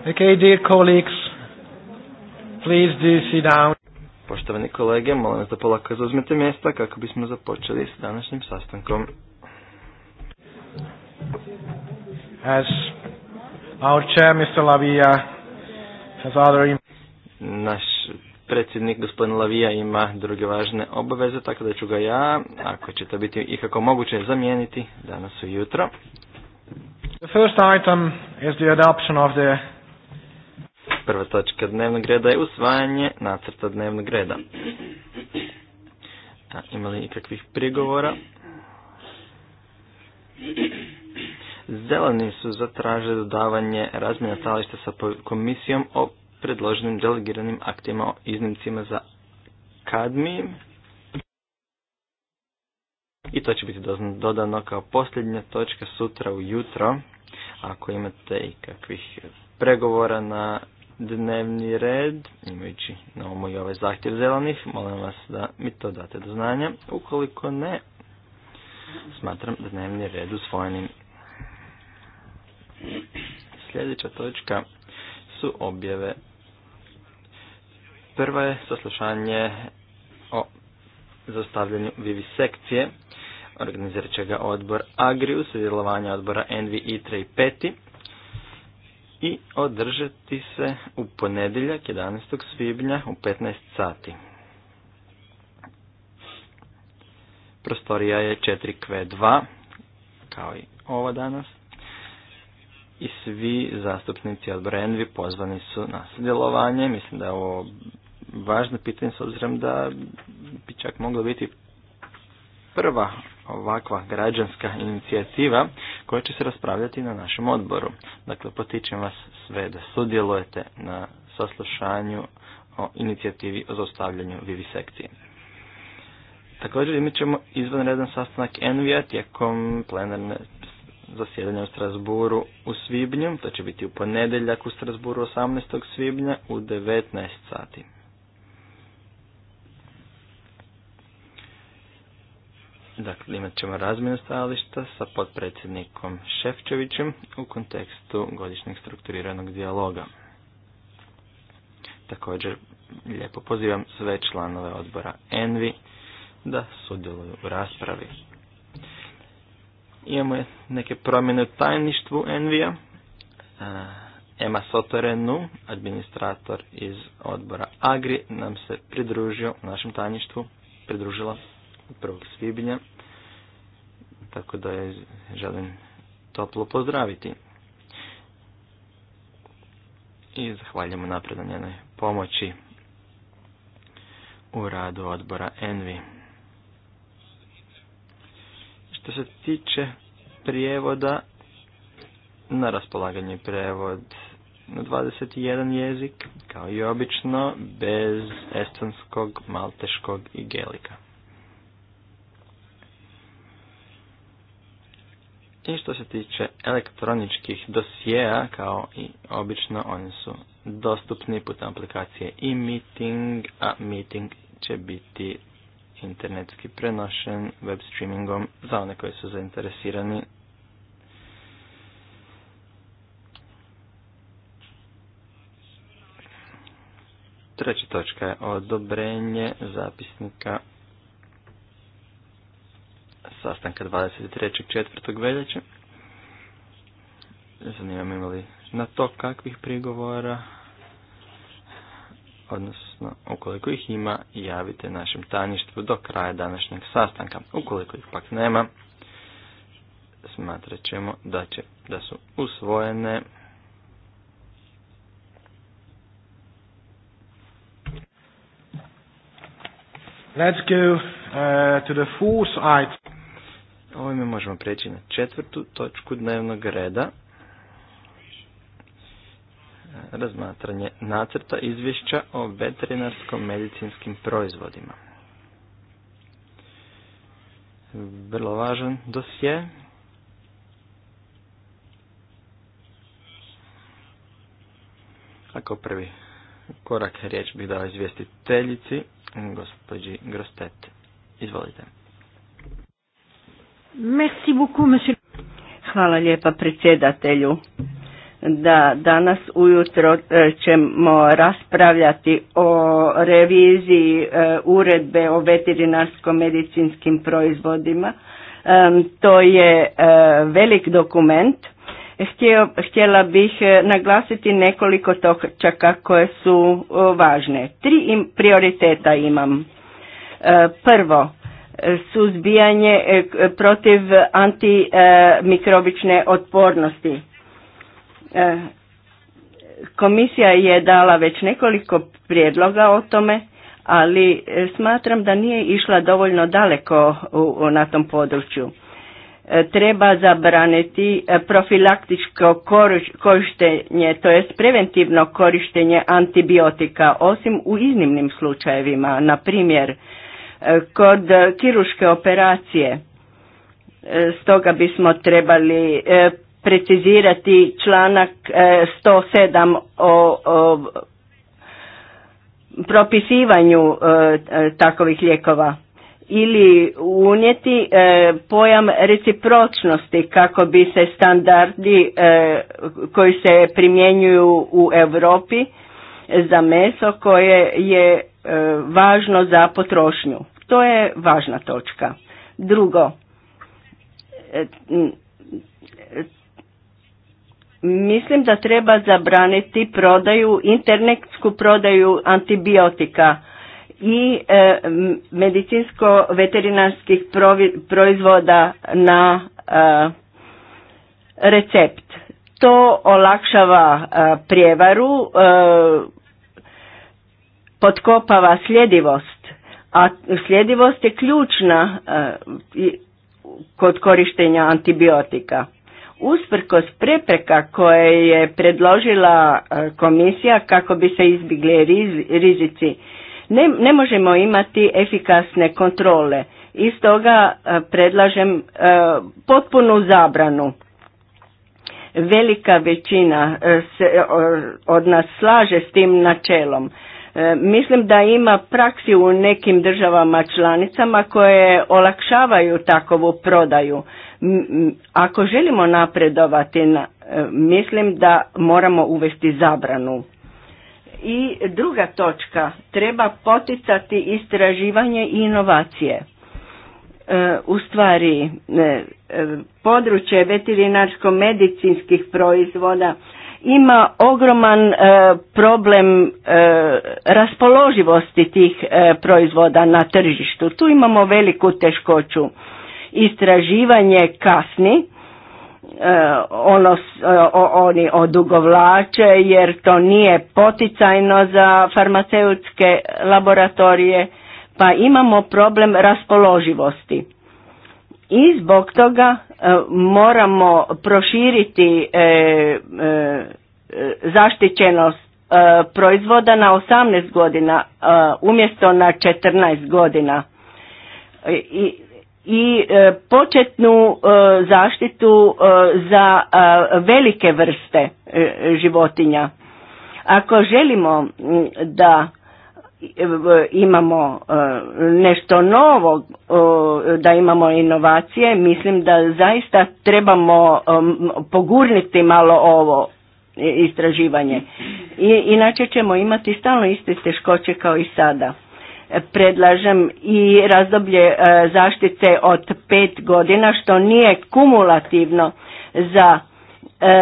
Okay, dear colleagues, please do down. Poštovani kolege, molim vas da polako zauzmete mjesta kako bismo započeli s današnjim sastankom. As our chair, Mr. Lavia, has Naš predsjednik, gospodin Lavija, ima druge važne obaveze, tako da ću ga ja, ako će to biti ikako moguće, zamijeniti danas ujutro. The first item is the adoption of the Prva točka dnevnog reda je usvajanje nacrta dnevnog reda. A, ima li ikakvih prigovora? Zeleni su zatražili dodavanje razmjena stališta sa komisijom o predloženim delegiranim aktima o iznimcima za kadmi. I to će biti dodano kao posljednja točka sutra ujutro. Ako imate i kakvih pregovora na dnevni red, imajući na umu i ovaj zahtjev zelenih, molim vas da mi to date do znanja. Ukoliko ne, smatram dnevni red usvojenim. Sljedeća točka su objave. Prva je saslušanje o zastavljanju sekcije. organizirat će ga odbor Agrius, sudjelovanje odbora NVI 3.5. i Peti i održati se u ponedjeljak 11. svibnja u 15 sati. Prostorija je 4Q2, kao i ova danas. I svi zastupnici od Brenvi pozvani su na sudjelovanje. Mislim da je ovo važno pitanje s obzirom da bi čak moglo biti prva ovakva građanska inicijativa koja će se raspravljati na našem odboru. Dakle, potičem vas sve da sudjelujete na saslušanju o inicijativi o zaustavljanju vivisekcije. Također imat ćemo izvanredan sastanak Envija tijekom plenarne zasjedanja u Strasburu u Svibnju. To će biti u ponedjeljak u Strasburu 18. svibnja u 19. sati. Dakle, imat ćemo razmjenu stajališta sa potpredsjednikom Šefčevićem u kontekstu godišnjeg strukturiranog dijaloga. Također, lijepo pozivam sve članove odbora ENVI da sudjeluju u raspravi. Imamo neke promjene u tajništvu ENVI-a. Ema Sotorenu, administrator iz odbora AGRI, nam se pridružio u našem tajništvu, pridružila 1. svibnja, tako da je želim toplo pozdraviti. I zahvaljujemo napred pomoći u radu odbora Envi. Što se tiče prijevoda, na raspolaganju prijevod na 21 jezik, kao i obično, bez estonskog, malteškog i gelika. I što se tiče elektroničkih dosijeja, kao i obično, oni su dostupni putem aplikacije i meeting a meeting će biti internetski prenošen web streamingom za one koji su zainteresirani. Treća točka je odobrenje zapisnika sastanka 23.4. veljače. Zanima me imali na to kakvih prigovora, odnosno ukoliko ih ima, javite našem tajništvu do kraja današnjeg sastanka. Ukoliko ih pak nema, smatrat ćemo da, će, da su usvojene Let's go uh, to the fourth item. Ovime možemo prijeći na četvrtu točku dnevnog reda. Razmatranje nacrta izvješća o veterinarsko-medicinskim proizvodima. Vrlo važan dosje. Ako prvi korak riječ bih dao izvjestiteljici, gospođi Grostet. Izvolite. Merci Hvala lijepa predsjedatelju da danas ujutro e, ćemo raspravljati o reviziji e, uredbe o veterinarsko-medicinskim proizvodima. E, to je velik dokument. Htjela bih naglasiti nekoliko točaka koje su važne. Tri prioriteta imam. Prvo, suzbijanje e, protiv antimikrobične otpornosti. E, komisija je dala već nekoliko prijedloga o tome, ali e, smatram da nije išla dovoljno daleko na tom području. Treba zabraniti profilaktičko korištenje, to jest preventivno korištenje antibiotika, osim u iznimnim slučajevima, na primjer kod kiruške operacije. E, stoga bismo trebali e, precizirati članak 107 e, o, propisivanju takovih lijekova ili unijeti pojam recipročnosti kako bi se standardi koji se primjenjuju u Europi za meso koje je E, važno za potrošnju. To je važna točka. Drugo, e, e, mislim da treba zabraniti prodaju, internetsku prodaju antibiotika i medicinsko-veterinarskih proizvoda na recept. To olakšava prijevaru, potkopava sljedivost, a sljedivost je ključna e, kod korištenja antibiotika. Usprkos prepreka koje je predložila e, komisija kako bi se izbjegli rizici, ne, možemo imati efikasne kontrole. Iz toga e, predlažem potpunu zabranu. Velika većina se od nas slaže s tim načelom E, mislim da ima praksi u nekim državama članicama koje olakšavaju takovu prodaju. Ako želimo napredovati, e, mislim da moramo uvesti zabranu. I druga točka, treba poticati istraživanje i inovacije. E, u stvari, područje veterinarsko-medicinskih proizvoda ima ogroman e, problem e, raspoloživosti tih e, proizvoda na tržištu. Tu imamo veliku teškoću. Istraživanje kasni, ono, oni odugovlače jer to nije poticajno za farmaceutske laboratorije, pa imamo problem raspoloživosti. I zbog toga e, moramo proširiti e, e, zaštićenost proizvoda na 18 godina umjesto na 14 godina i, i početnu zaštitu za velike vrste životinja. Ako želimo da imamo e, nešto novo, e, da imamo inovacije, mislim da zaista trebamo e, pogurniti malo ovo istraživanje. I, inače ćemo imati stalno iste teškoće kao i sada. Predlažem i razdoblje zaštite od pet godina što nije kumulativno za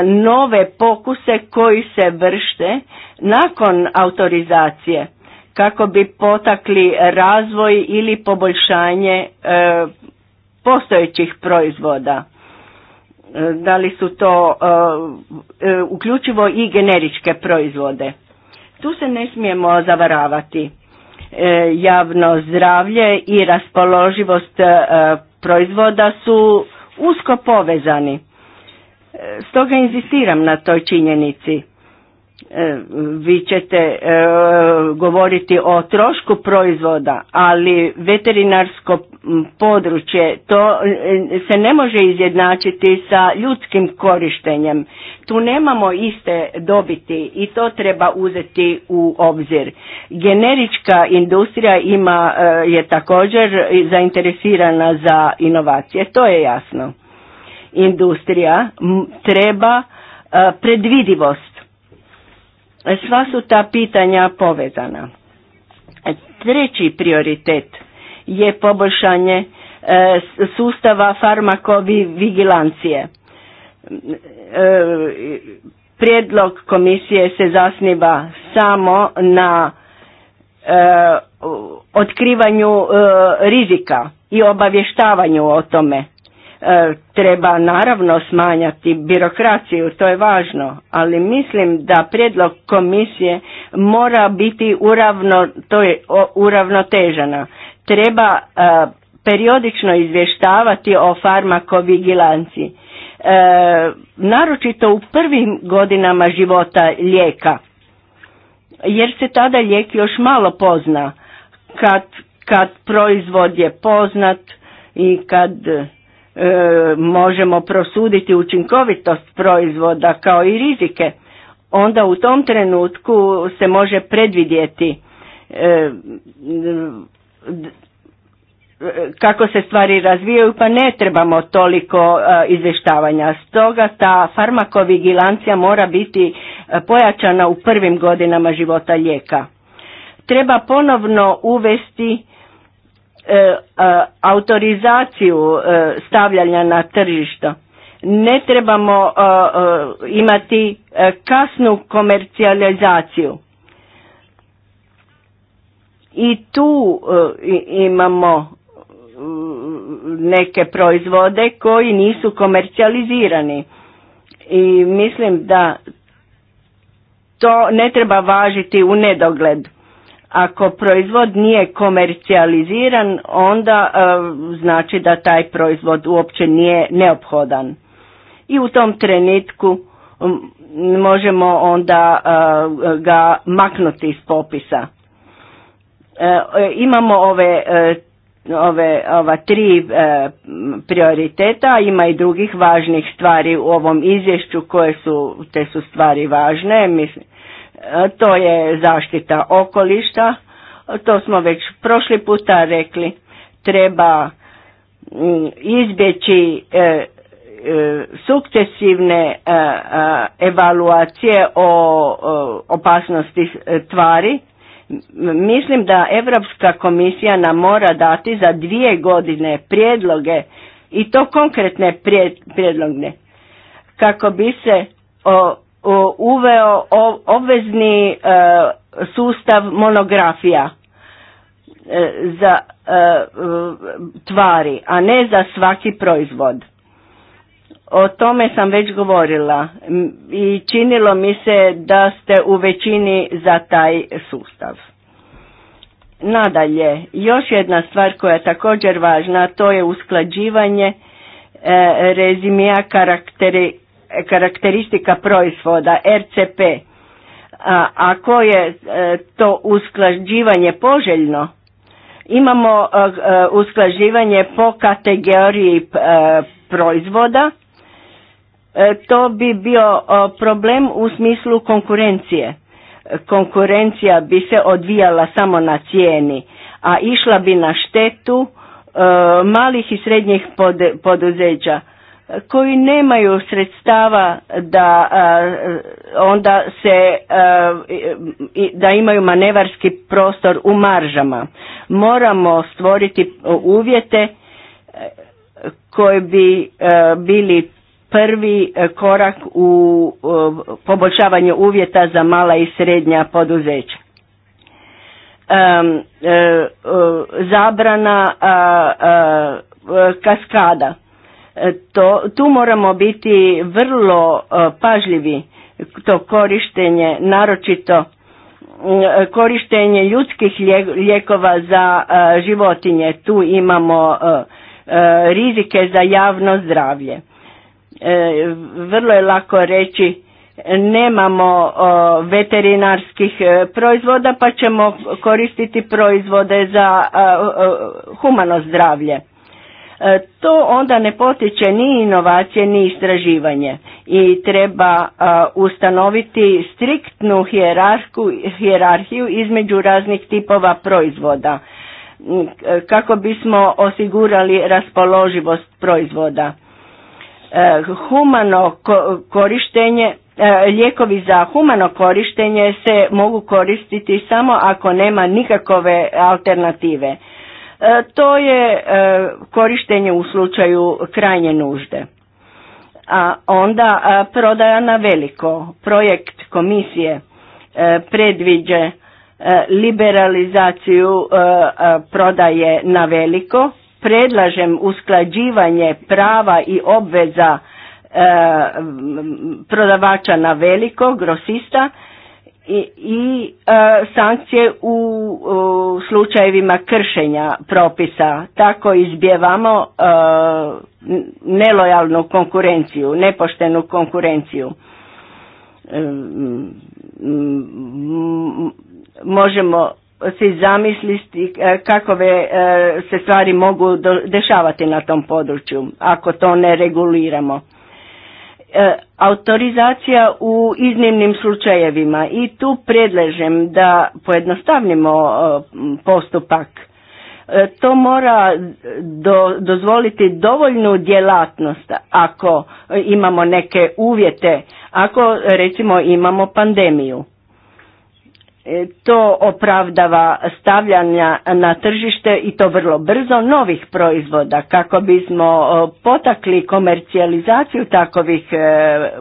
nove pokuse koji se vršte nakon autorizacije kako bi potakli razvoj ili poboljšanje e, postojećih proizvoda. E, da li su to e, uključivo i generičke proizvode. Tu se ne smijemo zavaravati. Javno zdravlje i raspoloživost proizvoda su usko povezani. Stoga inzistiram na toj činjenici E, vi ćete e, govoriti o trošku proizvoda, ali veterinarsko područje to e, se ne može izjednačiti sa ljudskim korištenjem. Tu nemamo iste dobiti i to treba uzeti u obzir. Generička industrija ima je također zainteresirana za inovacije, to je jasno. Industrija treba predvidivost E, sva su ta pitanja povezana. E, treći prioritet je poboljšanje e, sustava farmakovigilancije. Prijedlog komisije se zasniva samo na otkrivanju rizika i obavještavanju o tome. E, treba naravno smanjati birokraciju, to je važno, ali mislim da prijedlog komisije mora biti uravno, to je uravnotežana. Treba e, periodično izvještavati o farmakovigilanci, e, naročito u prvim godinama života lijeka, jer se tada lijek još malo pozna kad proizvod je poznat i kad E, možemo prosuditi učinkovitost proizvoda kao i rizike, onda u tom trenutku se može predvidjeti e, kako se stvari razvijaju, pa ne trebamo toliko e, izvještavanja. Stoga ta farmakovigilancija mora biti pojačana u prvim godinama života lijeka. Treba ponovno uvesti E, e, autorizaciju e, stavljanja na tržišta. Ne trebamo imati kasnu komercijalizaciju. I tu imamo mm, neke proizvode koji nisu komercijalizirani. I mislim da to ne treba važiti u nedogled. Ako proizvod nije komercijaliziran, onda e, znači da taj proizvod uopće nije neophodan. I u tom trenutku možemo onda e, ga maknuti iz popisa. E, imamo ove ove ova tri prioriteta, ima i drugih važnih stvari u ovom izvješću koje su te su stvari važne, mislim E, to je zaštita okolišta, to smo već prošli puta rekli, treba mm, izbjeći e, e, sukcesivne evaluacije o opasnosti tvari. Mislim da Europska komisija nam mora dati za dvije godine prijedloge i to konkretne prijedlogne kako bi se o, uveo obvezni e, sustav monografija e, za e, tvari, a ne za svaki proizvod. O tome sam već govorila i činilo mi se da ste u većini za taj sustav. Nadalje, još jedna stvar koja je također važna, to je usklađivanje rezimija karakteri, karakteristika proizvoda RCP, ako je e, to usklađivanje poželjno, imamo e, e, usklađivanje po kategoriji proizvoda, to bi bio problem u smislu konkurencije. Konkurencija bi se odvijala samo na cijeni, a išla bi na štetu malih i srednjih poduzeća koji nemaju sredstava da onda se da imaju manevarski prostor u maržama. Moramo stvoriti uvjete e, koji bi e, bili prvi korak u poboljšavanju uvjeta za mala i srednja poduzeća. E, zabrana kaskada E, to, tu moramo biti vrlo e, pažljivi to korištenje, naročito e, korištenje ljudskih lijekova za životinje. Tu imamo rizike za javno zdravlje. Vrlo je lako reći nemamo veterinarskih proizvoda pa ćemo koristiti proizvode za humano zdravlje. E, to onda ne potiče ni inovacije ni istraživanje i treba e, ustanoviti striktnu hijerarhiju između raznih tipova proizvoda e, kako bismo osigurali raspoloživost proizvoda. Humano korištenje, lijekovi za humano korištenje se mogu koristiti samo ako nema nikakove alternative E, to je e, korištenje u slučaju krajnje nužde. A onda e, prodaja na veliko. Projekt komisije predviđa liberalizaciju prodaje na veliko. Predlažem usklađivanje prava i obveza prodavača na veliko, grosista i, e, sankcije u, slučajevima kršenja propisa. Tako izbjevamo e, nelojalnu konkurenciju, nepoštenu konkurenciju. E, možemo si zamisliti kakove se stvari mogu do, dešavati na tom području ako to ne reguliramo. E, autorizacija u iznimnim slučajevima i tu predlažem da pojednostavnimo e, postupak. E, to mora dozvoliti dovoljnu djelatnost ako imamo neke uvjete, ako recimo imamo pandemiju. E, to opravdava stavljanja na tržište i to vrlo brzo novih proizvoda kako bismo potakli komercijalizaciju takovih e,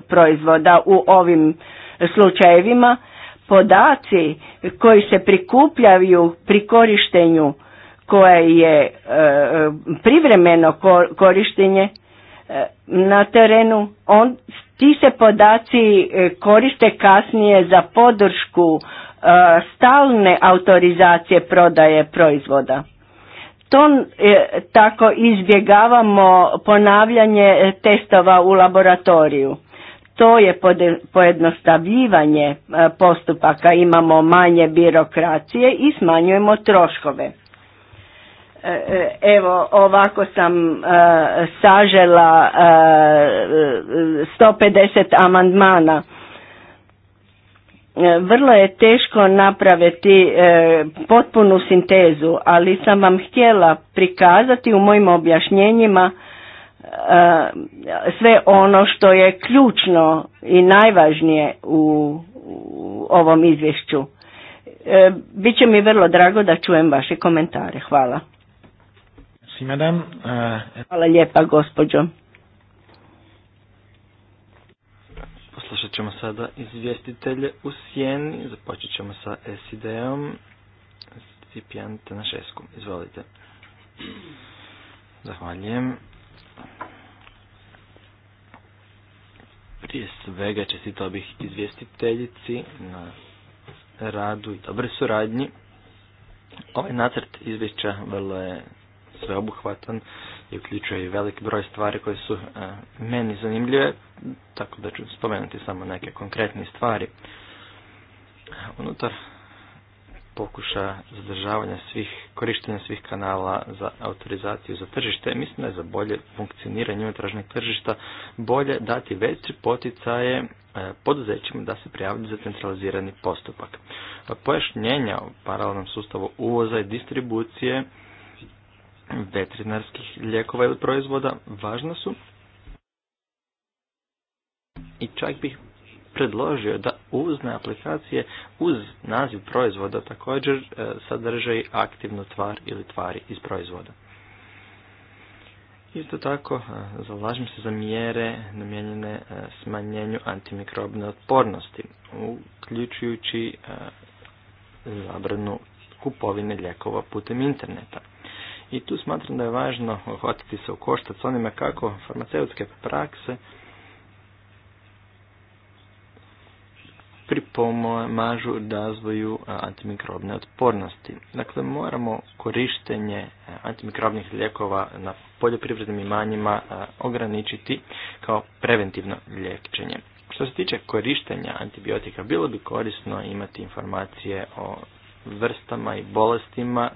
proizvoda u ovim slučajevima podaci koji se prikupljaju pri korištenju koje je e, privremeno korištenje na terenu on ti se podaci koriste kasnije za podršku E, stalne autorizacije prodaje proizvoda. To e, tako izbjegavamo ponavljanje testova u laboratoriju. To je pojednostavljivanje e, postupaka, imamo manje birokracije i smanjujemo troškove. Evo, ovako sam sažela 150 amandmana vrlo je teško napraviti e, potpunu sintezu, ali sam vam htjela prikazati u mojim objašnjenjima e, sve ono što je ključno i najvažnije u ovom izvješću. E, Biće mi vrlo drago da čujem vaše komentare. Hvala. Hvala lijepa gospođo. Slušat ćemo sada izvjestitelje u sjeni. Započet ćemo sa SID-om. na Izvolite. Zahvaljujem. Prije svega čestitao bih izvjestiteljici na radu i dobre suradnji. Ovaj nacrt izvješća vrlo je sveobuhvatan i uključuje i velik broj stvari koje su e, meni zanimljive, tako da ću spomenuti samo neke konkretne stvari. Unutar pokuša zadržavanja svih, korištenja svih kanala za autorizaciju za tržište, mislim da je za bolje funkcioniranje unutrašnjeg tržišta bolje dati veće poticaje e, poduzećima da se prijavlju za centralizirani postupak. Pojašnjenja o paralelnom sustavu uvoza i distribucije veterinarskih lijekova ili proizvoda važna su i čak bih predložio da uzne aplikacije uz naziv proizvoda također e, sadrže i aktivnu tvar ili tvari iz proizvoda. Isto tako, e, zalažem se za mjere namijenjene e, smanjenju antimikrobne otpornosti, uključujući zabranu kupovine lijekova putem interneta. I tu smatram da je važno uhvatiti se u koštac onima kako farmaceutske prakse pripomažu razvoju antimikrobne otpornosti. Dakle, moramo korištenje antimikrobnih lijekova na poljoprivrednim imanjima ograničiti kao preventivno liječenje. Što se tiče korištenja antibiotika, bilo bi korisno imati informacije o vrstama i bolestima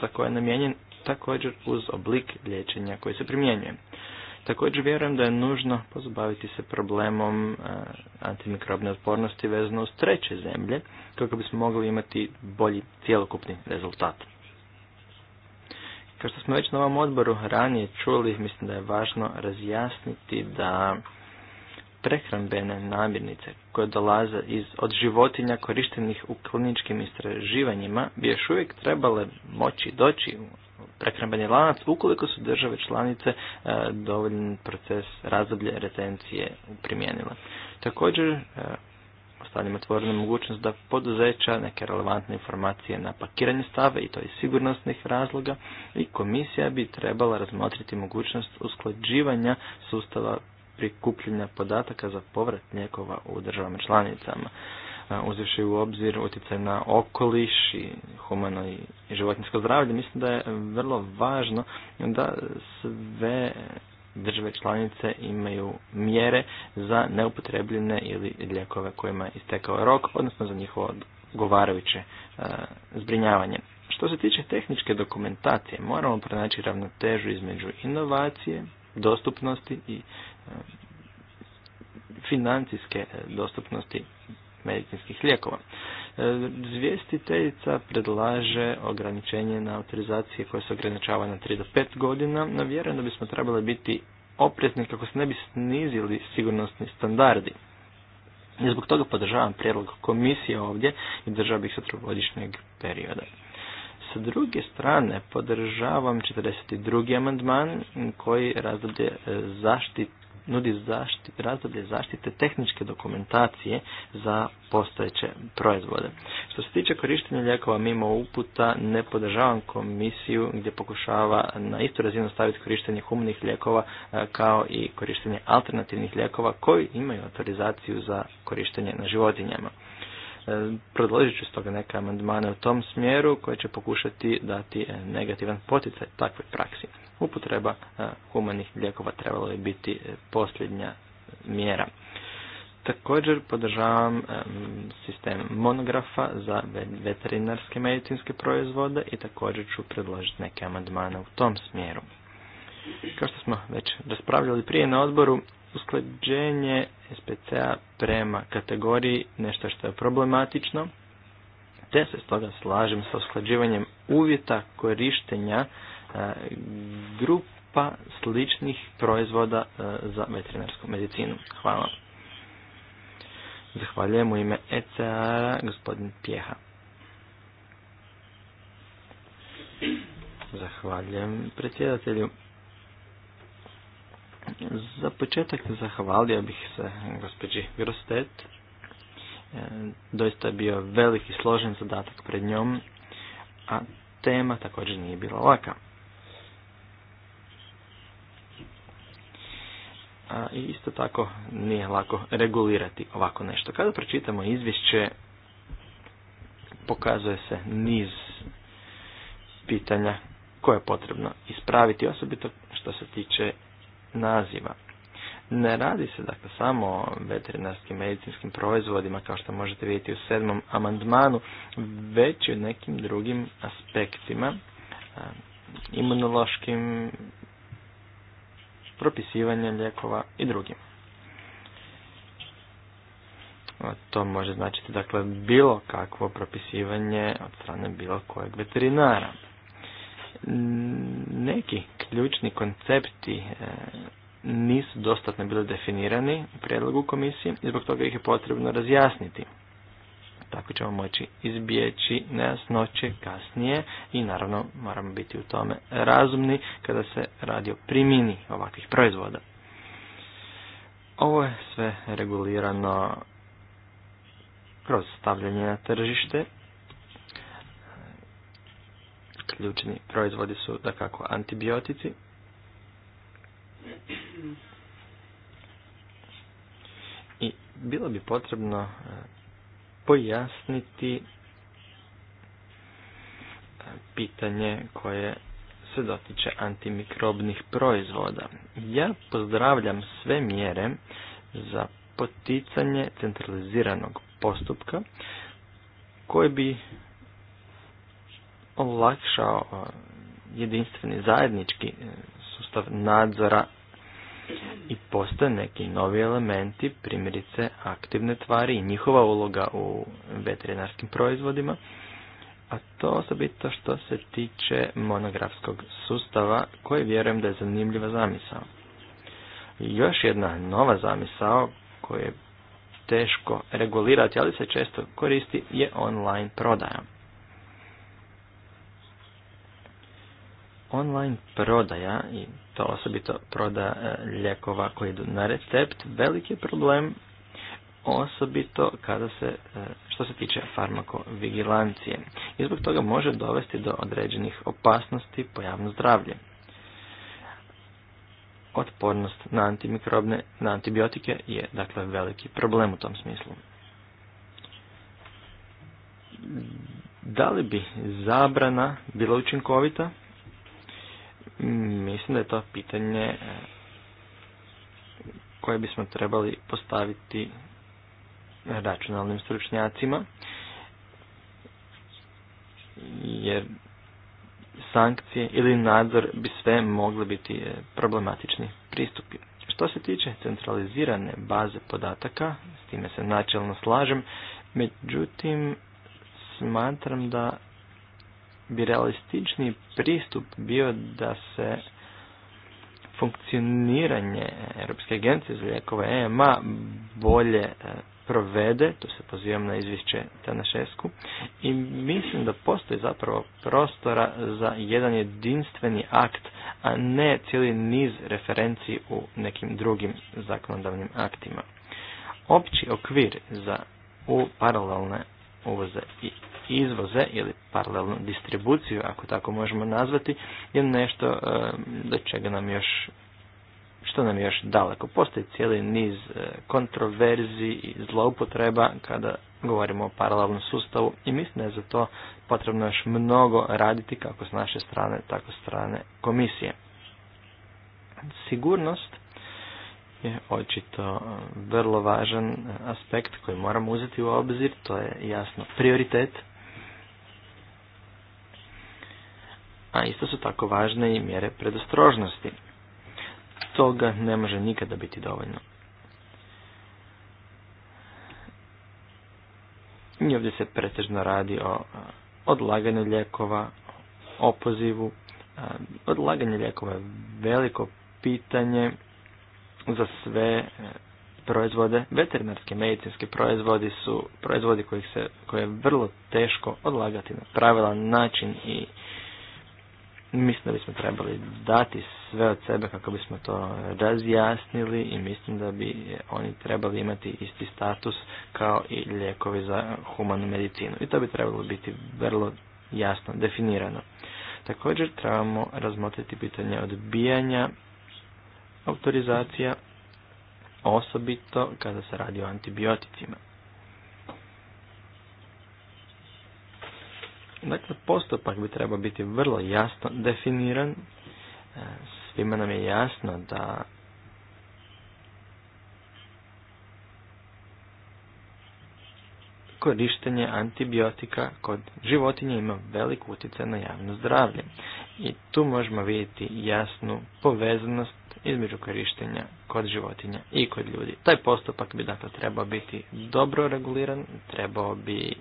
za koje je namijenjen također uz oblik liječenja koji se primjenjuje. Također vjerujem da je nužno pozabaviti se problemom e, antimikrobne otpornosti vezano uz treće zemlje kako bismo mogli imati bolji cjelokupni rezultat. Kao što smo već na ovom odboru ranije čuli, mislim da je važno razjasniti da prehrambene namirnice koje dolaze iz, od životinja korištenih u kliničkim istraživanjima bi još uvijek trebale moći doći u prehrambeni lanac ukoliko su države članice e, dovoljni proces razdoblje retencije primijenile. Također e, ostavljamo otvorenu mogućnost da poduzeća neke relevantne informacije na pakiranje stave i to iz sigurnosnih razloga i komisija bi trebala razmotriti mogućnost usklađivanja sustava prikupljanja podataka za povrat njekova u državama članicama uzivši u obzir utjecaj na okoliš i humano i životinsko zdravlje, mislim da je vrlo važno da sve države članice imaju mjere za neupotrebljene ili lijekove kojima je istekao rok, odnosno za njihovo odgovarajuće zbrinjavanje. Što se tiče tehničke dokumentacije, moramo pronaći ravnotežu između inovacije, dostupnosti i financijske dostupnosti medicinskih lijekova. E, zvijestiteljica predlaže ograničenje na autorizacije koje se ograničava na 3 do 5 godina, no vjerujem da bismo trebali biti oprezni kako se ne bi snizili sigurnosni standardi. I zbog toga podržavam prijedlog komisije ovdje i država bih trogodišnjeg perioda. Sa druge strane podržavam 42. amandman koji razdoblje e, zaštit nudi razdoblje zaštite tehničke dokumentacije za postojeće proizvode. Što se tiče korištenja lijekova mimo uputa, ne podržavam komisiju gdje pokušava na istu razinu staviti korištenje humanih lijekova e, kao i korištenje alternativnih lijekova koji imaju autorizaciju za korištenje na životinjama. E, predložit ću stoga neke amandmane u tom smjeru koje će pokušati dati negativan poticaj takvoj praksi upotreba e, humanih lijekova trebalo je biti e, posljednja e, mjera. Također podržavam sistem monografa za veterinarske medicinske proizvode i također ću predložiti neke amandmane u tom smjeru. Kao što smo već raspravljali prije na odboru, usklađenje spc prema kategoriji nešto što je problematično, te se stoga slažem sa usklađivanjem uvjeta korištenja E, grupa sličnih proizvoda e, za veterinarsku medicinu. Hvala. Zahvaljujem u ime ecr gospodin Pjeha. Zahvaljujem predsjedatelju. Za početak zahvalio bih se gospođi Grostet. E, doista je bio veliki složen zadatak pred njom, a tema također nije bila laka. i isto tako nije lako regulirati ovako nešto. Kada pročitamo izvješće, pokazuje se niz pitanja koje je potrebno ispraviti, osobito što se tiče naziva. Ne radi se dakle samo o veterinarskim medicinskim proizvodima kao što možete vidjeti u sedmom amandmanu, već i u nekim drugim aspektima imunološkim propisivanje lijekova i drugim. To može značiti dakle bilo kakvo propisivanje od strane bilo kojeg veterinara. Neki ključni koncepti e, nisu dostatno bili definirani u prijedlogu komisije i zbog toga ih je potrebno razjasniti tako ćemo moći izbjeći nejasnoće kasnije i naravno moramo biti u tome razumni kada se radi o primjeni ovakvih proizvoda. Ovo je sve regulirano kroz stavljanje na tržište. Ključni proizvodi su kako antibiotici. I bilo bi potrebno pojasniti pitanje koje se dotiče antimikrobnih proizvoda. Ja pozdravljam sve mjere za poticanje centraliziranog postupka koji bi olakšao jedinstveni zajednički sustav nadzora i postoje neki novi elementi, primjerice aktivne tvari i njihova uloga u veterinarskim proizvodima, a to osobito što se tiče monografskog sustava koji vjerujem da je zanimljiva zamisao. Još jedna nova zamisao koju je teško regulirati, ali se često koristi, je online prodaja. Online prodaja i to osobito proda e, ljekova koji idu na recept, veliki problem osobito kada se, e, što se tiče farmakovigilancije. I zbog toga može dovesti do određenih opasnosti po javno zdravlje. Otpornost na antimikrobne, na antibiotike je dakle veliki problem u tom smislu. Da li bi zabrana bila učinkovita? Mislim da je to pitanje e, koje bismo trebali postaviti računalnim stručnjacima, jer sankcije ili nadzor bi sve mogli biti e, problematični pristupi. Što se tiče centralizirane baze podataka, s time se načelno slažem, međutim smatram da bi realistični pristup bio da se funkcioniranje Europske agencije za lijekove EMA bolje e, provede, to se pozivam na izvješće Tanašesku, i mislim da postoji zapravo prostora za jedan jedinstveni akt, a ne cijeli niz referenci u nekim drugim zakonodavnim aktima. Opći okvir za u paralelne uvoze i izvoze ili paralelnu distribuciju, ako tako možemo nazvati, je nešto e, do čega nam još što nam još daleko. Postoji cijeli niz e, kontroverzi i zloupotreba kada govorimo o paralelnom sustavu i mislim da je za to potrebno još mnogo raditi kako s naše strane, tako s strane komisije. Sigurnost je očito e, vrlo važan aspekt koji moramo uzeti u obzir, to je jasno prioritet a isto su tako važne i mjere predostrožnosti. Toga ne može nikada biti dovoljno. I ovdje se pretežno radi o odlaganju lijekova, opozivu. Odlaganje lijekova je veliko pitanje za sve e, proizvode. Veterinarske, medicinske proizvodi su proizvodi se, koje je vrlo teško odlagati na pravilan način i Mislim da bismo trebali dati sve od sebe kako bismo to razjasnili i mislim da bi oni trebali imati isti status kao i lijekovi za humanu medicinu. I to bi trebalo biti vrlo jasno definirano. Također trebamo razmotriti pitanje odbijanja autorizacija, osobito kada se radi o antibioticima. Dakle, postupak bi trebao biti vrlo jasno definiran. E, svima nam je jasno da korištenje antibiotika kod životinja ima velik utjecaj na javno zdravlje. I tu možemo vidjeti jasnu povezanost između korištenja kod životinja i kod ljudi. Taj postupak bi dakle trebao biti dobro reguliran, trebao bi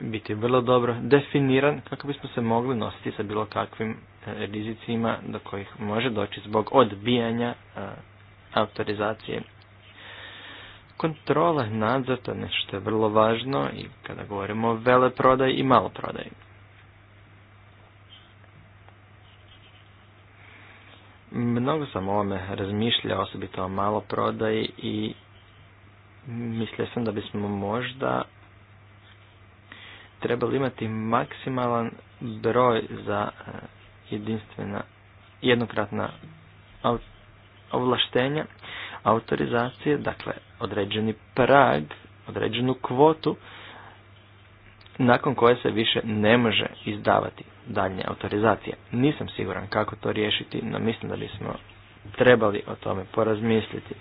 biti vrlo dobro definiran kako bismo se mogli nositi sa bilo kakvim e, rizicima do kojih može doći zbog odbijanja e, autorizacije. Kontrole nadzor, to je nešto je vrlo važno i kada govorimo o veleprodaji i maloprodaji. Mnogo sam o ovome razmišljao, osobito o maloprodaji i mislio sam da bismo možda trebali imati maksimalan broj za e, jedinstvena jednokratna ovlaštenja, autorizacije, dakle određeni prag, određenu kvotu, nakon koje se više ne može izdavati dalje autorizacije. Nisam siguran kako to riješiti, no mislim da bismo trebali o tome porazmisliti.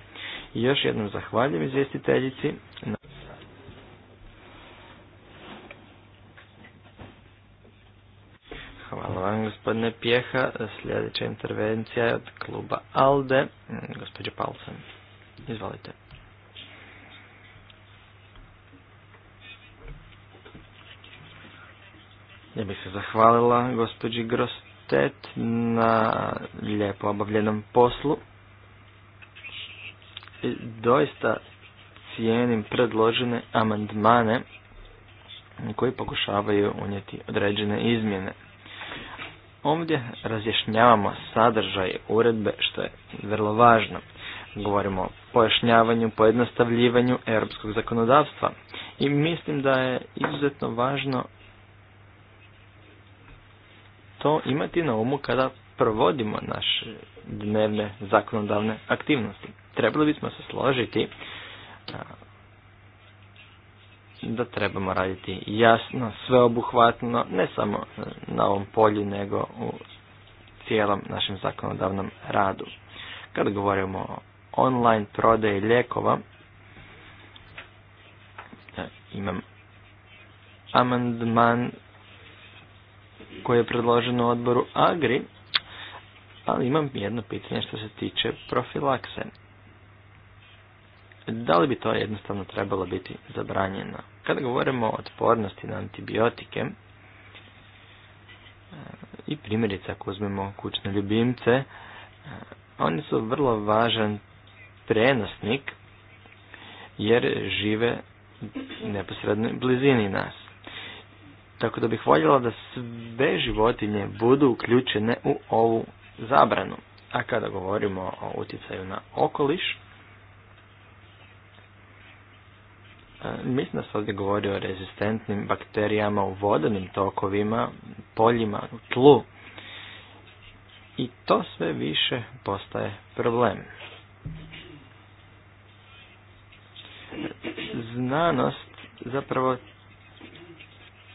još jednom zahvaljujem izvjestiteljici. Hvala vam gospodine Pjeha. Sljedeća intervencija je od kluba ALDE. gospođe Palsen, izvolite. Ja bih se zahvalila gospođi Grostet na lijepo obavljenom poslu. I doista cijenim predložene amandmane koji pokušavaju unijeti određene izmjene. Ovdje razjašnjavamo sadržaj uredbe što je vrlo važno. Govorimo o pojašnjavanju, pojednostavljivanju europskog zakonodavstva i mislim da je izuzetno važno to imati na umu kada provodimo naše dnevne zakonodavne aktivnosti. Trebali bismo se složiti da trebamo raditi jasno, sveobuhvatno, ne samo na ovom polju, nego u cijelom našem zakonodavnom radu. Kad govorimo o online prodaji lijekova, imam amandman koji je predložen u odboru Agri, ali imam jedno pitanje što se tiče profilakse. Da li bi to jednostavno trebalo biti zabranjeno? Kada govorimo o otpornosti na antibiotike, e, i primjerice ako uzmemo kućne ljubimce, e, oni su vrlo važan prenosnik jer žive neposrednoj blizini nas. Tako da bih voljela da sve životinje budu uključene u ovu zabranu. A kada govorimo o utjecaju na okoliš, Mislim da se ovdje govori o rezistentnim bakterijama u vodenim tokovima, poljima, u tlu. I to sve više postaje problem. Znanost zapravo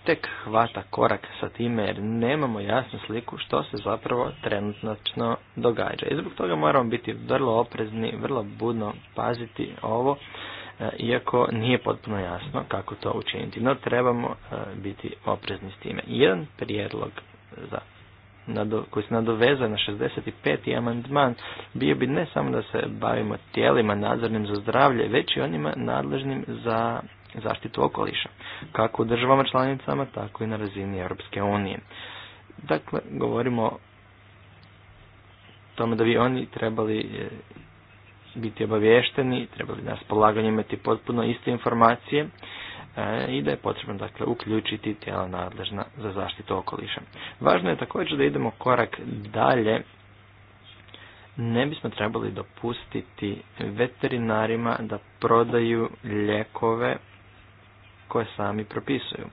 tek hvata korak sa time jer nemamo jasnu sliku što se zapravo trenutno događa. I zbog toga moramo biti vrlo oprezni, vrlo budno paziti ovo E, iako nije potpuno jasno kako to učiniti. No trebamo e, biti oprezni s time. Jedan prijedlog za koji se nadoveza na 65. amandman bio bi ne samo da se bavimo tijelima nadzornim za zdravlje, već i onima nadležnim za zaštitu okoliša, kako u državama članicama, tako i na razini Europske unije. Dakle, govorimo o tome da bi oni trebali e, biti obavješteni, trebali na raspolaganju imati potpuno iste informacije e, i da je potrebno dakle, uključiti tijela nadležna za zaštitu okoliša. Važno je također da idemo korak dalje. Ne bismo trebali dopustiti veterinarima da prodaju ljekove koje sami propisuju.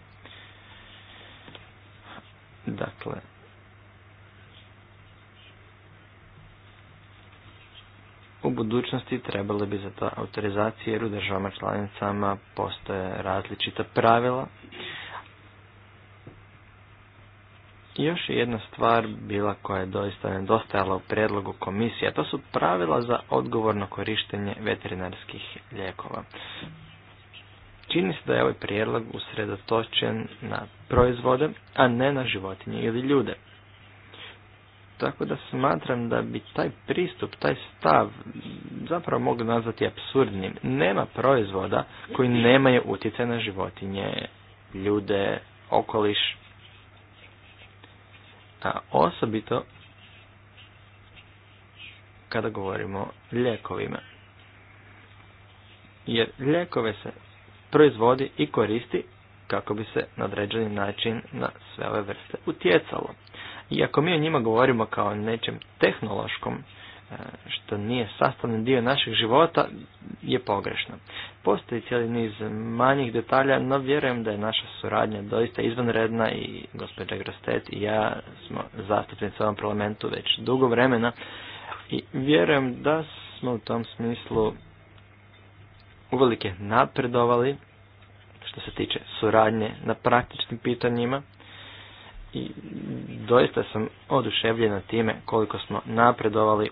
Dakle, U budućnosti trebale bi za to autorizacije jer u državama članicama postoje različita pravila. još je jedna stvar bila koja je doista nedostajala u predlogu komisije, a to su pravila za odgovorno korištenje veterinarskih lijekova. Čini se da je ovaj prijedlog usredotočen na proizvode, a ne na životinje ili ljude. Tako da smatram da bi taj pristup, taj stav zapravo mogu nazvati absurdnim. Nema proizvoda koji nemaju utjecaj na životinje, ljude, okoliš. A osobito kada govorimo o ljekovima. Jer ljekove se proizvodi i koristi kako bi se na određeni način na sve ove vrste utjecalo. I ako mi o njima govorimo kao nečem tehnološkom, e, što nije sastavni dio našeg života, je pogrešno. Postoji cijeli niz manjih detalja, no vjerujem da je naša suradnja doista izvanredna i gospođa Grostet i ja smo zastupnici u ovom parlamentu već dugo vremena i vjerujem da smo u tom smislu uvelike napredovali što se tiče suradnje na praktičnim pitanjima i doista sam oduševljena time koliko smo napredovali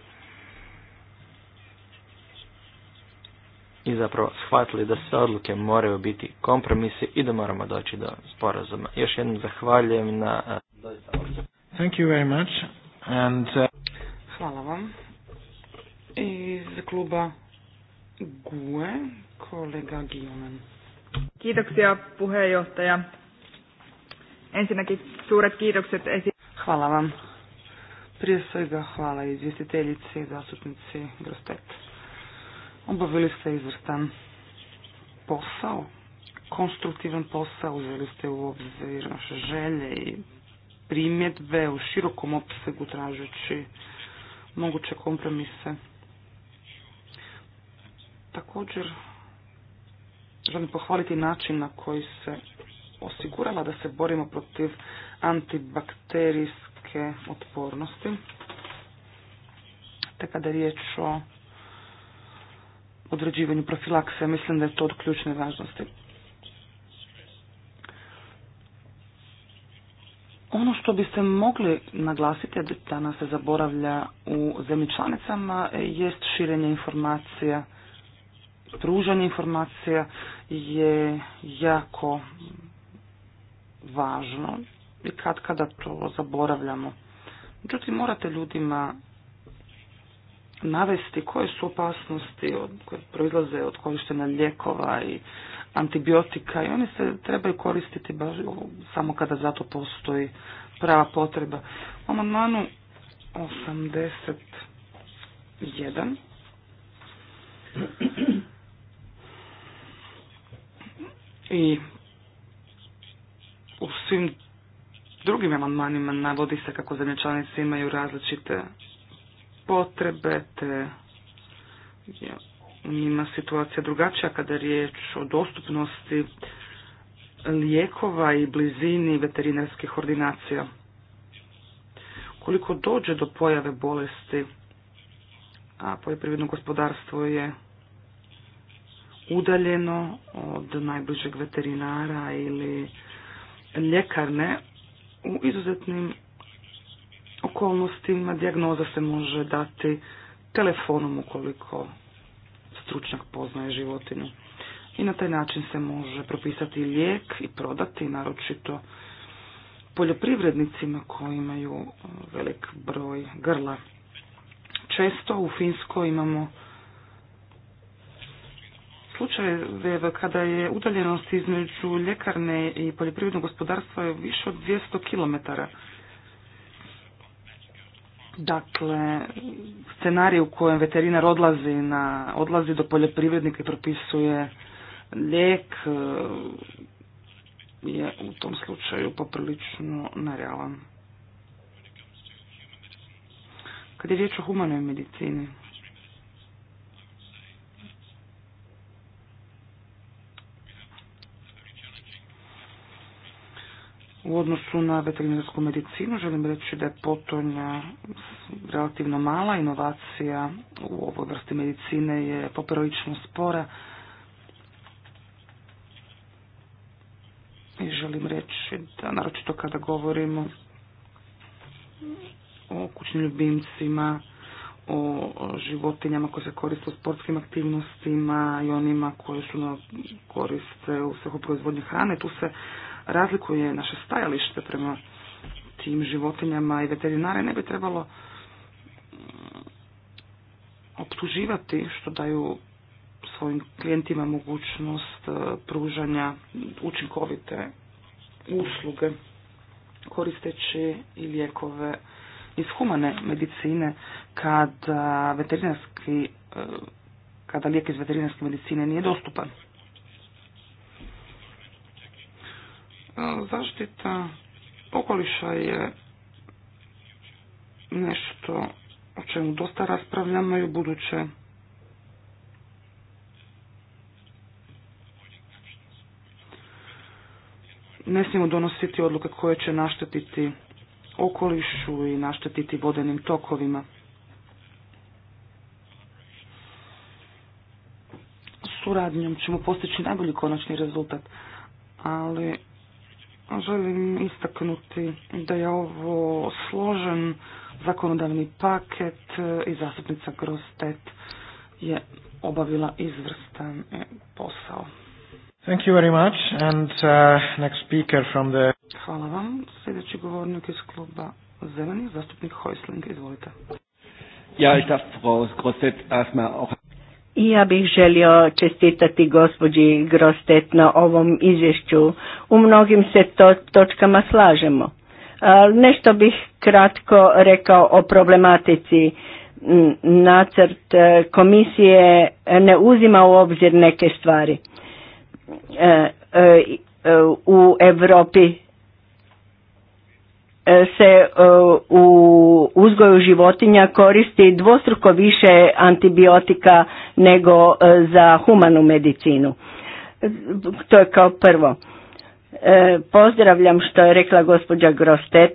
i zapravo shvatili da se odluke moraju biti kompromisi i da moramo doći do sporazuma. Još jednom zahvaljujem na... Thank you very much. And, uh, Hvala vam. Iz kluba GUE, kolega Kiitoksia puheenjohtaja. Ensinnäkin suuret kiitokset Hvala vam. Prije svega hvala izvjestiteljici zastupnici Grostet. Obavili ste izvrstan posao, konstruktivan posao, uzeli ste u obzir naše želje i primjedbe u širokom opsegu tražeći moguće kompromise. Također želim pohvaliti način na koji se osigurala da se borimo protiv antibakterijske otpornosti. Te kada je riječ o određivanju profilakse, mislim da je to od ključne važnosti. Ono što biste mogli naglasiti, da danas se zaboravlja u zemlji članicama, jest širenje informacija. Pružanje informacija je jako važno i kad kada to zaboravljamo. Međutim, morate ljudima navesti koje su opasnosti od, koje proizlaze od korištenja lijekova i antibiotika i oni se trebaju koristiti baš samo kada zato postoji prava potreba. U amandmanu 81 i u svim drugim amandmanima navodi se kako zemlje članice imaju različite potrebe, te je u njima situacija drugačija kada je riječ o dostupnosti lijekova i blizini veterinarskih ordinacija. Koliko dođe do pojave bolesti, a poljoprivredno gospodarstvo je udaljeno od najbližeg veterinara ili ljekarne u izuzetnim okolnostima dijagnoza se može dati telefonom ukoliko stručnjak poznaje životinu. I na taj način se može propisati lijek i prodati, naročito poljoprivrednicima koji imaju velik broj grla. Često u Finskoj imamo Slučajeve kada je udaljenost između ljekarne i poljoprivrednog gospodarstva je više od 200 km. Dakle, scenarij u kojem veterinar odlazi, na, odlazi do poljoprivrednika i propisuje lijek eh, je u tom slučaju poprilično nerealan. Kad je riječ o humanoj medicini, U odnosu na veterinarsku medicinu želim reći da je potonja relativno mala, inovacija u ovoj vrsti medicine je poprilično spora. I želim reći da, naročito kada govorimo o kućnim ljubimcima, o životinjama koje se koriste u sportskim aktivnostima i onima koje su na koriste u svrhu proizvodnje hrane, tu se razlikuje naše stajalište prema tim životinjama i veterinare ne bi trebalo mm, optuživati što daju svojim klijentima mogućnost e, pružanja učinkovite usluge koristeći i lijekove iz humane medicine kada veterinarski e, kada lijek iz veterinarske medicine nije dostupan. Zaštita okoliša je nešto o čemu dosta raspravljamo i u buduće. Ne smijemo donositi odluke koje će naštetiti okolišu i naštetiti vodenim tokovima. Suradnjom ćemo postići najbolji konačni rezultat, ali Želim istaknuti da je ovo složen zakonodavni paket i zastupnica Grostet je obavila izvrstan e, posao. Thank you very much and uh, next speaker from the Hvala vam. Sljedeći govornik iz kluba Zeleni, zastupnik Hojsling, izvolite. Ja, ich darf Frau erstmal auch i ja bih želio čestitati gospođi Grostet na ovom izvješću. U mnogim se točkama slažemo. E, nešto bih kratko rekao o problematici. Mm, nacrt e, komisije ne uzima u obzir neke stvari. E, u Europi E, se e, u uzgoju životinja koristi dvostruko više antibiotika nego e, za humanu medicinu. To je kao prvo. Pozdravljam što je rekla gospođa Grostet.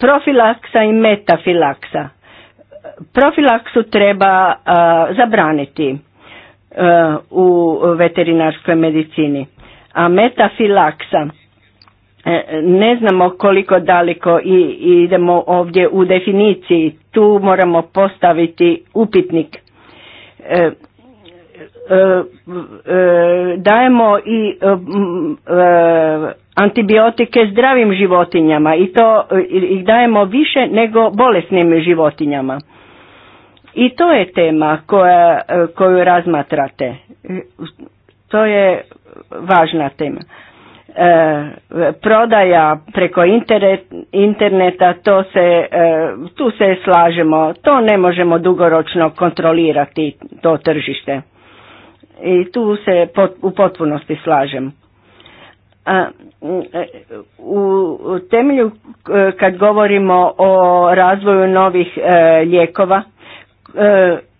Profilaksa i metafilaksa. Profilaksu treba zabraniti u veterinarskoj medicini. A metafilaksa E, ne znamo koliko daleko i idemo ovdje u definiciji. Tu moramo postaviti upitnik. E, e, dajemo i antibiotike zdravim životinjama i to ih dajemo više nego bolesnim životinjama. I to je tema koja, koju razmatrate. To je važna tema. E, prodaja preko interneta, to se, e, tu se slažemo, to ne možemo dugoročno kontrolirati to tržište. I tu se u potpunosti slažem. A, u temelju e, kad govorimo o razvoju novih e, lijekova,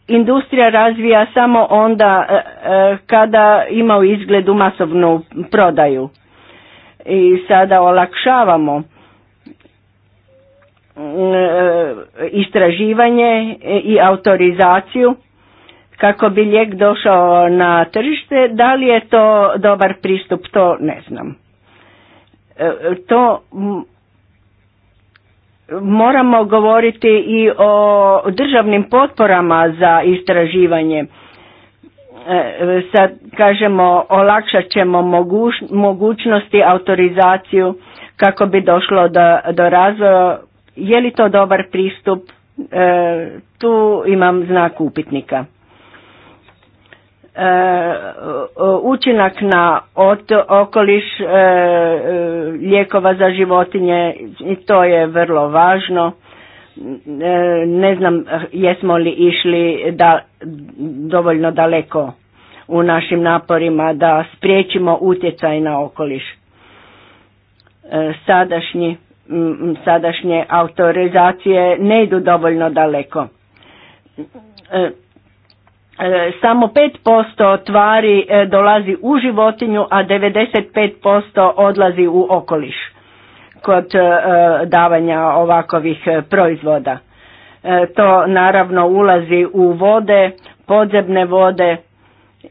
industrija razvija samo onda kada ima u izgledu masovnu prodaju i sada olakšavamo mm, e, istraživanje i autorizaciju kako bi lijek došao na tržište, da li je to dobar pristup, to ne znam. E, to moramo govoriti i o državnim potporama za istraživanje E, sad kažemo olakšat ćemo mogućnosti autorizaciju kako bi došlo do, do razvoja. Je li to dobar pristup? E, tu imam znak upitnika. E, učinak na ot, okoliš e, lijekova za životinje i to je vrlo važno E, ne znam jesmo li išli da, dovoljno daleko u našim naporima da spriječimo utjecaj na okoliš. E, sadašnji, sadašnje autorizacije ne idu dovoljno daleko. E, samo 5% tvari dolazi u životinju, a 95% odlazi u okoliš kod e, davanja ovakovih e, proizvoda. E, to naravno ulazi u vode, podzemne vode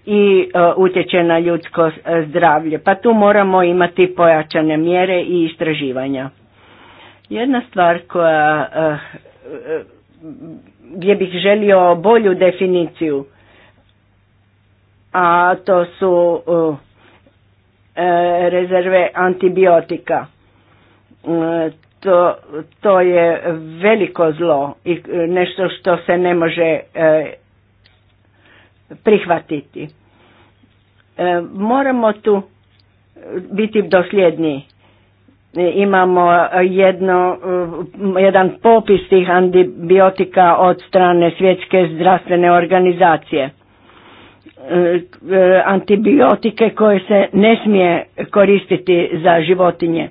i utječe na ljudsko zdravlje. Pa tu moramo imati pojačane mjere i istraživanja. Jedna stvar koja gdje bih želio bolju definiciju, a to su rezerve antibiotika to, to je veliko zlo i e, nešto što se ne može e, prihvatiti. E, moramo tu biti dosljedni. Imamo jedno, jedan popis tih antibiotika od strane svjetske zdravstvene organizacije. Antibiotike koje se ne smije koristiti za životinje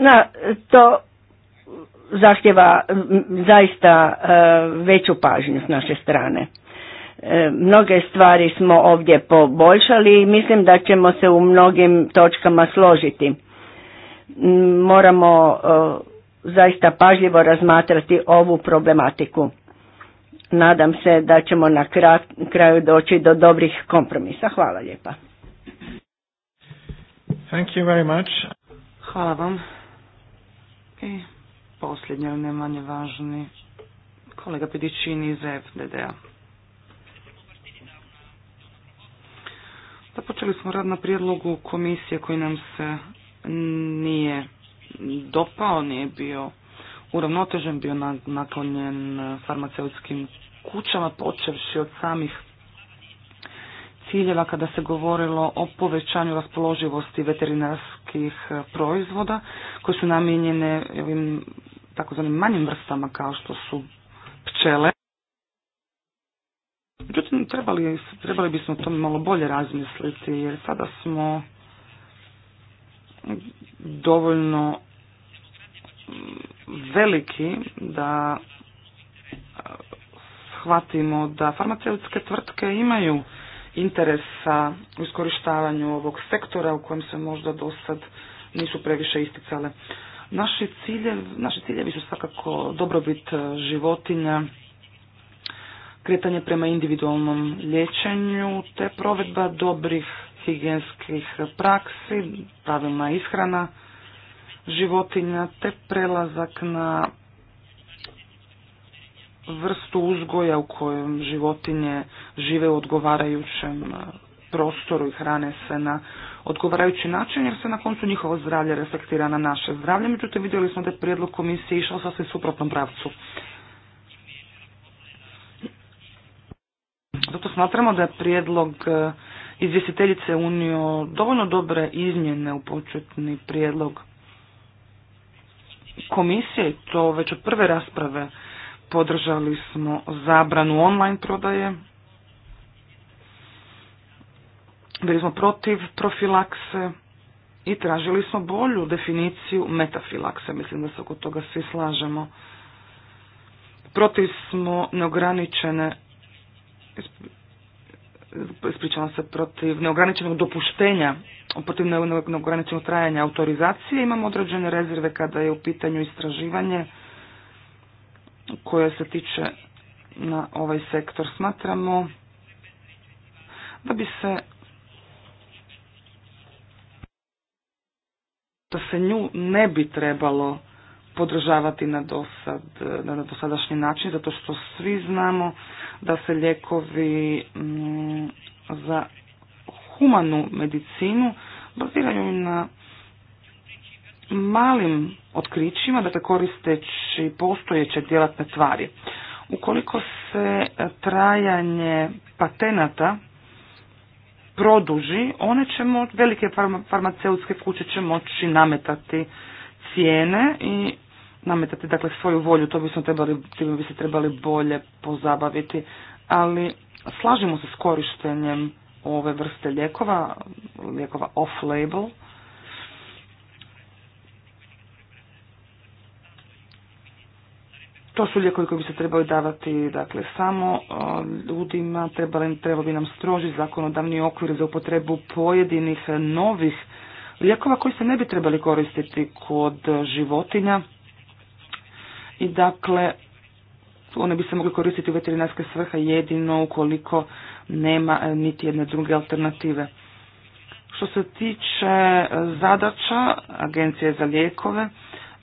na, to zahtjeva zaista e, veću pažnju s naše strane. E, mnoge stvari smo ovdje poboljšali i mislim da ćemo se u mnogim točkama složiti. Moramo e, zaista pažljivo razmatrati ovu problematiku. Nadam se da ćemo na kraju doći do dobrih kompromisa. Hvala lijepa. Thank you very much. Hvala vam. I posljednji, ali ne manje važni, kolega Pedićini iz FDD-a. Započeli smo rad na prijedlogu komisije koji nam se nije dopao, nije bio uravnotežen, bio naklonjen farmaceutskim kućama, počevši od samih ciljeva kada se govorilo o povećanju raspoloživosti veterinarskih e, proizvoda koji su namijenjene ovim takozvanim manjim vrstama kao što su pčele. Međutim, trebali, trebali bismo o tome malo bolje razmisliti jer sada smo dovoljno mm, veliki da e, shvatimo da farmaceutske tvrtke imaju interesa u iskorištavanju ovog sektora u kojem se možda do sad nisu previše isticale. Naši ciljevi, naši ciljevi su svakako dobrobit e, životinja, kretanje prema individualnom liječenju te provedba dobrih higijenskih praksi, pravilna ishrana životinja te prelazak na vrstu uzgoja u kojem životinje žive u odgovarajućem e, prostoru i hrane se na odgovarajući način jer se na koncu njihovo zdravlje reflektira na naše zdravlje. Međutim, vidjeli smo da je prijedlog komisije išao sasvim suprotnom pravcu. Zato smatramo da je prijedlog e, izvjestiteljice unio dovoljno dobre izmjene u početni prijedlog komisije, to već od prve rasprave podržali smo zabranu online prodaje. Bili smo protiv profilakse i tražili smo bolju definiciju metafilakse. Mislim da se oko toga svi slažemo. Protiv smo neograničene ispričavam se, protiv neograničenog dopuštenja, protiv neograničenog trajanja autorizacije. Imamo određene rezerve kada je u pitanju istraživanje koja se tiče na ovaj sektor. Smatramo da bi se da se nju ne bi trebalo podržavati na, dosad, na dosadašnji način, zato što svi znamo da se lijekovi mm, za humanu medicinu baziraju na malim otkrićima, dakle koristeći postojeće djelatne tvari. Ukoliko se e, trajanje patenata produži, one će velike farmaceutske kuće će moći nametati cijene i nametati dakle svoju volju, to bismo trebali, time bi se trebali bolje pozabaviti, ali slažemo se s korištenjem ove vrste lijekova, lijekova off-label, To su lijekovi koji bi se trebali davati dakle, samo ljudima, trebali, trebali bi nam stroži zakonodavni okvir za upotrebu pojedinih novih lijekova koji se ne bi trebali koristiti kod životinja i dakle one bi se mogli koristiti u veterinarske svrhe jedino ukoliko nema e, niti jedne druge alternative. Što se tiče e, zadaća Agencije za lijekove,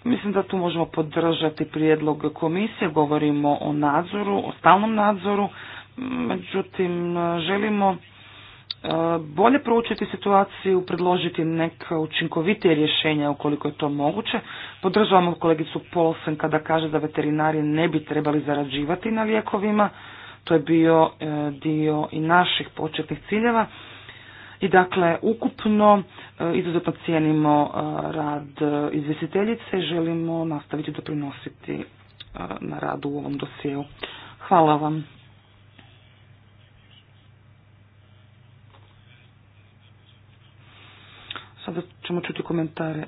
Mislim da tu možemo podržati prijedlog komisije, govorimo o nadzoru, o stalnom nadzoru, međutim želimo e, bolje proučiti situaciju, predložiti neka učinkovitije rješenja ukoliko je to moguće. Podržavamo kolegicu Polsen kada kaže da veterinari ne bi trebali zarađivati na lijekovima. To je bio e, dio i naših početnih ciljeva. I dakle, ukupno e, izuzetno cijenimo e, rad e, izvjestiteljice i želimo nastaviti doprinositi na radu u ovom dosjeu. Hvala vam. Sada ćemo čuti komentare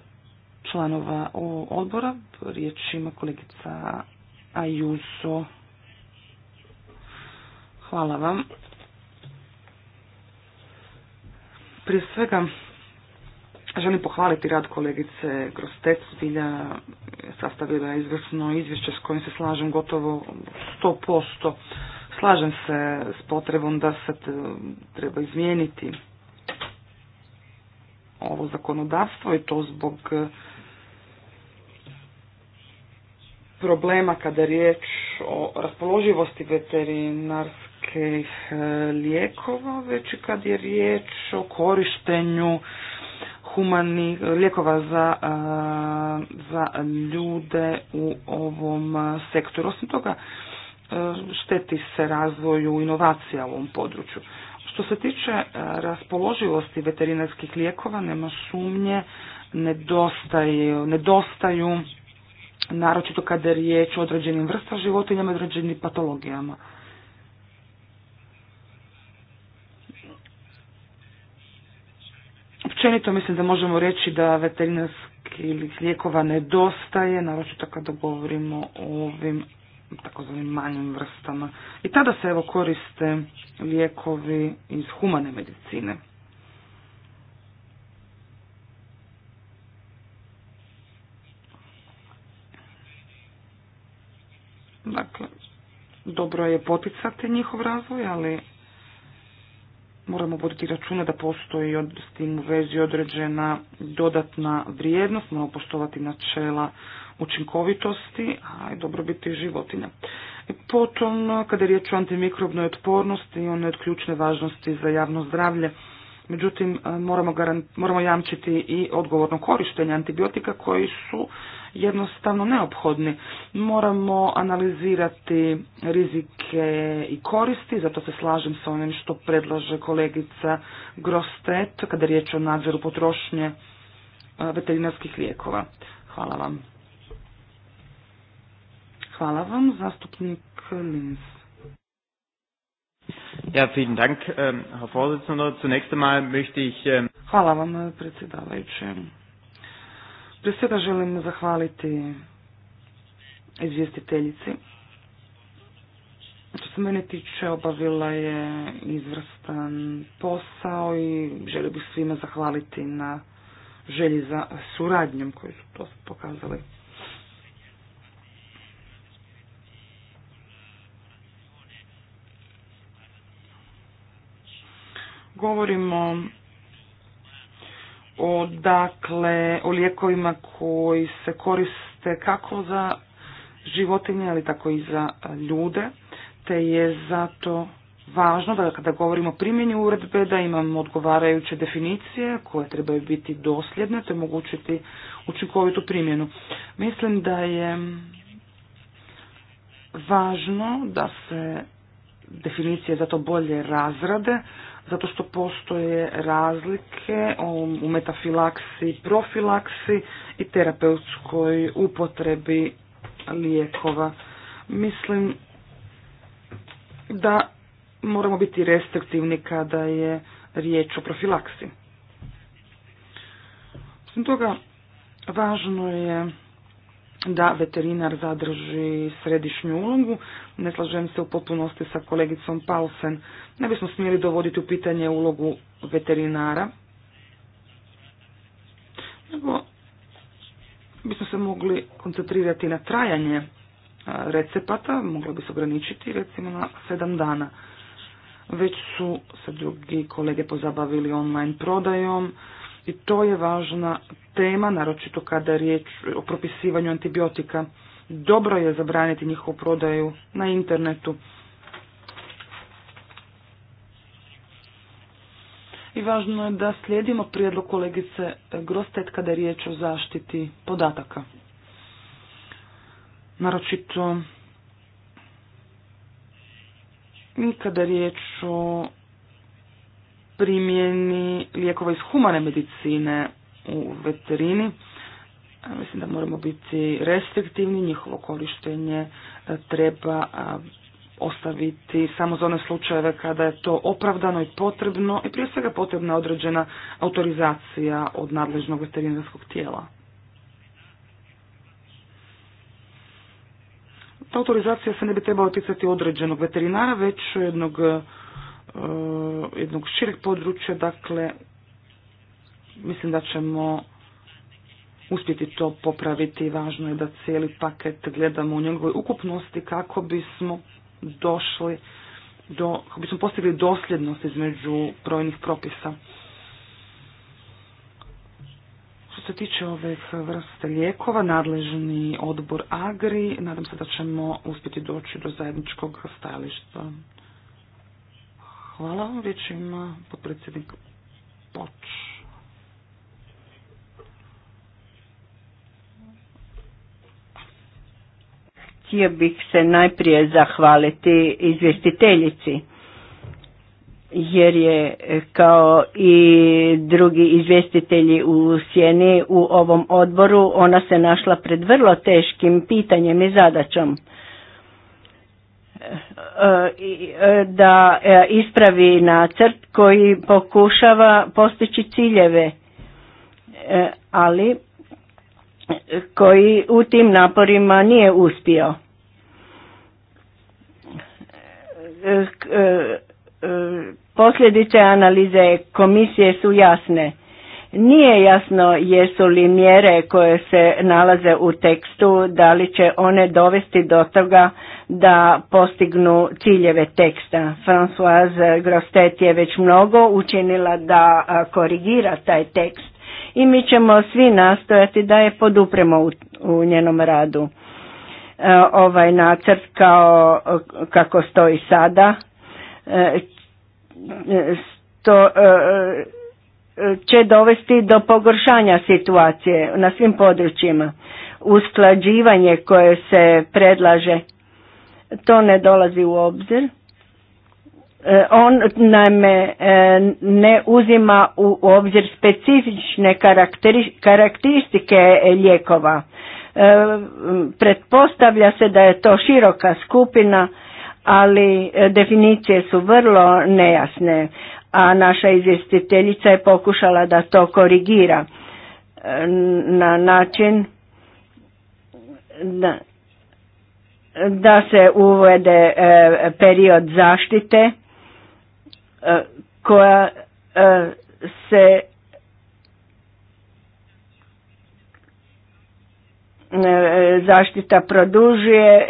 članova odbora. Riječ ima kolegica Ajuso. Hvala vam. Prije svega, želim pohvaliti rad kolegice Grostec, Bilja sastavila izvrsno izvješće s kojim se slažem gotovo 100%. Slažem se s potrebom da se treba izmijeniti ovo zakonodavstvo i to zbog e, problema kada je riječ o raspoloživosti veterinarske nekih e, lijekova, već i kad je riječ o korištenju humani, lijekova za, e, za ljude u ovom sektoru. Osim toga, e, šteti se razvoju inovacija u ovom području. Što se tiče raspoloživosti veterinarskih lijekova, nema sumnje, nedostaju, nedostaju naročito kada je riječ o određenim vrsta životinjama i određenim patologijama. Općenito mislim da možemo reći da veterinarskih lijekova nedostaje, naročito kada govorimo o ovim takozvanim manjim vrstama. I tada se evo koriste lijekovi iz humane medicine. Dakle, dobro je poticati njihov razvoj, ali moramo voditi računa da postoji od, s tim u vezi određena dodatna vrijednost, moramo poštovati načela učinkovitosti, a i dobrobiti životinja. E, potom, kada je riječ o antimikrobnoj otpornosti, ono je od ključne važnosti za javno zdravlje. Međutim, e, moramo, moramo jamčiti i odgovorno korištenje antibiotika koji su jednostavno neophodni. Moramo analizirati rizike i koristi, zato se slažem sa onim što predlaže kolegica Grostet kada je riječ o nadzoru potrošnje e, veterinarskih lijekova. Hvala vam. Hvala vam, zastupnik Linz. Ja, vielen Dank, ähm, Herr Vorsitzender. Zunächst möchte ich... Ähm, Hvala vam, predsjedavajući. Prije svega želim zahvaliti izvjestiteljici. Što se mene tiče, obavila je izvrstan posao i želio bih svima zahvaliti na želji za suradnjom koju su to pokazali. Govorimo o, dakle, o lijekovima koji se koriste kako za životinje, ali tako i za ljude, te je zato važno da kada govorimo o primjeni uredbe da imamo odgovarajuće definicije koje trebaju biti dosljedne te omogućiti učinkovitu primjenu. Mislim da je važno da se definicije zato bolje razrade, zato što postoje razlike u metafilaksi, profilaksi i terapeutskoj upotrebi lijekova. Mislim da moramo biti restriktivni kada je riječ o profilaksi. Osim toga, važno je da veterinar zadrži središnju ulogu, ne slažem se u potpunosti sa kolegicom Paulsen. Ne bismo smjeli dovoditi u pitanje ulogu veterinara, nego bismo se mogli koncentrirati na trajanje recepata, moglo bi se ograničiti recimo na sedam dana. Već su se drugi kolege pozabavili online prodajom i to je važna tema, naročito kada je riječ o propisivanju antibiotika dobro je zabraniti njihovu prodaju na internetu. I važno je da slijedimo prijedlog kolegice Grostet kada je riječ o zaštiti podataka. Naročito i kada je riječ o primjeni lijekova iz humane medicine u veterini, Mislim da moramo biti restriktivni, njihovo korištenje e, treba ostaviti samo za one slučajeve kada je to opravdano i potrebno i prije svega potrebna određena autorizacija od nadležnog veterinarskog tijela. Ta autorizacija se ne bi trebala ticati određenog veterinara, već jednog, e, jednog šireg područja, dakle mislim da ćemo uspjeti to popraviti. Važno je da cijeli paket gledamo u njegovoj ukupnosti kako bismo došli do, kako bismo postigli dosljednost između brojnih propisa. Što se tiče ovih vrsta lijekova, nadležni odbor Agri, nadam se da ćemo uspjeti doći do zajedničkog stajališta. Hvala, već ima potpredsjednik Poč. htio bih se najprije zahvaliti izvjestiteljici jer je e, kao i drugi izvjestitelji u sjeni u ovom odboru ona se našla pred vrlo teškim pitanjem i zadaćom e, e, da ispravi nacrt koji pokušava postići ciljeve ali koji u tim naporima nije uspio. Posljedice analize komisije su jasne. Nije jasno jesu li mjere koje se nalaze u tekstu, da li će one dovesti do toga da postignu ciljeve teksta. Françoise Grostet je već mnogo učinila da korigira taj tekst i mi ćemo svi nastojati da je podupremo u, njenom radu. E, ovaj nacrt kao kako stoji sada e, e, će dovesti do pogoršanja situacije na svim područjima. Usklađivanje koje se predlaže to ne dolazi u obzir E, on naime e, ne uzima u obzir specifične karakteristike lijekova. E, pretpostavlja se da je to široka skupina, ali definicije su vrlo nejasne, a naša izvjestiteljica je pokušala da to korigira na način da, da se uvede period zaštite E, koja e, se e, zaštita produžuje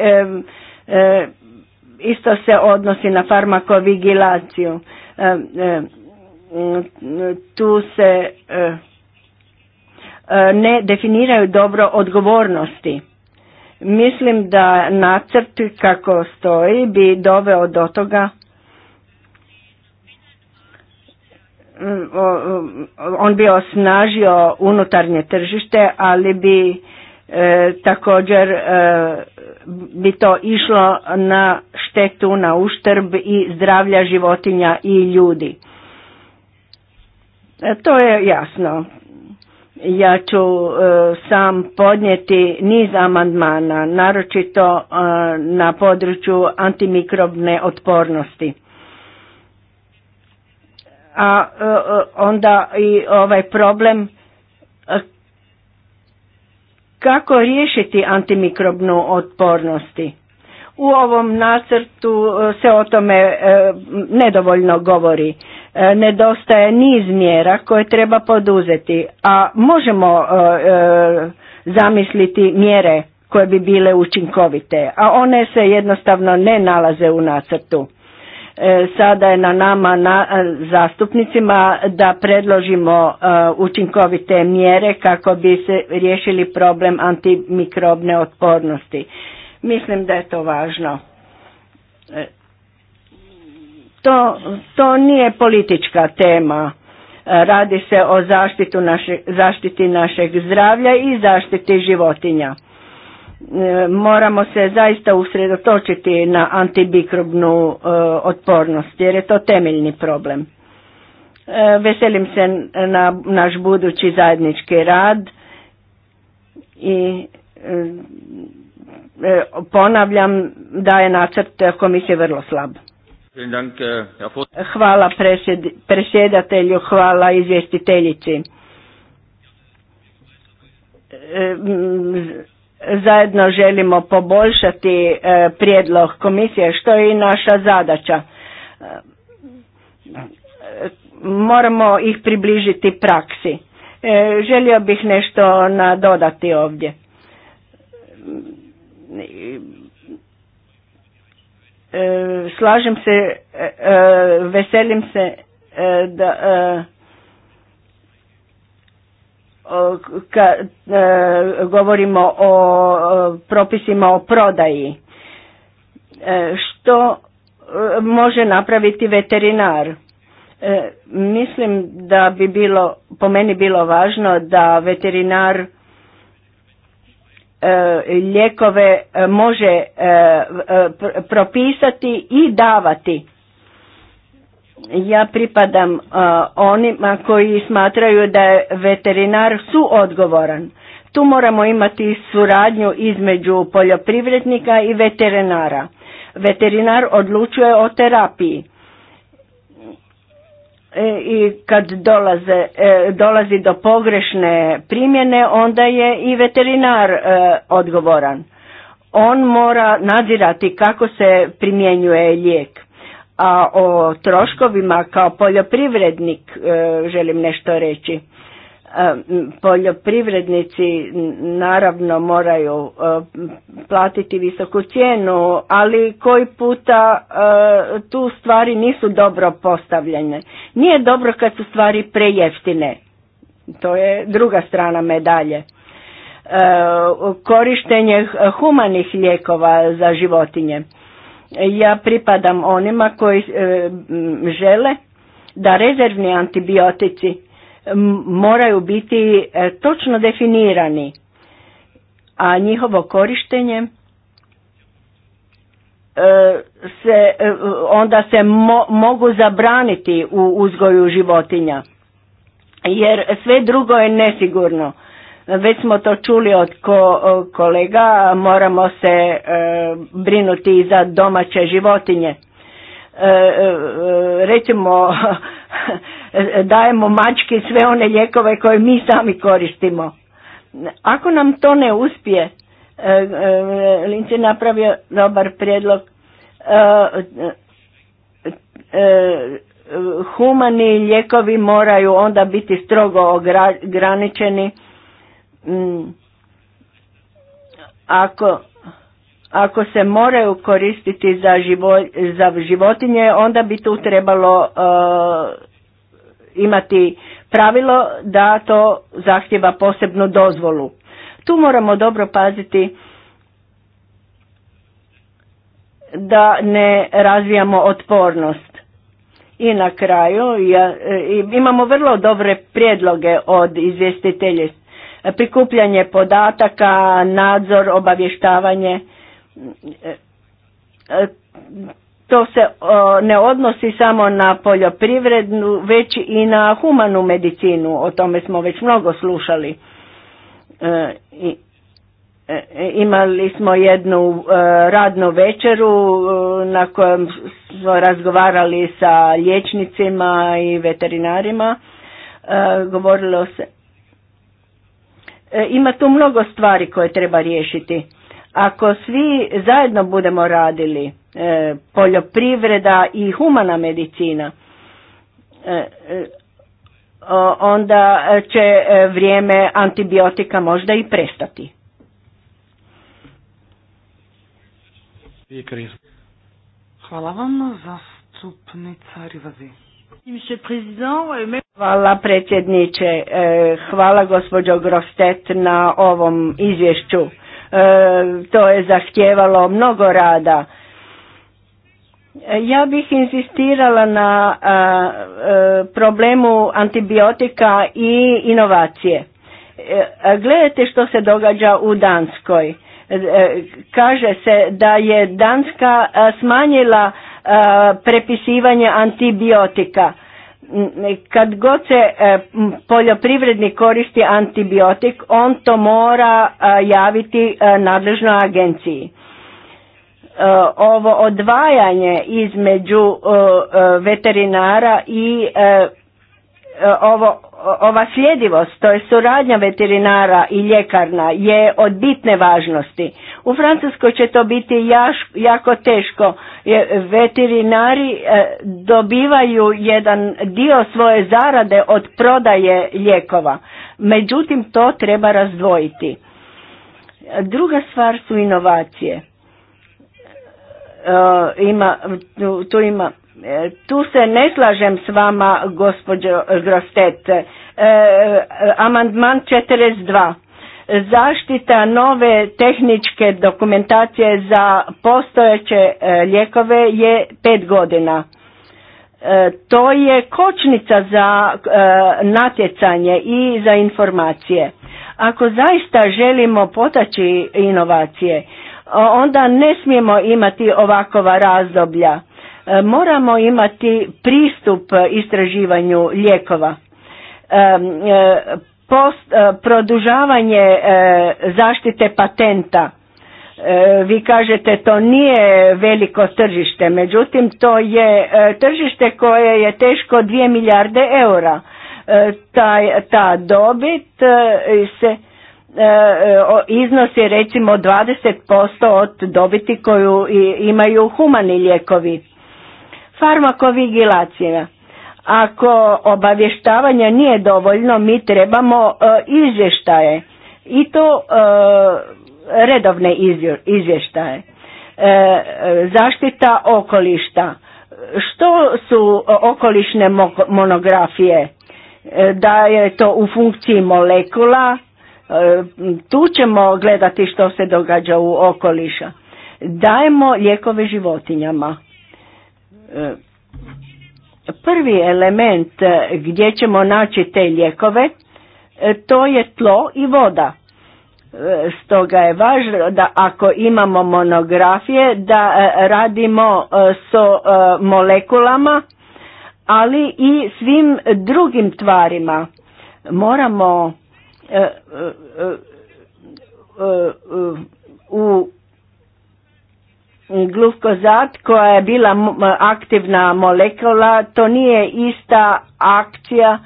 isto se odnosi na farmakovigilaciju tu se ne definiraju dobro odgovornosti mislim da nacrt kako stoji bi doveo do toga on bi osnažio unutarnje tržište, ali bi e, također e, bi to išlo na štetu, na uštrb i zdravlja životinja i ljudi. E, to je jasno. Ja ću sam podnijeti niz amandmana, naročito na području antimikrobne otpornosti a e, e, onda i ovaj problem e, kako riješiti antimikrobnu otpornosti. U ovom nacrtu se o tome nedovoljno govori. Nedostaje niz mjera koje treba poduzeti, a možemo zamisliti mjere koje bi bile učinkovite, a one se jednostavno ne nalaze u nacrtu. E, sada je na nama na e, zastupnicima da predložimo e, učinkovite mjere kako bi se riješili problem antimikrobne otpornosti. Mislim da je to važno. To, to nije politička tema. Radi se o naše, zaštiti našeg zdravlja i zaštiti životinja moramo se zaista usredotočiti na antibikrobnu e, otpornost jer je to temeljni problem. E, veselim se na naš budući zajednički rad i e, ponavljam da je nacrt komisije vrlo slab. Hvala presjedatelju, hvala izvjestiteljici Zajedno želimo poboljšati e, prijedlog komisije, što je i naša zadaća. E, moramo ih približiti praksi. E, želio bih nešto nadodati ovdje slažem se, veselim se da ka, e, govorimo o propisima o prodaji e, što e, može napraviti veterinar mislim da bi bilo po meni bilo važno da veterinar lijekove može propisati i davati ja pripadam uh, onima koji smatraju da je veterinar suodgovoran. Tu moramo imati suradnju između poljoprivrednika i veterinara. Veterinar odlučuje o terapiji. E, I kad dolaze, e, dolazi do pogrešne primjene, onda je i veterinar e, odgovoran. On mora nadzirati kako se primjenjuje lijek a o troškovima kao poljoprivrednik e, želim nešto reći. E, poljoprivrednici naravno moraju e, platiti visoku cijenu, ali koji puta tu stvari nisu dobro postavljene. Nije dobro kad su stvari prejeftine. To je druga strana medalje. Korištenje humanih lijekova za životinje ja pripadam onima koji e, žele da rezervni antibiotici moraju biti e, točno definirani, a njihovo korištenje e, se onda se mo, mogu zabraniti u uzgoju životinja jer sve drugo je nesigurno već smo to čuli od ko, kolega, moramo se e, brinuti i za domaće životinje. E, e recimo, dajemo mački sve one lijekove koje mi sami koristimo. Ako nam to ne uspije, e, Linci je napravio dobar prijedlog, humani lijekovi moraju onda biti strogo ograničeni Mm. ako ako se moraju koristiti za, za životinje onda bi tu trebalo uh, imati pravilo da to zahtjeva posebnu dozvolu tu moramo dobro paziti da ne razvijamo otpornost i na kraju ja, e, imamo vrlo dobre prijedloge od izvjestitelje prikupljanje podataka, nadzor, obavještavanje. E, e, to se ne odnosi samo na poljoprivrednu, već i na humanu medicinu, o tome smo već mnogo slušali. E, imali smo jednu radnu večeru na kojem smo razgovarali sa liječnicima i veterinarima. Govorilo se E, ima tu mnogo stvari koje treba riješiti. Ako svi zajedno budemo radili, e, poljoprivreda i humana medicina, e, onda će vrijeme antibiotika možda i prestati. Hvala vam, zastupnica Rivazi. Hvala predsjedniče, e, hvala gospođo Grostet na ovom izvješću. E, to je zahtjevalo mnogo rada. E, ja bih insistirala na problemu antibiotika i inovacije. Gledajte što se događa u Danskoj. Kaže se da je Danska smanjila E, prepisivanje antibiotika. Kad god se e, poljoprivrednik koristi antibiotik, on to mora e, javiti nadležnoj agenciji. Ovo odvajanje između veterinara i ovo ova sljedivost, to je suradnja veterinara i ljekarna je od bitne važnosti. U Francuskoj će to biti jaš, jako teško. Veterinari e, dobivaju jedan dio svoje zarade od prodaje lijekova. Međutim, to treba razdvojiti. Druga stvar su inovacije. E, ima, tu ima E, tu se ne slažem s vama, gospođo Grostet. E, e amandman 42. Zaštita nove tehničke dokumentacije za postojeće e, lijekove je pet godina. to je kočnica za natjecanje i za informacije. Ako zaista želimo potaći inovacije, onda ne smijemo imati ovakova razdoblja E, moramo imati pristup istraživanju lijekova. E, e, post, produžavanje zaštite patenta. Vi kažete to nije veliko tržište, međutim to je tržište koje je teško 2 milijarde eura. Ta, ta dobit se iznosi recimo 20% od dobiti koju imaju humani lijekovi. Farmakovigilacija. Ako obavještavanja nije dovoljno, mi trebamo e, izvještaje i to e, redovne izvještaje. E, zaštita okolišta. Što su okolišne monografije? Da je to u funkciji molekula, tu ćemo gledati što se događa u okoliša. Dajemo lijekove životinjama. Prvi element e, gdje ćemo naći te lijekove, e, to je tlo i voda. E, stoga je važno da ako imamo monografije da radimo s so molekulama, ali i svim drugim tvarima. Moramo u Mm, Glukozat koja je bila aktivna molekula, to nije ista akcija e,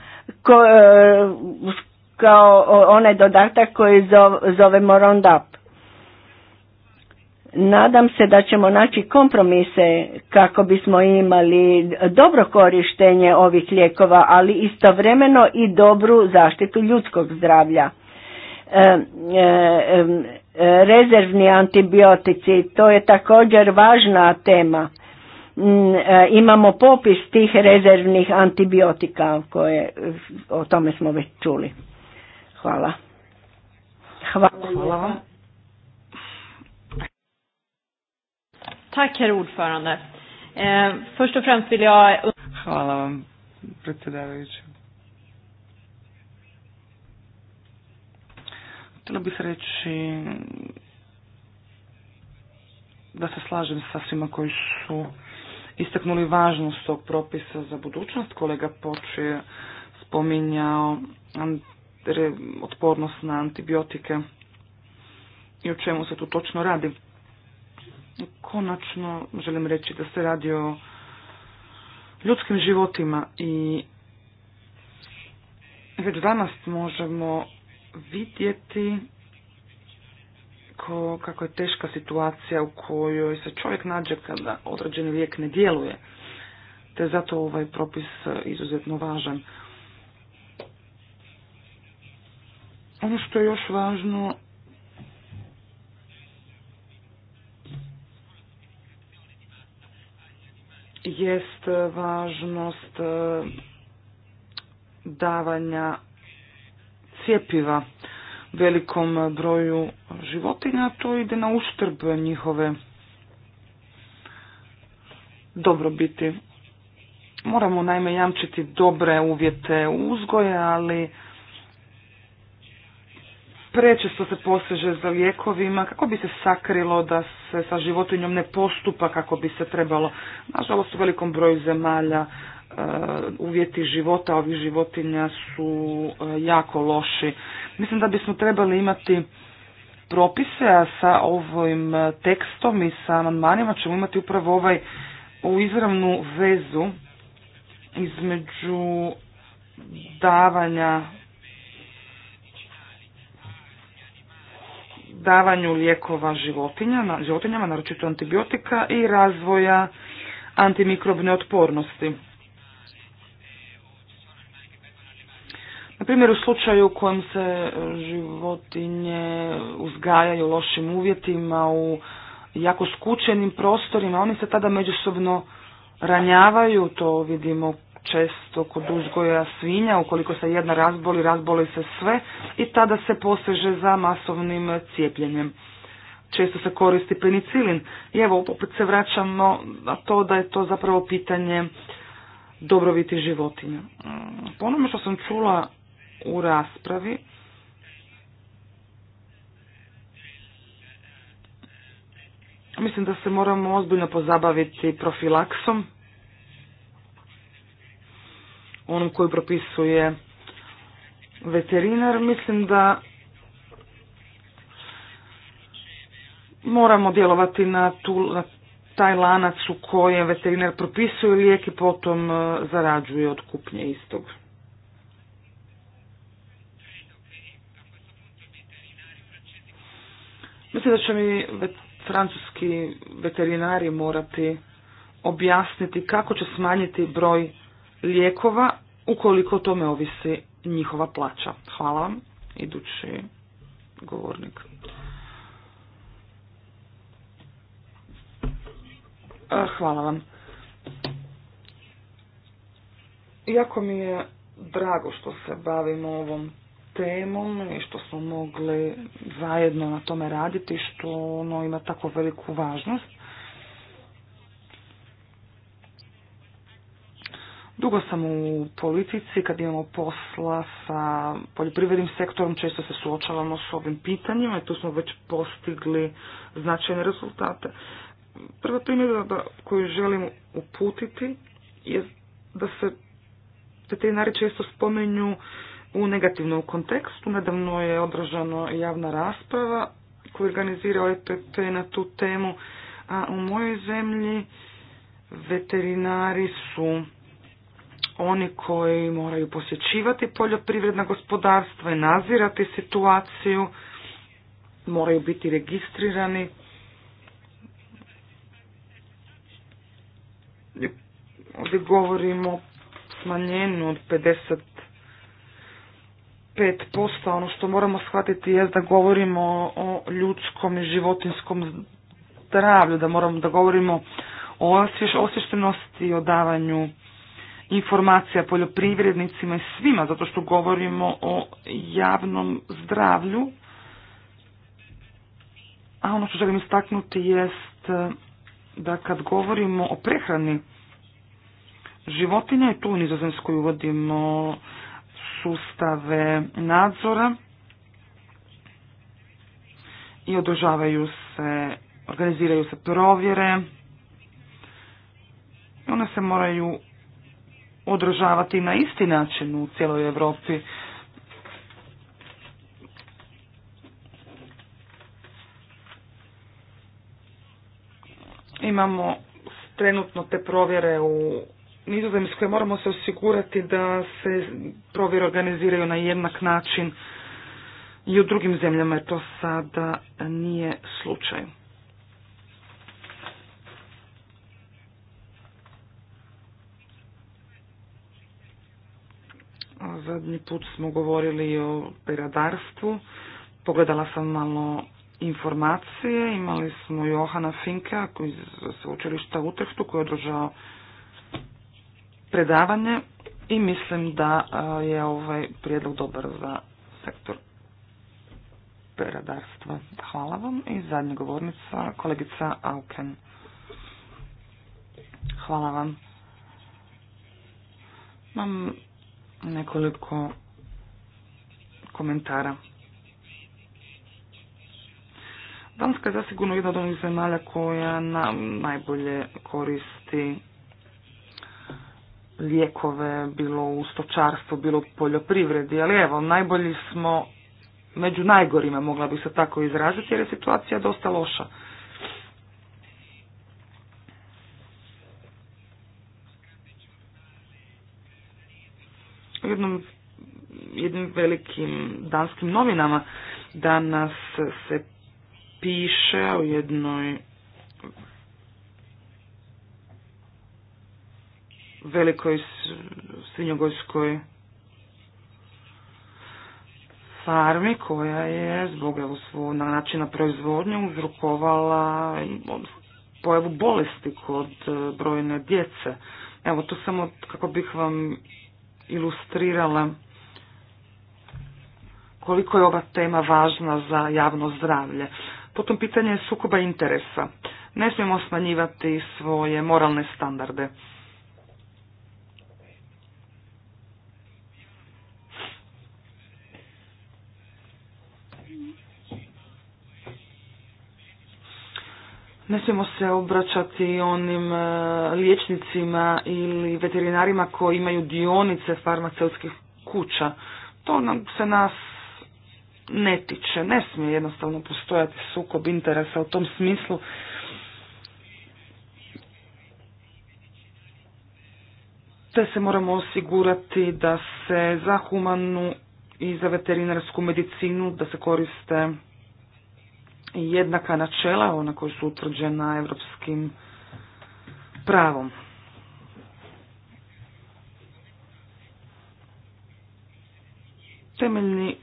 kao onaj dodatak koji zovemo Roundup. Nadam se da ćemo naći kompromise kako bismo imali dobro korištenje ovih lijekova, ali istovremeno i dobru zaštitu ljudskog zdravlja rezervni antibiotici, to je također važna tema. Mm, e, imamo popis tih rezervnih antibiotika koje o tome smo već čuli. Hvala. Hvala, Tack herr ordförande. Eh, först och främst vill jag... Hvala vam predsjedavajući. Htjela bih reći da se slažem sa svima koji su istaknuli važnost tog propisa za budućnost. Kolega Poč je spominjao otpornost na antibiotike i o čemu se tu točno radi. Konačno želim reći da se radi o ljudskim životima i već danas možemo vidjeti ko, kako je teška situacija u kojoj se čovjek nađe kada određeni lijek ne djeluje. Te zato ovaj propis e, izuzetno važan. Ono što je još važno jest e, važnost e, davanja cjepiva velikom broju životinja, to ide na uštrb njihove dobrobiti. Moramo naime jamčiti dobre uvjete uzgoja, ali prečesto se poseže za lijekovima kako bi se sakrilo da se sa životinjom ne postupa kako bi se trebalo. Nažalost u velikom broju zemalja E, uvjeti života ovih životinja su e, jako loši. Mislim da bismo trebali imati propise, a sa ovim e, tekstom i sa amandmanima ćemo imati upravo ovaj u izravnu vezu između davanja davanju lijekova životinja, životinjama, naročito antibiotika i razvoja antimikrobne otpornosti. Na primjer, u slučaju u kojem se životinje uzgajaju lošim uvjetima, u jako skučenim prostorima, oni se tada međusobno ranjavaju, to vidimo često kod uzgoja svinja, ukoliko se jedna razboli, razboli se sve i tada se poseže za masovnim cijepljenjem. Često se koristi penicilin i evo opet se vraćamo na to da je to zapravo pitanje dobrobiti životinja. Po onome što sam čula u raspravi. Mislim da se moramo ozbiljno pozabaviti profilaksom, onom koju propisuje veterinar. Mislim da moramo djelovati na, tu, na taj lanac u kojem veterinar propisuje lijek i potom eh, zarađuje od kupnje istog. Mislim da će mi francuski veterinari morati objasniti kako će smanjiti broj lijekova ukoliko tome ovisi njihova plaća. Hvala vam, idući govornik. Hvala vam. Jako mi je drago što se bavimo ovom temom i što smo mogli zajedno na tome raditi, što ono ima tako veliku važnost. Dugo sam u politici, kad imamo posla sa poljoprivrednim sektorom, često se suočavamo s ovim pitanjima i tu smo već postigli značajne rezultate. Prva primjedba koju želim uputiti je da se veterinari često spomenju u negativnom kontekstu nedavno je održana javna rasprava koju je organizirao e na tu temu, a u mojoj zemlji veterinari su oni koji moraju posjećivati poljoprivredna gospodarstva i nazirati situaciju, moraju biti registrirani. Ovdje govorimo o smanjenju od 50 5%, ono što moramo shvatiti je da govorimo o ljudskom i životinskom zdravlju, da moramo da govorimo o osvještenosti, o davanju informacija poljoprivrednicima i svima, zato što govorimo o javnom zdravlju. A ono što želim istaknuti jest da kad govorimo o prehrani životinja i tu u Nizozemskoj uvodimo sustave nadzora i održavaju se, organiziraju se provjere i one se moraju održavati na isti način u cijeloj Europi. Imamo trenutno te provjere u Nizozemskoj moramo se osigurati da se provjere organiziraju na jednak način i u drugim zemljama je to sada nije slučaj. Zadnji put smo govorili o peradarstvu. Pogledala sam malo informacije. Imali smo Johana Finka iz sveučilišta Utrehtu koji je održao predavanje i mislim da je ovaj prijedlog dobar za sektor peradarstva. Hvala vam i zadnja govornica, kolegica Auken. Hvala vam. Imam nekoliko komentara. Danska je zasigurno jedna od onih zemalja koja nam najbolje koristi lijekove, bilo u stočarstvu, bilo u poljoprivredi, ali evo, najbolji smo među najgorima, mogla bi se tako izraziti, jer je situacija dosta loša. jednom jednim velikim danskim novinama danas se piše o jednoj velikoj svinjogojskoj farmi koja je zbog svog načina proizvodnje uzrokovala pojavu bolesti kod e, brojne djece. Evo to samo kako bih vam ilustrirala koliko je ova tema važna za javno zdravlje. Potom pitanje je sukoba interesa. Ne smijemo smanjivati svoje moralne standarde. Ne smijemo se obraćati onim e, liječnicima ili veterinarima koji imaju dionice farmaceutskih kuća. To nam se nas ne tiče. Ne smije jednostavno postojati sukob interesa u tom smislu. Te se moramo osigurati da se za humanu i za veterinarsku medicinu da se koriste jednaka načela, ona koja su utvrđena evropskim pravom. Temeljni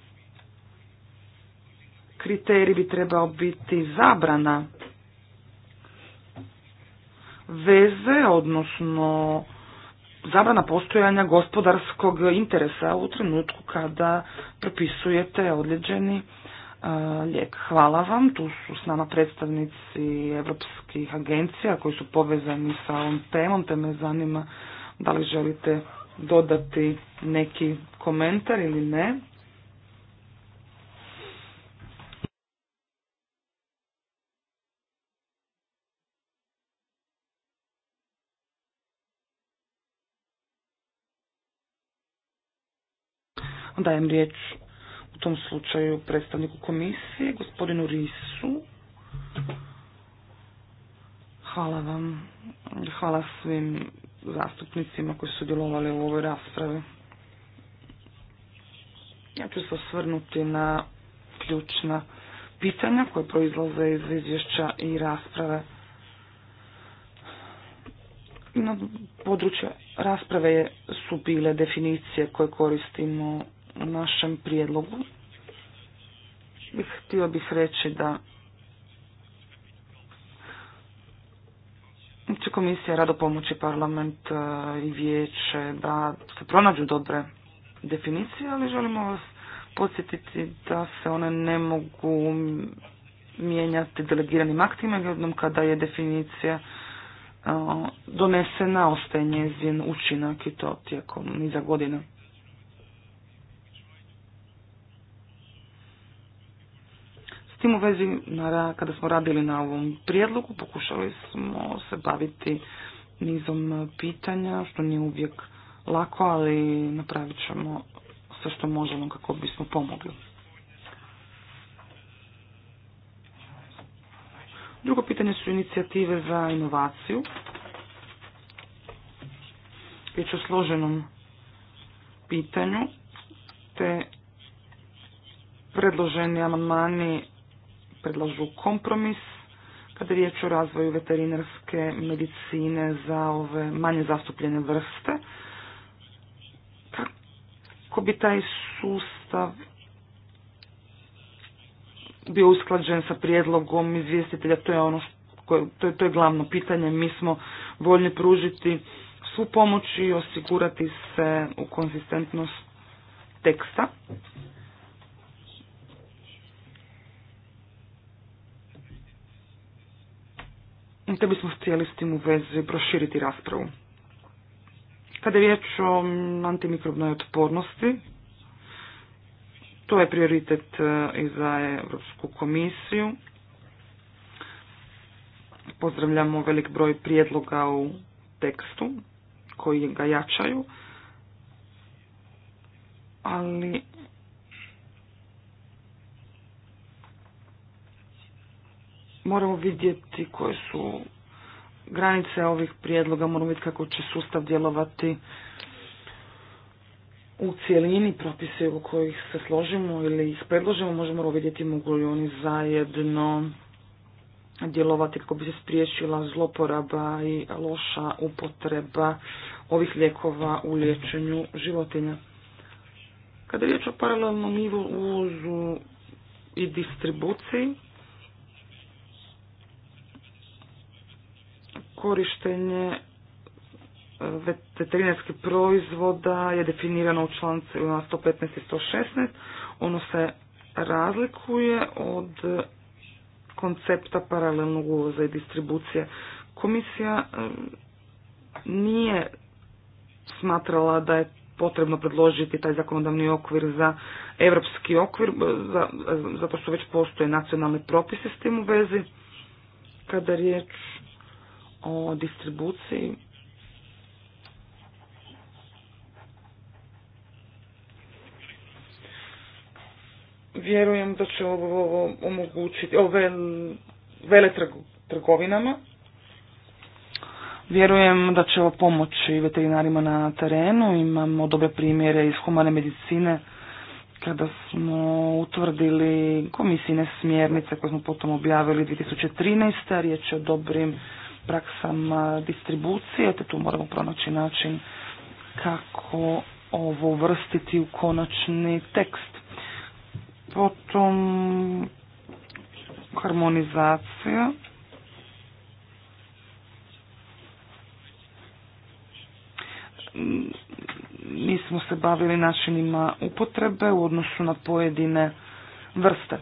kriterij bi trebao biti zabrana veze, odnosno zabrana postojanja gospodarskog interesa u trenutku kada propisujete određeni lijek. Hvala vam, tu su s nama predstavnici evropskih agencija koji su povezani sa ovom temom, te me zanima da li želite dodati neki komentar ili ne. Dajem riječ u tom slučaju predstavniku komisije, gospodinu Risu. Hvala vam. Hvala svim zastupnicima koji su djelovali u ovoj raspravi. Ja ću se osvrnuti na ključna pitanja koje proizlaze iz izvješća i rasprave. Na područje rasprave su bile definicije koje koristimo našem prijedlogu. Htio bih reći da će komisija rado pomoći parlament e, i vijeće da se pronađu dobre definicije, ali želimo vas podsjetiti da se one ne mogu mijenjati delegiranim aktima, jednom kada je definicija e, donesena, ostaje njezin učinak i to tijekom niza godina. S tim u vezi, kada smo radili na ovom prijedlogu, pokušali smo se baviti nizom pitanja, što nije uvijek lako, ali napravit ćemo sve što možemo kako bismo pomogli. Drugo pitanje su inicijative za inovaciju. Riječ o složenom pitanju, te predloženi amandmani predlažu kompromis kada je riječ o razvoju veterinarske medicine za ove manje zastupljene vrste. Kako bi taj sustav bio usklađen sa prijedlogom izvjestitelja, to je ono koje, to, je, to je glavno pitanje. Mi smo voljni pružiti svu pomoć i osigurati se u konzistentnost teksta. te bismo htjeli s tim u vezi proširiti raspravu. Kada je riječ o antimikrobnoj otpornosti, to je prioritet e, i za Europsku komisiju. Pozdravljamo velik broj prijedloga u tekstu koji ga jačaju, ali Moramo vidjeti koje su granice ovih prijedloga, moramo vidjeti kako će sustav djelovati u cijelini propise u kojih se složimo ili ih predložimo, možemo vidjeti mogu li oni zajedno djelovati kako bi se spriječila zloporaba i loša upotreba ovih lijekova u liječenju životinja. Kada je riječ o paralelnom uvozu i distribuciji, korištenje e, veterinarskih proizvoda je definirano u člancima 115 i 116. Ono se razlikuje od koncepta paralelnog uvoza i distribucije. Komisija e, nije smatrala da je potrebno predložiti taj zakonodavni okvir za evropski okvir, e, zato što već postoje nacionalni propisi s tim u vezi. Kada je riječ o distribuciji vjerujem da će ovo omogućiti ove veletrgovinama, Vjerujem da će ovo pomoći veterinarima na terenu. Imamo dobre primjere iz humane medicine kada smo utvrdili komisijne smjernice koje smo potom objavili 2013. Riječ je o dobrim praksama distribucije, te tu moramo pronaći način kako ovo vrstiti u konačni tekst. Potom harmonizacija. Mi smo se bavili načinima upotrebe u odnosu na pojedine vrste.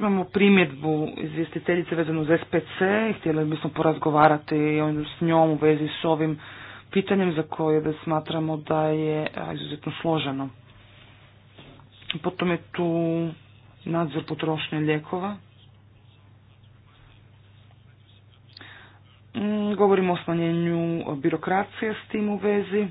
imamo primjedbu izvjestiteljice vezano uz SPC i htjeli bismo porazgovarati s njom u vezi s ovim pitanjem za koje da smatramo da je izuzetno složeno. Potom je tu nadzor potrošnje ljekova. Mm, govorimo o smanjenju birokracije s tim u vezi.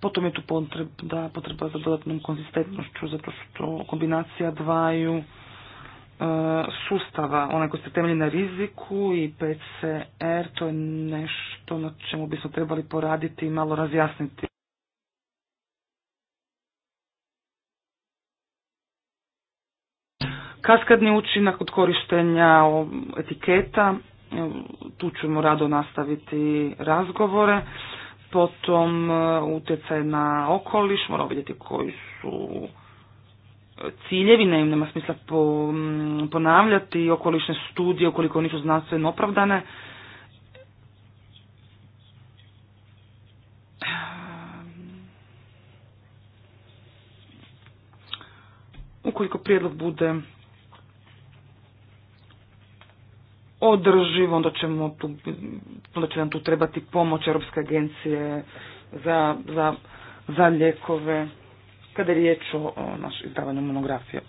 Potom je tu potreba, da, potreba za dodatnom konzistentnošću, zato što kombinacija dvaju e, sustava, onaj koji se temelji na riziku i PCR, to je nešto na čemu bismo trebali poraditi i malo razjasniti. Kaskadni učinak od korištenja etiketa, tu ćemo rado nastaviti razgovore. Potom e, utjecaj na okoliš, moramo vidjeti koji su e, ciljevi, ne, nema smisla ponavljati okolišne studije ukoliko nisu znanstveno opravdane. Ukoliko prijedlog bude održiv, onda, ćemo tu, će nam tu trebati pomoć Europske agencije za, za, za ljekove, kada je riječ o, o našoj izdavanju monografije.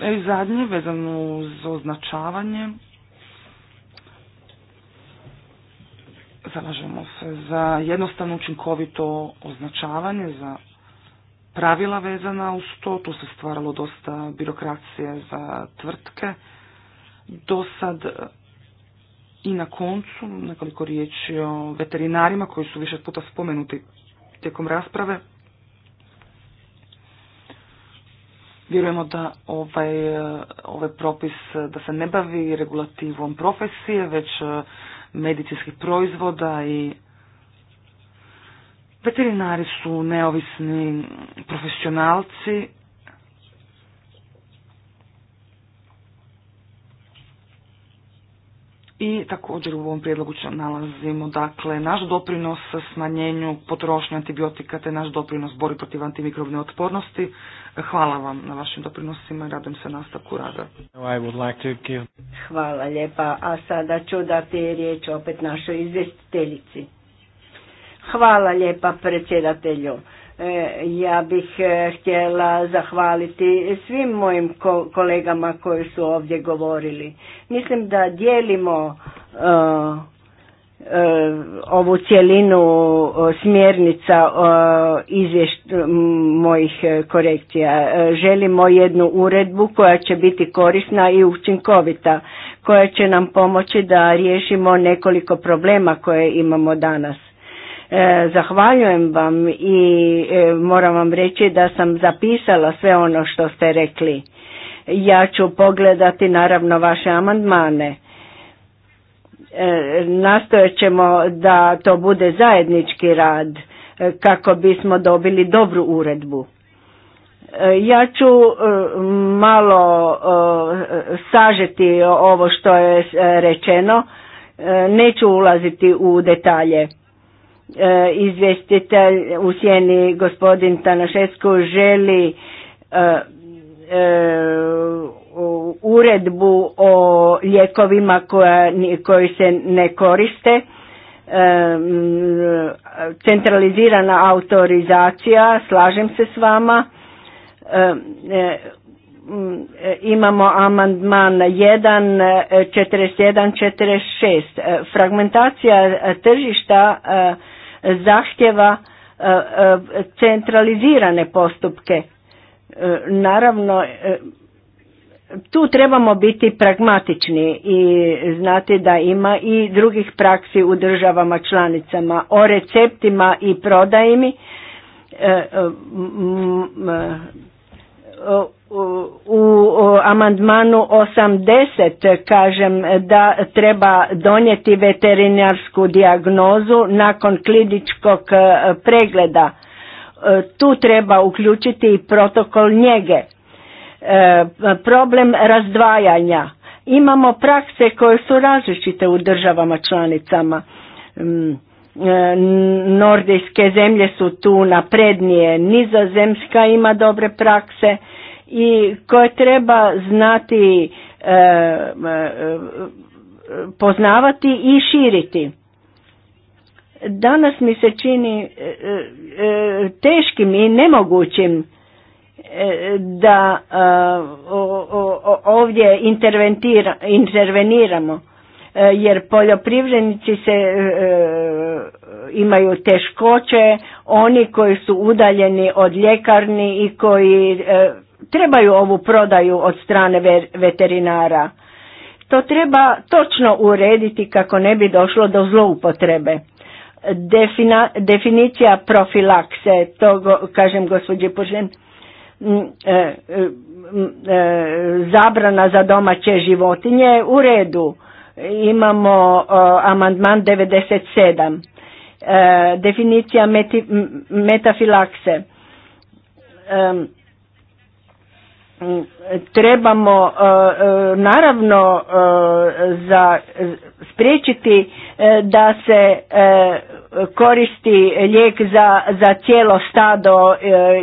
E i zadnje, vezano uz označavanje, zalažemo se za jednostavno učinkovito označavanje, za pravila vezana uz to, tu se stvaralo dosta birokracije za tvrtke, do sad e, i na koncu nekoliko riječi o veterinarima koji su više puta spomenuti tijekom rasprave. Vjerujemo da ovaj, e, ovaj propis e, da se ne bavi regulativom profesije, već medicinskih proizvoda i veterinari su neovisni profesionalci I također u ovom prijedlogu nalazimo dakle naš doprinos smanjenju potrošnje antibiotika te naš doprinos bori protiv antimikrobne otpornosti. Hvala vam na vašim doprinosima i radim se nastavku rada. Hvala lijepa, a sada ću dati riječ opet našoj izvjestiteljici. Hvala lijepa predsjedatelju. E, ja bih e, htjela zahvaliti svim mojim kolegama koji su ovdje govorili. Mislim da dijelimo e, ovu cjelinu smjernica mojih korekcija. Želimo jednu uredbu koja će biti korisna i učinkovita, koja će nam pomoći da riješimo nekoliko problema koje imamo danas E, zahvaljujem vam i e, moram vam reći da sam zapisala sve ono što ste rekli. Ja ću pogledati naravno vaše amandmane. E, nastojat ćemo da to bude zajednički rad kako bismo dobili dobru uredbu. Ja ću malo sažeti ovo što je rečeno, neću ulaziti u detalje. E, izvjestitelj u sjeni gospodin Tanašesku želi e, e, uredbu o lijekovima koji se ne koriste centralizirana autorizacija slažem se s vama imamo amandman jedan fragmentacija tržišta zahtjeva e, e, centralizirane postupke. E, naravno, tu trebamo biti pragmatični i znati da ima i drugih praksi u državama članicama o receptima i prodajimi u, amandmanu 80 kažem da treba donijeti veterinarsku dijagnozu nakon kliničkog e, pregleda. E, tu treba uključiti i protokol njege. E, problem razdvajanja. Imamo prakse koje su različite u državama članicama. Mm, nordijske zemlje su tu naprednije, nizozemska ima dobre prakse i koje treba znati e, e, poznavati i širiti. Danas mi se čini e, teškim i nemogućim da ovdje interveniramo jer poljoprivrednici se imaju teškoće, oni koji su udaljeni od ljekarni i koji trebaju ovu prodaju od strane veterinara. To treba točno urediti kako ne bi došlo do zloupotrebe. definicija profilakse, to kažem gospođe Požen, e, e, zabrana za domaće životinje u redu. Imamo amandman 97. E, definicija metafilakse trebamo e, e, naravno e, za spriječiti da se koristi lijek za, za cijelo stado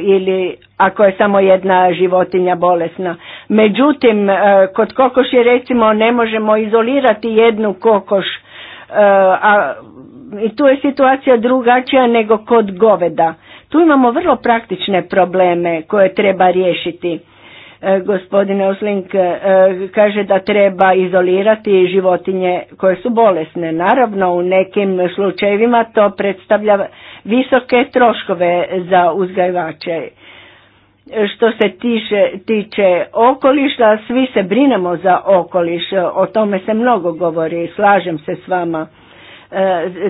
ili ako je samo jedna životinja bolesna. Međutim, kod kokoši recimo ne možemo izolirati jednu kokoš a i tu je situacija drugačija nego kod goveda. Tu imamo vrlo praktične probleme koje treba riješiti E, gospodine Oslink e, kaže da treba izolirati životinje koje su bolesne. Naravno u nekim slučajevima to predstavlja visoke troškove za uzgajivače. E, što se tiče okoliša, svi se brinemo za okoliš, o tome se mnogo govori, slažem se s vama.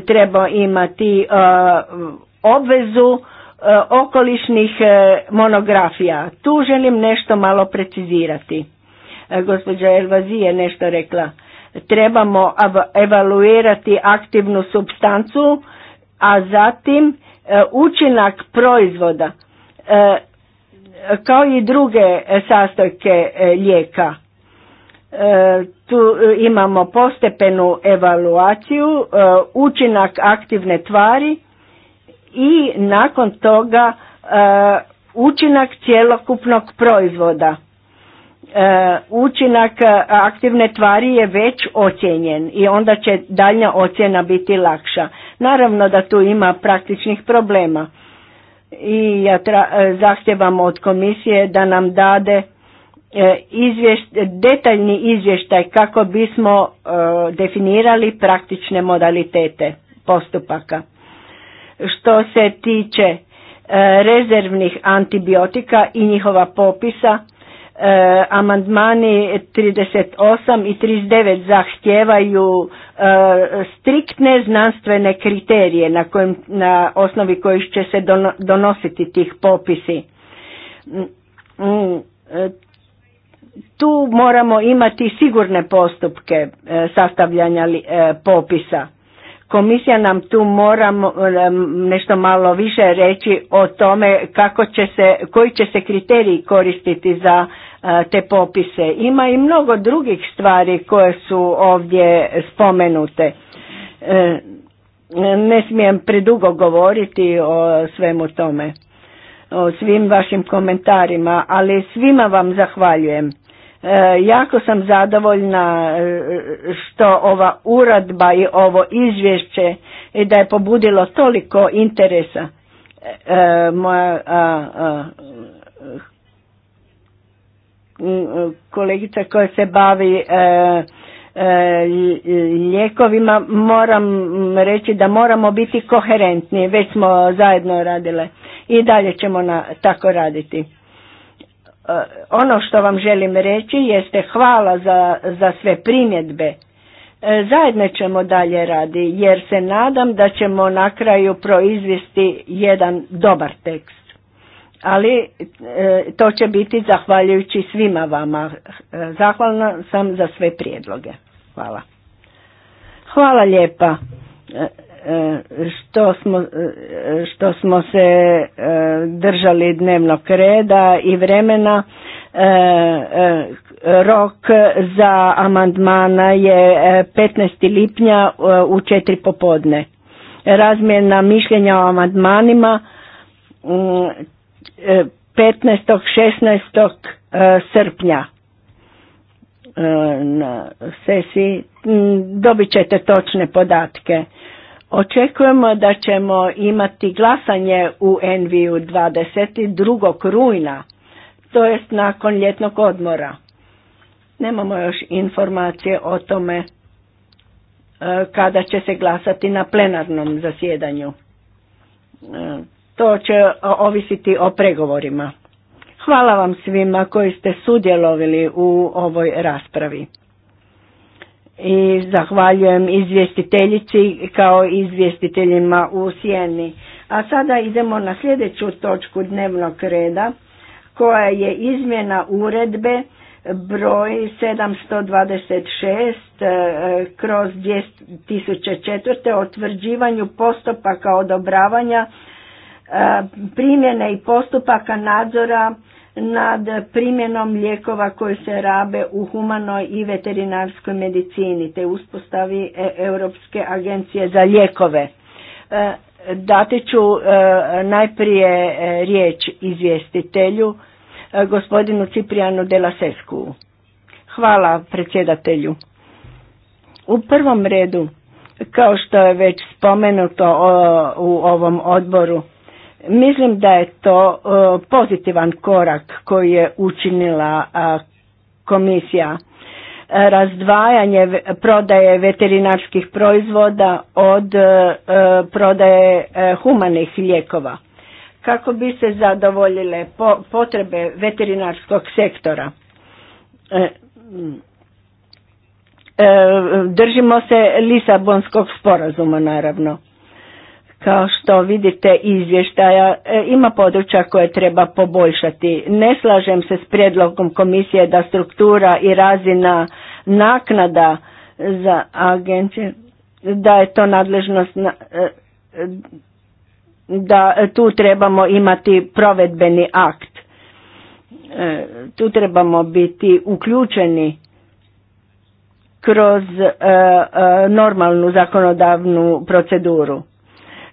treba imati obvezu Eh, okolišnih eh, monografija. Tu želim nešto malo precizirati. Eh, gospođa Elvazi je nešto rekla. Trebamo evaluirati aktivnu substancu, a zatim učinak proizvoda kao i druge sastojke lijeka. Tu imamo postepenu evaluaciju, učinak aktivne tvari, i nakon toga e, učinak cjelokupnog proizvoda. E, učinak e, aktivne tvari je već ocijenjen i onda će daljnja ocjena biti lakša. Naravno da tu ima praktičnih problema i ja tra, od komisije da nam dade detaljni izvještaj kako bismo definirali praktične modalitete postupaka što se tiče e, rezervnih antibiotika i njihova popisa e, amandmani 38 i 39 zahtijevaju e, striktne znanstvene kriterije na, kojim, na osnovi kojih će se donositi tih popisi. Mm, mm, tu moramo imati sigurne postupke sastavljanja popisa. Komisija nam tu mora nešto malo više reći o tome kako će se, koji će se kriteriji koristiti za e, te popise. Ima i mnogo drugih stvari koje su ovdje spomenute. E, ne smijem predugo govoriti o svemu tome, o svim vašim komentarima, ali svima vam zahvaljujem. E, jako sam zadovoljna e, što ova uradba i ovo izvješće i da je pobudilo toliko interesa. E, moja kolegica koja se bavi lijekovima moram reći da moramo biti koherentni, već smo zajedno radile i dalje ćemo na, tako raditi. Eh, ono što vam želim reći jeste hvala za, za sve primjedbe. Eh, zajedno ćemo dalje radi jer se nadam da ćemo na kraju proizvesti jedan dobar tekst. Ali eh, to će biti zahvaljujući svima vama. Zahvalna sam za sve prijedloge. Hvala. Hvala lijepa. E, što smo, e, što smo se e, držali dnevnog reda i vremena. Rok za amandmana je 15. lipnja u četiri popodne. Razmjena mišljenja o amandmanima 15. Mm, 16. srpnja na sesiji dobit ćete točne podatke. Očekujemo da ćemo imati glasanje u NVU 22. rujna, to jest nakon ljetnog odmora. Nemamo još informacije o tome e, kada će se glasati na plenarnom zasjedanju. E, to će ovisiti o pregovorima. Hvala vam svima koji ste sudjelovali u ovoj raspravi i zahvaljujem izvjestiteljici kao izvjestiteljima u Sjeni. A sada idemo na sljedeću točku dnevnog reda koja je izmjena uredbe broj 726 e, kroz 2004. o utvrđivanju postupaka odobravanja e, primjene i postupaka nadzora nad primjenom lijekova koji se rabe u humanoj i veterinarskoj medicini te uspostavi e, Europske agencije za lijekove. E, dati ću e, najprije riječ izvjestitelju, gospodinu Ciprijanu Delasesku. Hvala predsjedatelju. U prvom redu, kao što je već spomenuto u ovom odboru, Mislim da je to e, pozitivan korak koji je učinila komisija. E, razdvajanje prodaje veterinarskih proizvoda od e, prodaje humanih lijekova kako bi se zadovoljile potrebe veterinarskog sektora. Držimo se Lisabonskog sporazuma naravno. Kao što vidite izvještaja e, ima područja koje treba poboljšati. Ne slažem se s prijedlogom komisije da struktura i razina naknada za agencije, da je to nadležnost, e, da tu trebamo imati provedbeni akt. E, tu trebamo biti uključeni kroz normalnu zakonodavnu proceduru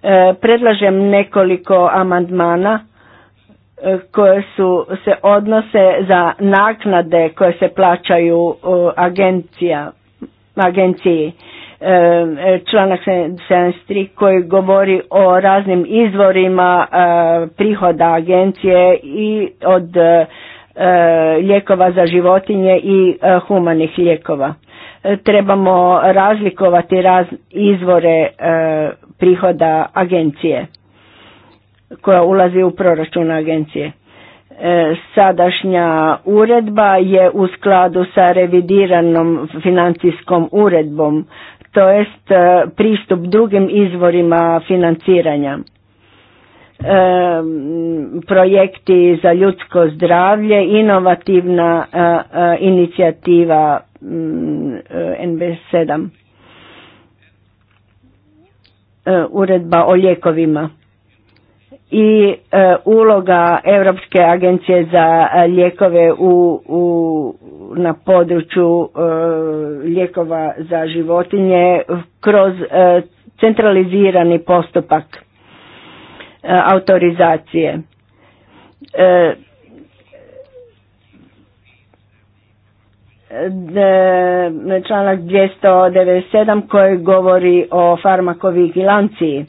E, predlažem nekoliko amandmana e, koje su se odnose za naknade koje se plaćaju e, agencija, agenciji. Članak 73 koji govori o raznim izvorima prihoda agencije i od lijekova za životinje i humanih lijekova. E, trebamo razlikovati izvore e, prihoda agencije koja ulazi u proračun agencije. E, sadašnja uredba je u skladu sa revidiranom financijskom uredbom, to jest pristup drugim izvorima financiranja. Projekti za ljudsko zdravlje, inovativna inicijativa Mm, e, NB7 e, uredba o lijekovima i e, uloga Europske agencije za lijekove u, u, na području lijekova za životinje kroz centralizirani postupak autorizacije. E, e, članak 297 koji govori o farmakovigilanciji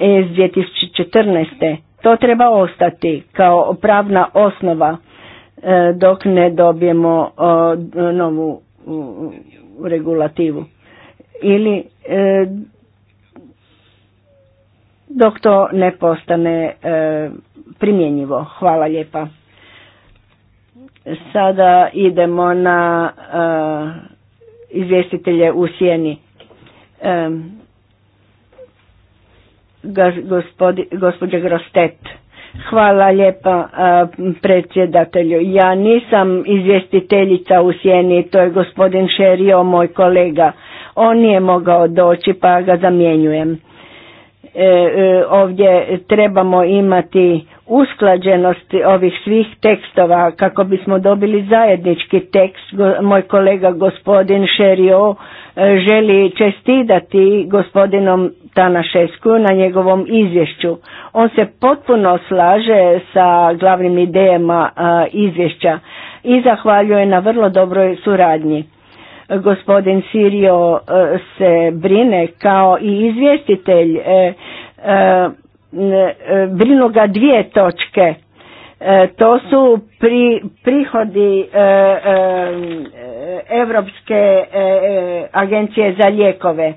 iz 2014. To treba ostati kao pravna osnova e, dok ne dobijemo novu regulativu. Ili dok to ne postane primjenjivo. Hvala lijepa. Sada idemo na e, izvjestitelje u sjeni. E, gospođe gospođa Grostet. Hvala lijepa e, predsjedatelju. Ja nisam izvjestiteljica u sjeni, to je gospodin Šerio, moj kolega. On nije mogao doći pa ga zamjenjujem. E, e, ovdje trebamo imati usklađenost ovih svih tekstova kako bismo dobili zajednički tekst. Moj kolega gospodin Šerio e, želi čestidati gospodinom Tanašesku na njegovom izvješću. On se potpuno slaže sa glavnim idejama izvješća i zahvaljuje na vrlo dobroj suradnji. Gospodin Sirio e, se brine kao i izvjestitelj, e, e, brinu ga dvije točke. To su prihodi Europske agencije za lijekove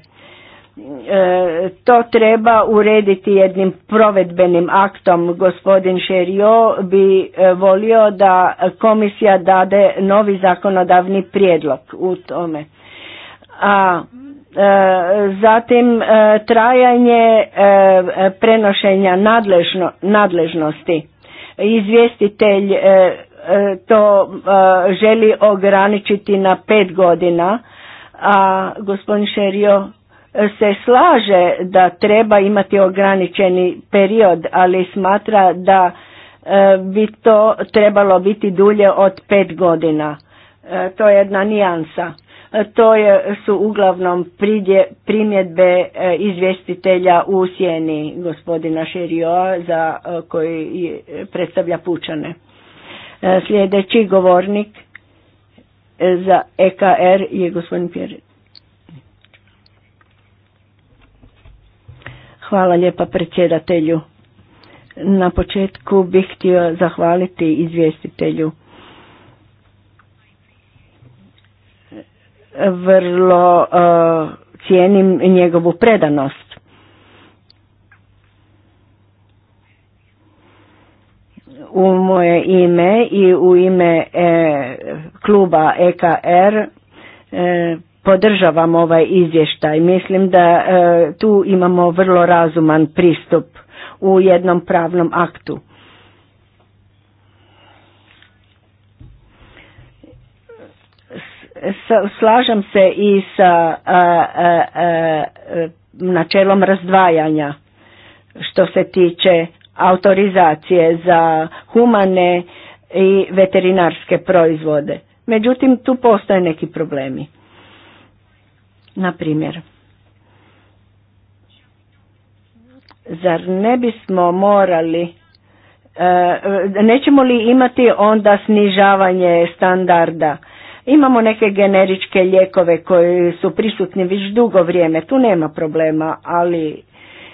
E, to treba urediti jednim provedbenim aktom. Gospodin Šerio bi e, volio da komisija dade novi zakonodavni prijedlog u tome. A e, zatim trajanje prenošenja nadležnosti. Izvjestitelj to želi ograničiti na pet godina, a gospodin Šerio se slaže da treba imati ograničeni period, ali smatra da e, bi to trebalo biti dulje od pet godina. E, to je jedna nijansa. E, to je, su uglavnom pridje, primjedbe izvjestitelja u sjeni gospodina Širioa za koji predstavlja pučane. Sljedeći govornik za EKR je gospodin Pjerit. Hvala lijepa predsjedatelju. Na početku bih htio zahvaliti izvjestitelju. Vrlo e, cijenim njegovu predanost. U moje ime i u ime e, kluba EKR e, podržavam ovaj izvještaj. Mislim da e, tu imamo vrlo razuman pristup u jednom pravnom aktu. Slažem se i sa načelom razdvajanja što se tiče autorizacije za humane i veterinarske proizvode. Međutim, tu postoje neki problemi. Na primjer, zar ne bismo morali e, e, nećemo li imati onda snižavanje standarda? Imamo neke generičke lijekove koji su prisutni već dugo vrijeme, tu nema problema, ali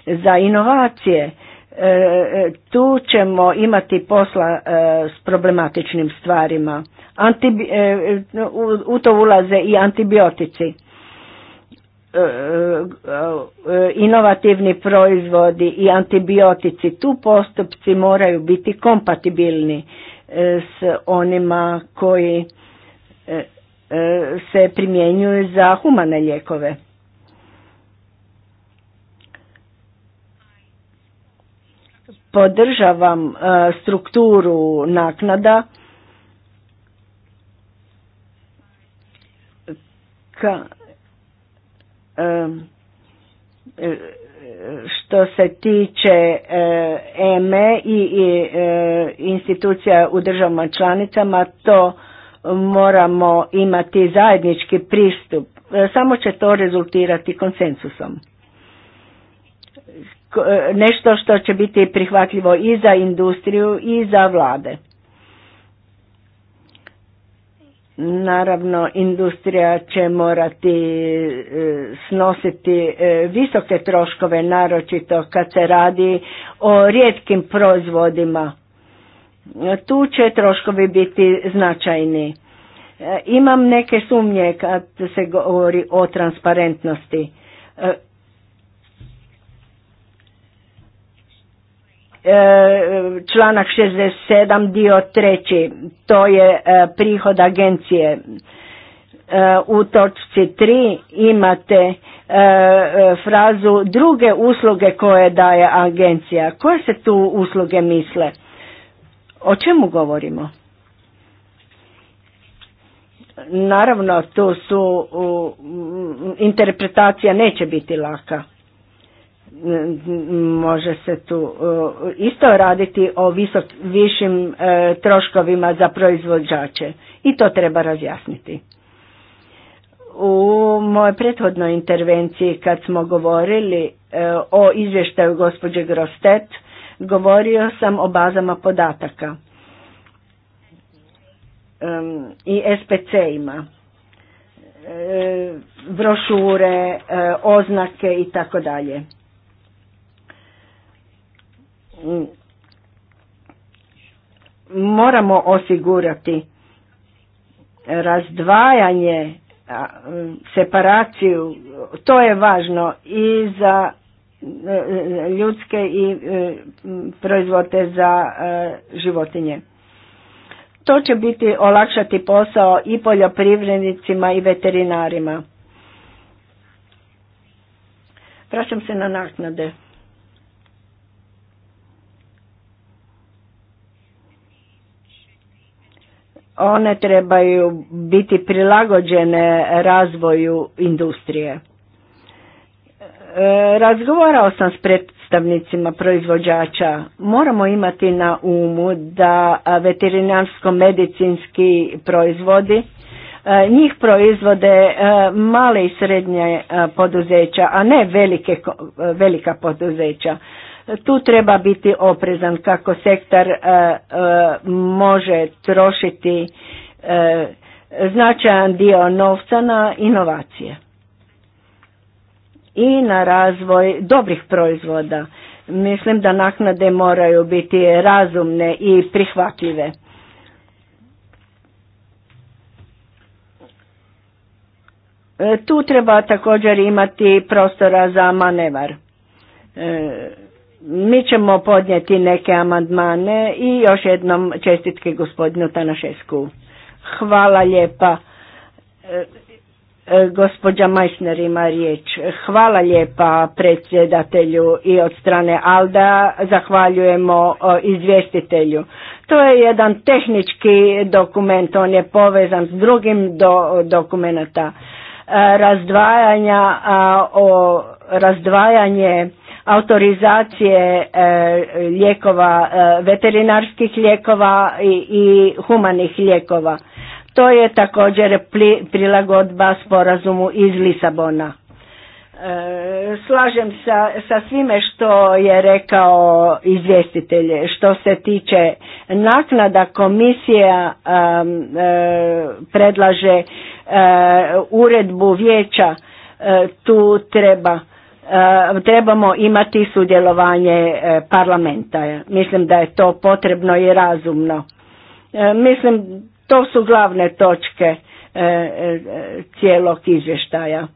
za inovacije e, tu ćemo imati posla s problematičnim stvarima. u to ulaze i antibiotici. E, e, inovativni proizvodi i antibiotici, tu postupci moraju biti kompatibilni e, s onima koji se primjenjuju za humane ljekove. Podržavam strukturu naknada ka E, što se tiče e, EME i e, institucija u državama članicama, to moramo imati zajednički pristup. Samo će to rezultirati konsensusom. Nešto što će biti prihvatljivo i za industriju i za vlade. Naravno, industrija će morati e, snositi e, visoke troškove, naročito kad se radi o rijetkim proizvodima. Tu će troškovi biti značajni. E, imam neke sumnje kad se govori o transparentnosti. E, članak 67 dio treći, to je e, prihod agencije. E, u točci 3 imate frazu druge usluge koje daje agencija. Koje se tu usluge misle? O čemu govorimo? Naravno, tu su interpretacija neće biti laka može se tu e, isto raditi o visok, višim e, troškovima za proizvođače i to treba razjasniti. U mojoj prethodnoj intervenciji kad smo govorili e, o izvještaju gospođe Grostet, govorio sam o bazama podataka i SPC-ima brošure, oznake i tako dalje moramo osigurati razdvajanje, separaciju, to je važno i za e, ljudske i e, proizvode za e, životinje. To će biti olakšati posao i poljoprivrednicima i veterinarima. Vraćam se na naknade. one trebaju biti prilagođene razvoju industrije. E, razgovarao sam s predstavnicima proizvođača. Moramo imati na umu da veterinarsko-medicinski proizvodi e, njih proizvode e, male i srednje poduzeća, a ne velike, velika poduzeća. Tu treba biti oprezan kako sektor e, e, može trošiti e, značajan dio novca na inovacije i na razvoj dobrih proizvoda. Mislim da naknade moraju biti razumne i prihvatljive. Tu treba također imati prostora za manevar. Mi ćemo podnijeti neke amandmane i još jednom čestitke gospodinu Tanašesku. Hvala lijepa. E, e, gospođa Majsner ima riječ. Hvala lijepa predsjedatelju i od strane Alda zahvaljujemo izvjestitelju. To je jedan tehnički dokument, on je povezan s drugim do, dokumenata. E, razdvajanja, o, razdvajanje autorizacije e, lijekova, e, veterinarskih lijekova i humanih lijekova. To je također prilagodba sporazumu iz Lisabona. E, slažem sa, sa svime što je rekao izvjestitelj. Što se tiče naknada komisija predlaže uredbu vijeća tu treba E, trebamo imati sudjelovanje e, parlamenta. Mislim da je to potrebno i razumno. E, mislim, to su glavne točke cijelog izvještaja.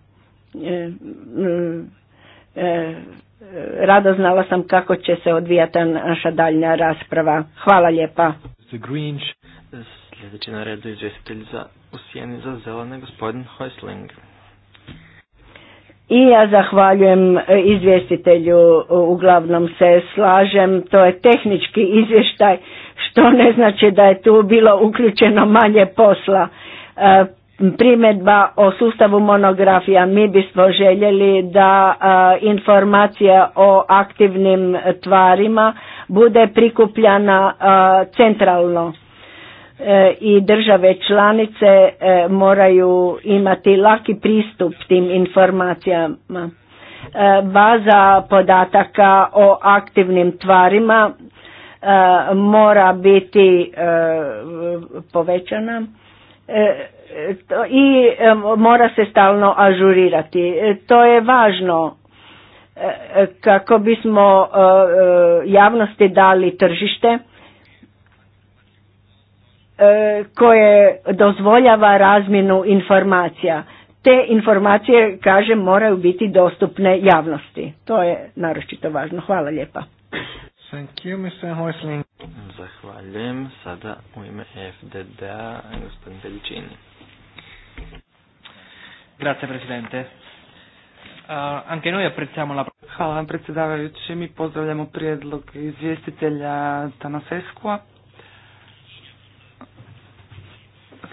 Rado znala sam kako će se odvijati naša daljnja rasprava. Hvala lijepa. Sljedeći na redu izvjestitelj za usijeni za zelene gospodin Hojsling. I ja zahvaljujem e, izvjestitelju, uglavnom se slažem, to je tehnički izvještaj, što ne znači da je tu bilo uključeno manje posla. E, primjedba o sustavu monografija, mi bismo željeli da e, informacija o aktivnim tvarima bude prikupljana centralno E, i države članice e, moraju imati laki pristup tim informacijama. E, baza podataka o aktivnim tvarima mora biti povećana i mora se stalno ažurirati. To je važno kako bismo javnosti dali tržište E, koje dozvoljava razmjenu informacija. Te informacije, kažem, moraju biti dostupne javnosti. To je naročito važno. Hvala lijepa. Thank you, Mr. Hoisling. Zahvaljujem. Sada u ime FDDA a gospodin Veličini. Grazie, Presidente. Uh, anche noi apprezziamo la... Hvala vam, predsjedavajući. Mi pozdravljamo prijedlog izvjestitelja Tanasescua.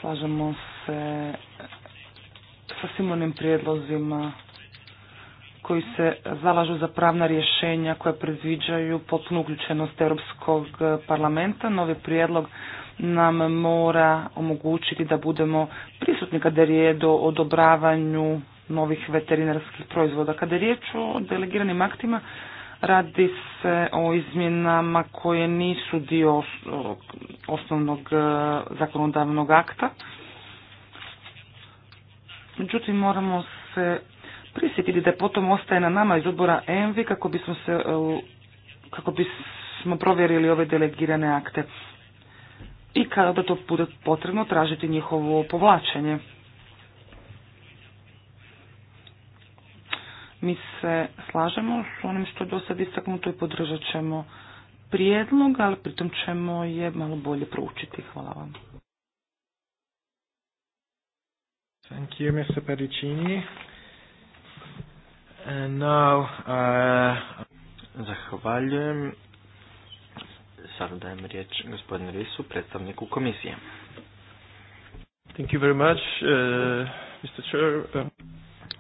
Slažemo se sa svim onim prijedlozima koji se zalažu za pravna rješenja koja predviđaju potpunu uključenost Europskog parlamenta. Novi prijedlog nam mora omogućiti da budemo prisutni kada je riječ o odobravanju novih veterinarskih proizvoda. Kada je riječ o delegiranim aktima, Radi se o izmjenama koje nisu dio osnovnog e, zakonodavnog akta. Međutim, moramo se prisjetiti da potom ostaje na nama iz odbora ENVI kako bismo se e, kako bismo provjerili ove delegirane akte i kada to bude potrebno tražiti njihovo povlačenje. Mi se slažemo s onim što je do sad istaknuto i podržat ćemo prijedlog, ali pritom ćemo je malo bolje proučiti. Hvala vam. Thank you, Mr. Pericini. And now, uh... Zahvaljujem. sad dajem riječ gospodinu Risu, predstavniku komisije. Thank you very much, uh, Mr.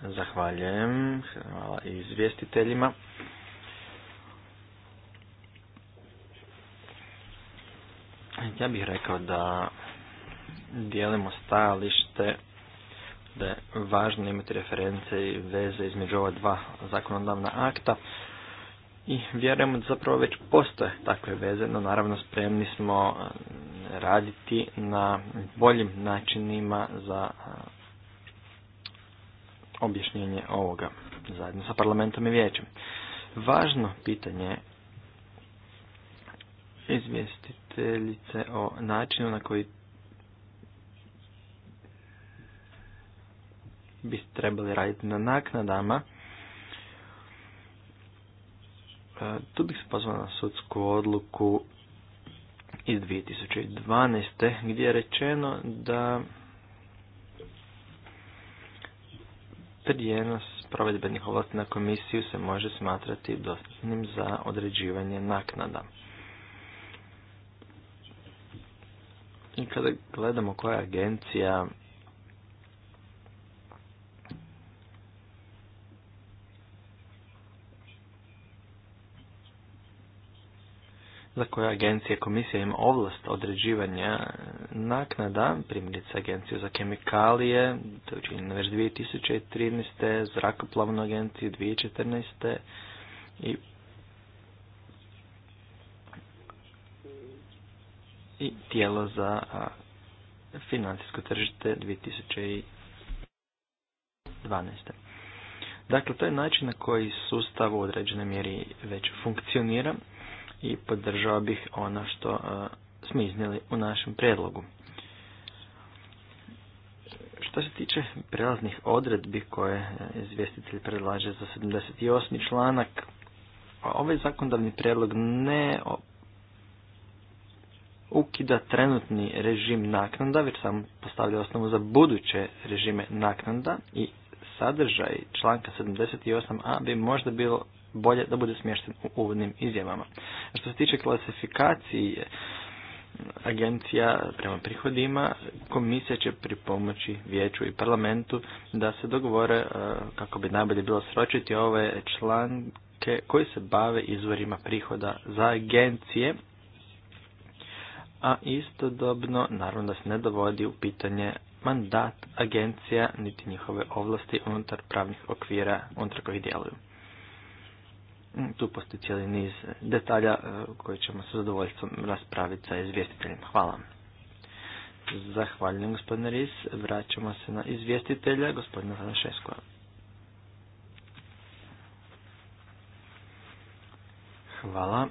Zahvaljujem. Hvala i izvjestiteljima. Ja bih rekao da dijelimo stajalište da je važno imati reference i veze između ova dva zakonodavna akta i vjerujemo da zapravo već postoje takve veze, no naravno spremni smo raditi na boljim načinima za objašnjenje ovoga zajedno sa parlamentom i vijećem. Važno pitanje izvjestiteljice o načinu na koji bi trebali raditi na naknadama. E, tu bih se pozvao na sudsku odluku iz 2012. gdje je rečeno da prijenos provedbenih ovlasti na komisiju se može smatrati dostatnim za određivanje naknada. I kada gledamo koja agencija za koje agencija komisija ima ovlast određivanja naknada, primjerice agenciju za kemikalije, to je učinjeno već 2013. zrakoplavnu agenciju 2014. i i tijelo za financijsko tržište 2012. Dakle, to je način na koji sustav u određenoj mjeri već funkcionira i podržao bih ono što e, smo iznijeli u našem predlogu. Što se tiče prelaznih odredbi koje e, izvjestitelj predlaže za 78. članak, ovaj zakondavni prijedlog ne ukida trenutni režim naknada, već sam postavlja osnovu za buduće režime naknada i sadržaj članka 78a bi možda bilo bolje da bude smješten u uvodnim izjavama. što se tiče klasifikacije agencija prema prihodima, komisija će pripomoći vijeću i parlamentu da se dogovore e, kako bi najbolje bilo sročiti ove članke koji se bave izvorima prihoda za agencije a istodobno naravno da se ne dovodi u pitanje mandat agencija niti njihove ovlasti unutar pravnih okvira unutar kojih djeluju. Mm, tu postoji cijeli niz eh, detalja eh, koje ćemo sa zadovoljstvom raspraviti sa izvjestiteljima. Hvala. Zahvaljujem gospodine Ris. Vraćamo se na izvjestitelja gospodina Zanašeskova. Hvala.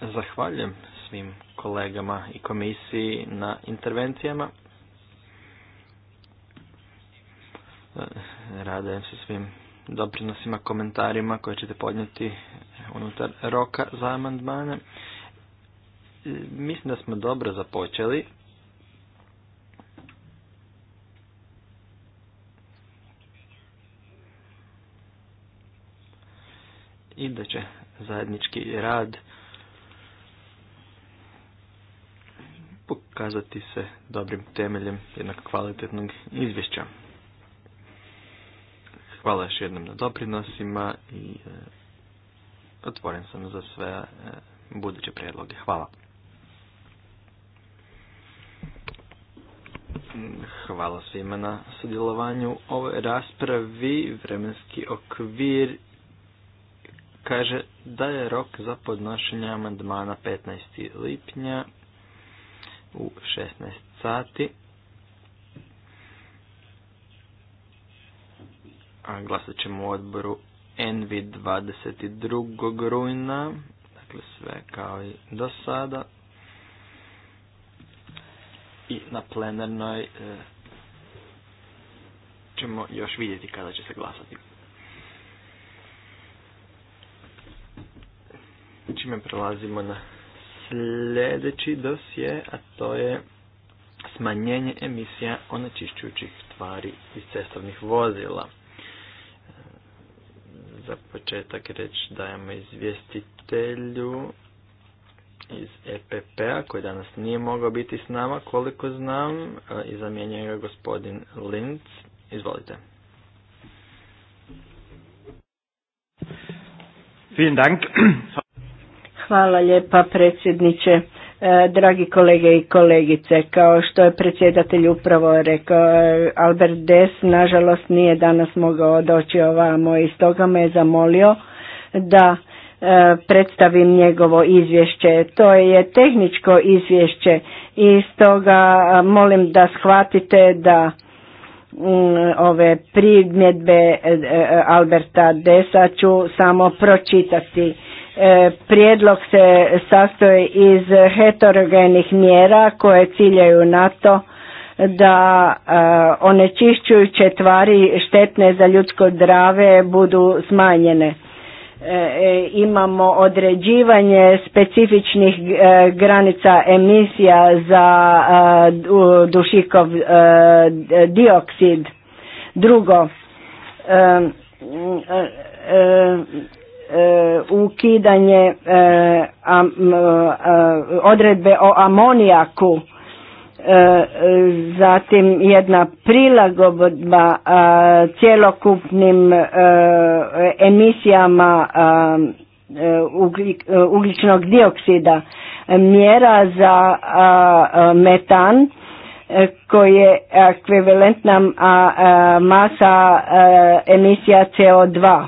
Zahvaljujem svim kolegama i komisiji na intervencijama. Eh, radujem se svim doprinosima, komentarima koje ćete podnijeti unutar roka za amandmane. E, mislim da smo dobro započeli. I da će zajednički rad pokazati se dobrim temeljem jednog kvalitetnog izvješća. Hvala još jednom na doprinosima i e, otvoren sam za sve e, buduće prijedloge. Hvala. Hvala svima na sudjelovanju u ovoj raspravi. Vremenski okvir kaže da je rok za podnošenje amandmana 15. lipnja u 16 sati. a glasat ćemo u odboru Envi 22. rujna, dakle sve kao i do sada. I na plenarnoj e, ćemo još vidjeti kada će se glasati. Čime prelazimo na sljedeći dosje, a to je smanjenje emisija onečišćujućih tvari iz cestovnih vozila za početak reći dajemo izvjestitelju iz EPP-a koji danas nije mogao biti s nama koliko znam i zamijenio ga gospodin Linz. Izvolite. Hvala lijepa predsjedniče. E, dragi kolege i kolegice, kao što je predsjedatelj upravo rekao, e, Albert Des nažalost nije danas mogao doći ovamo i stoga me je zamolio da e, predstavim njegovo izvješće. To je tehničko izvješće i stoga molim da shvatite da mm, ove primjedbe Alberta Desa ću samo pročitati E, prijedlog se sastoji iz heterogenih mjera koje ciljaju na to da e, onečišćujuće tvari štetne za ljudsko drave budu smanjene. E, imamo određivanje specifičnih granica emisija za dušikov dioksid. Drugo, E, ukidanje e, e, odredbe o amonijaku, zatim jedna prilagodba cjelokupnim emisijama ugljičnog dioksida, mjera za metan koji je ekvivalentna masa emisija CO2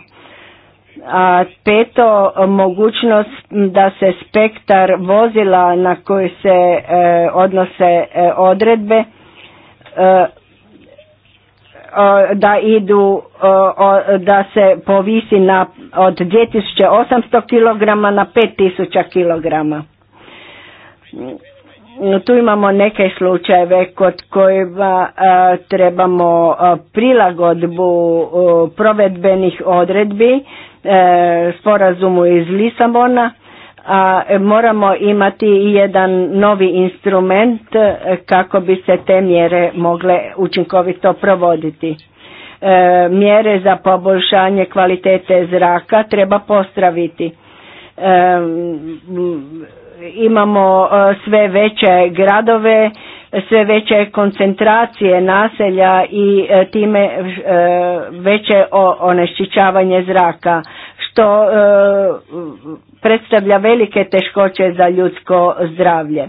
a peto mogućnost da se spektar vozila na koji se e, odnose e, odredbe e, da idu da se povisi na od 2800 kg na 5000 kg. Tu imamo neke slučajeve kod kojima trebamo prilagodbu provedbenih odredbi E, sporazumu iz Lisabona, a moramo imati i jedan novi instrument e, kako bi se te mjere mogle učinkovito provoditi. E, mjere za poboljšanje kvalitete zraka treba postraviti. Imamo sve veće gradove sve veće koncentracije naselja i e, time e, veće onečišćavanje zraka što e, predstavlja velike teškoće za ljudsko zdravlje.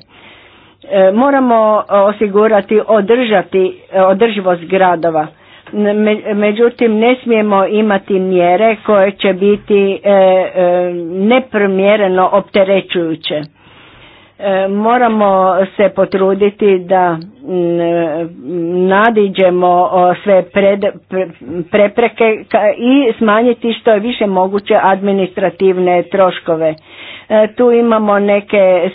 Moramo osigurati održati održivost gradova. Međutim, ne smijemo imati mjere koje će biti nepromjereno opterećujuće E, moramo se potruditi da mm, e, nadiđemo sve prepreke i smanjiti što je više moguće administrativne troškove. E, tu imamo neke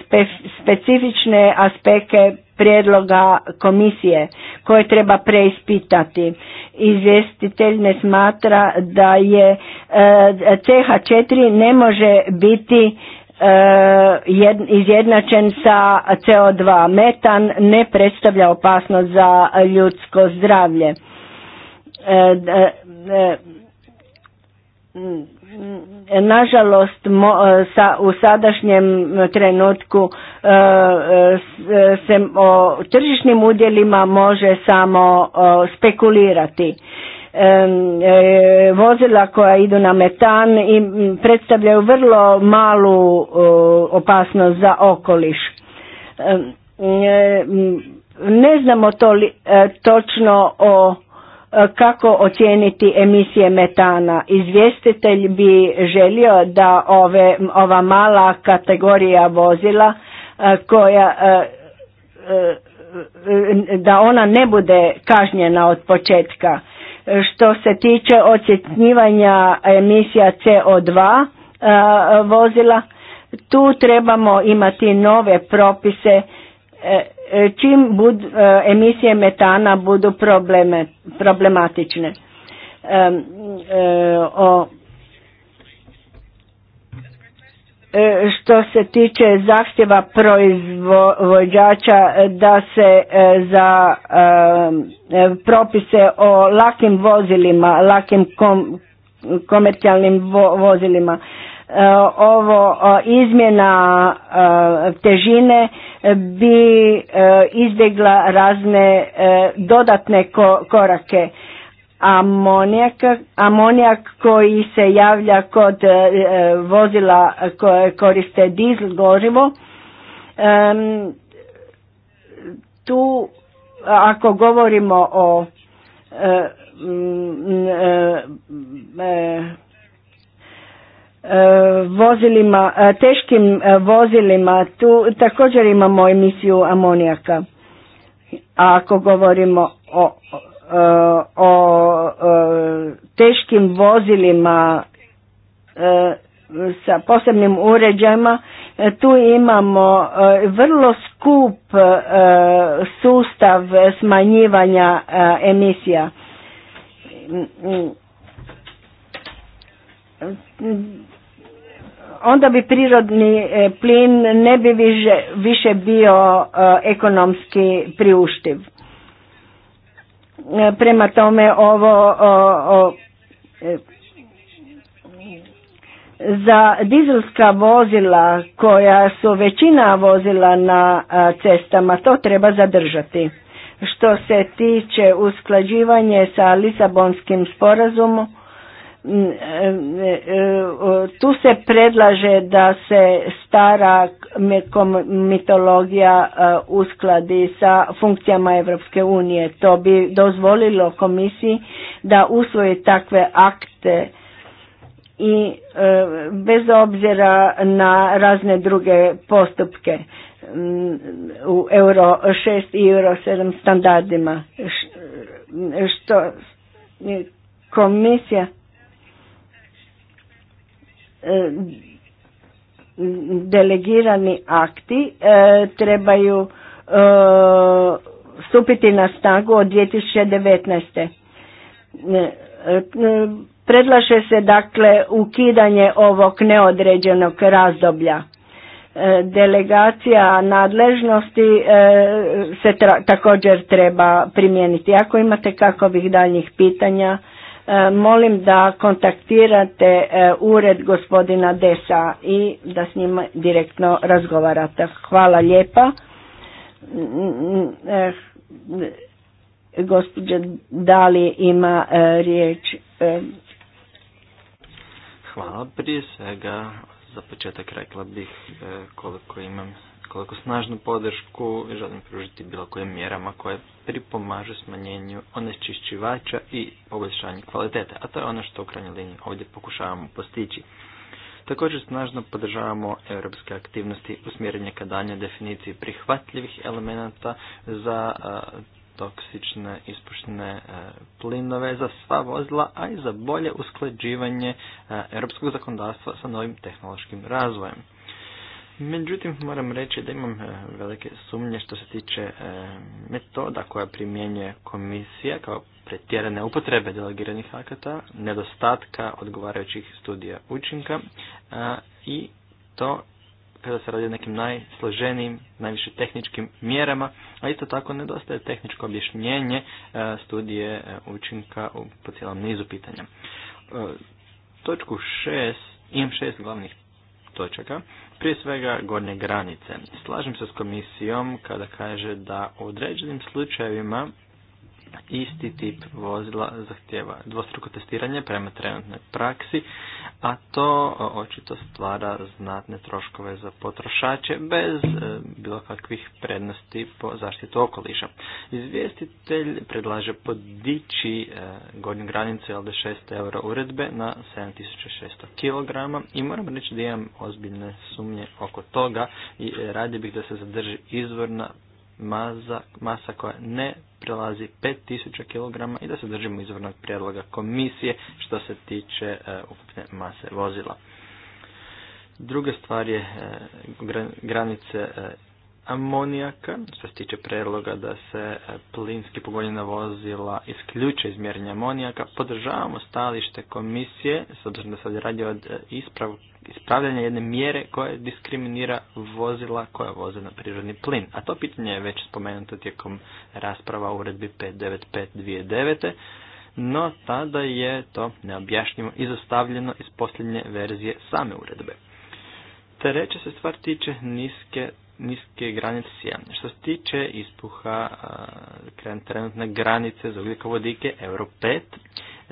specifične aspekte prijedloga komisije koje treba preispitati. Izvjestitelj ne smatra da je CH4 ne može biti E, izjednačen sa CO2. Metan ne predstavlja opasnost za ljudsko zdravlje. E, e, nažalost, u sadašnjem trenutku se o tržišnim udjelima može samo spekulirati. E, vozila koja idu na metan i predstavljaju vrlo malu opasnost za okoliš. E, ne znamo to e, točno o kako ocijeniti emisije metana. Izvjestitelj bi želio da ove, ova mala kategorija vozila koja da ona ne bude kažnjena od početka što se tiče ocjetnjivanja emisija CO2 e, vozila, tu trebamo imati nove propise e, čim bud, e, emisije metana budu probleme, problematične. O E, što se tiče zahtjeva proizvođača e, da se e, za propise o lakim vozilima, lakim komercijalnim vozilima, ovo izmjena težine bi izbjegla razne dodatne korake amonijak, koji se javlja kod e, e, vozila koje koriste dizel gorivo. Tu ako govorimo o e, vozilima, teškim vozilima, tu također imamo emisiju amonijaka. A ako govorimo o o teškim vozilima e, sa posebnim uređajima e, tu imamo e, vrlo skup sustav smanjivanja emisija onda bi prirodni plin ne bi više bio ekonomski priuštiv Prema tome ovo o, e, za dizelska vozila koja su većina vozila na cestama, to treba zadržati. Što se tiče usklađivanje sa Lisabonskim sporazumom, Mm, e, e, e, tu se predlaže da se stara mitologija uskladi sa funkcijama Evropske unije. To bi dozvolilo komisiji da usvoji takve akte i bez obzira na razne druge postupke mm, u Euro 6 i Euro 7 standardima. Što komisija delegirani akti e, trebaju e, stupiti na snagu od 2019. E, predlaže se dakle ukidanje ovog neodređenog razdoblja. Delegacija nadležnosti se također treba primijeniti. Ako imate kakovih daljnjih pitanja, E, molim da kontaktirate e, ured gospodina Desa i da s njima direktno razgovarate. Hvala lijepa. E, Gospodin Dali ima riječ. Hvala. Prije svega za početak rekla bih koliko imam koliko dakle, snažnu podršku želim pružiti bilo kojim mjerama koje pripomažu smanjenju onečišćivača i poboljšanju kvalitete, a to je ono što u krajnjoj liniji ovdje pokušavamo postići. Također snažno podržavamo europske aktivnosti usmjerenje ka daljnjoj definiciji prihvatljivih elemenata za toksične ispušne e, plinove za sva vozila, a i za bolje usklađivanje e, europskog zakonodavstva sa novim tehnološkim razvojem. Međutim, moram reći da imam e, velike sumnje što se tiče e, metoda koja primjenjuje komisija kao pretjerane upotrebe delegiranih akata, nedostatka odgovarajućih studija učinka i to kada se radi o nekim najsloženijim, najviše tehničkim mjerama, a isto tako nedostaje tehničko objašnjenje e, studije učinka po cijelom nizu pitanja. Točku 6, imam šest glavnih točaka. Prije svega gornje granice. Slažem se s komisijom kada kaže da u određenim slučajevima isti tip vozila zahtjeva dvostruko testiranje prema trenutnoj praksi, a to očito stvara znatne troškove za potrošače bez e, bilo kakvih prednosti po zaštitu okoliša. Izvjestitelj predlaže podići e, gornju granicu LD6 euro uredbe na 7600 kg i moram reći da imam ozbiljne sumnje oko toga i e, radije bih da se zadrži izvorna masa koja ne prelazi 5000 kg i da se držimo izvornog prijedloga komisije što se tiče e, ukupne mase vozila. Druga stvar je e, granice e, amonijaka, što se tiče predloga da se e, plinski pogonjena vozila isključe iz mjerenja amonijaka, podržavamo stalište komisije, s obzirom da se radi od e, ispravljanja jedne mjere koja diskriminira vozila koja voze na prirodni plin. A to pitanje je već spomenuto tijekom rasprava u uredbi 595 no tada je to neobjašnjivo izostavljeno iz posljednje verzije same uredbe. Treća se stvar tiče niske niske granice. Što se tiče ispuha e, trenutne granice za ugljikovodike Euro 5,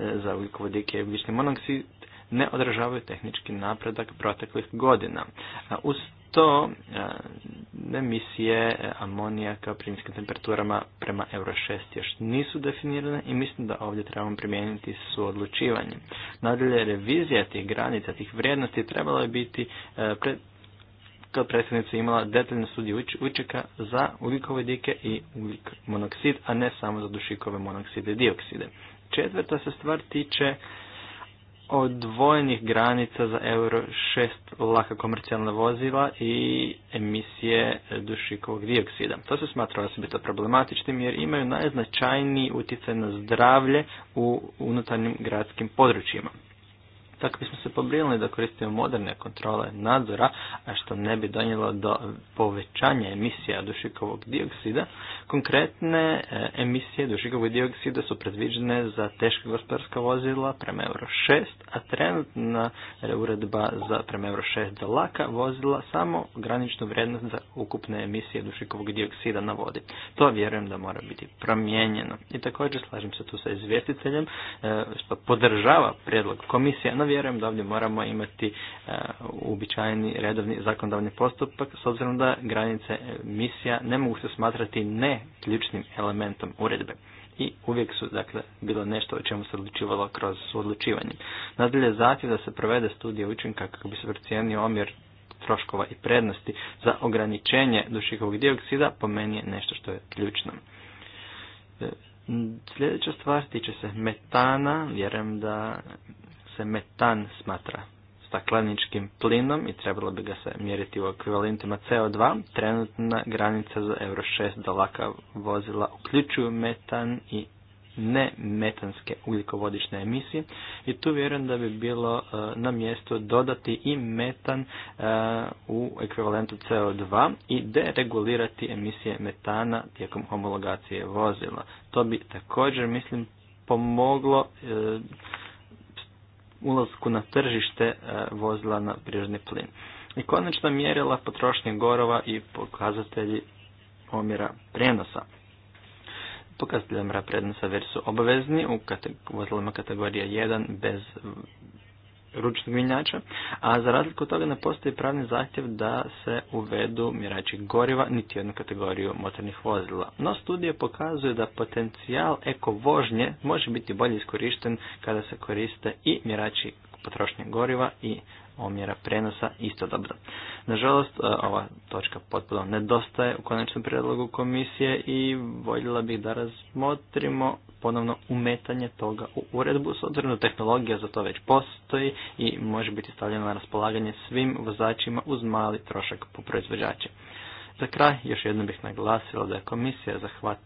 e, za ugljikovodike i ugljični monoksid ne odražavaju tehnički napredak proteklih godina. E, uz to emisije amonijaka pri niskim temperaturama prema Euro 6 još nisu definirane i mislim da ovdje trebamo primijeniti suodlučivanje. Nadalje, revizija tih granica, tih vrijednosti trebala je biti kao predsjednica imala detaljne studije učeka za ugljikovodike i ugljik monoksid, a ne samo za dušikove monokside i diokside. Četvrta se stvar tiče odvojenih granica za Euro 6 laka komercijalna vozila i emisije dušikovog dioksida. To se smatra osobito problematičnim jer imaju najznačajniji utjecaj na zdravlje u unutarnjim gradskim područjima tako bismo se pobrinuli da koristimo moderne kontrole nadzora, a što ne bi donijelo do povećanja emisija dušikovog dioksida. Konkretne e, emisije dušikovog dioksida su predviđene za teška gospodarska vozila prema Euro 6, a trenutna uredba za prema Euro 6 za laka vozila samo graničnu vrijednost za ukupne emisije dušikovog dioksida na vodi. To vjerujem da mora biti promijenjeno. I također slažem se tu sa izvjestiteljem, e, što podržava prijedlog komisije, no vjerujem da ovdje moramo imati e, uobičajeni redovni zakonodavni postupak s obzirom da granice e, misija ne mogu se smatrati ne ključnim elementom uredbe i uvijek su dakle bilo nešto o čemu se odlučivalo kroz odlučivanje. Nadalje zahtjev da se provede studija učinka kako bi se procijenio omjer troškova i prednosti za ograničenje dušikovog dioksida po meni je nešto što je ključno. E, sljedeća stvar tiče se metana, vjerujem da se metan smatra stakleničkim plinom i trebalo bi ga se mjeriti u ekvivalentima CO2. Trenutna granica za Euro 6 dolaka vozila uključuju metan i ne metanske ugljikovodične emisije i tu vjerujem da bi bilo e, na mjestu dodati i metan e, u ekvivalentu CO2 i deregulirati emisije metana tijekom homologacije vozila. To bi također mislim pomoglo e, ulazku na tržište e, vozila na prirodni plin. I konačna mjerila potrošnje gorova i pokazatelji omjera prenosa. Pokazatelji omjera prenosa već su obavezni u vozilima kategorije 1 bez ručnog a za razliku od toga ne postoji pravni zahtjev da se uvedu mirači goriva niti jednu kategoriju motornih vozila. No studije pokazuju da potencijal ekovožnje može biti bolje iskorišten kada se koriste i mirači potrošnje goriva i omjera prenosa dobro. Nažalost, e, ova točka potpuno nedostaje u konačnom prijedlogu komisije i voljela bih da razmotrimo ponovno umetanje toga u uredbu, s obzirom da tehnologija za to već postoji i može biti stavljena na raspolaganje svim vozačima uz mali trošak po proizvođače. Za kraj još jednom bih naglasila da je komisija zahvat,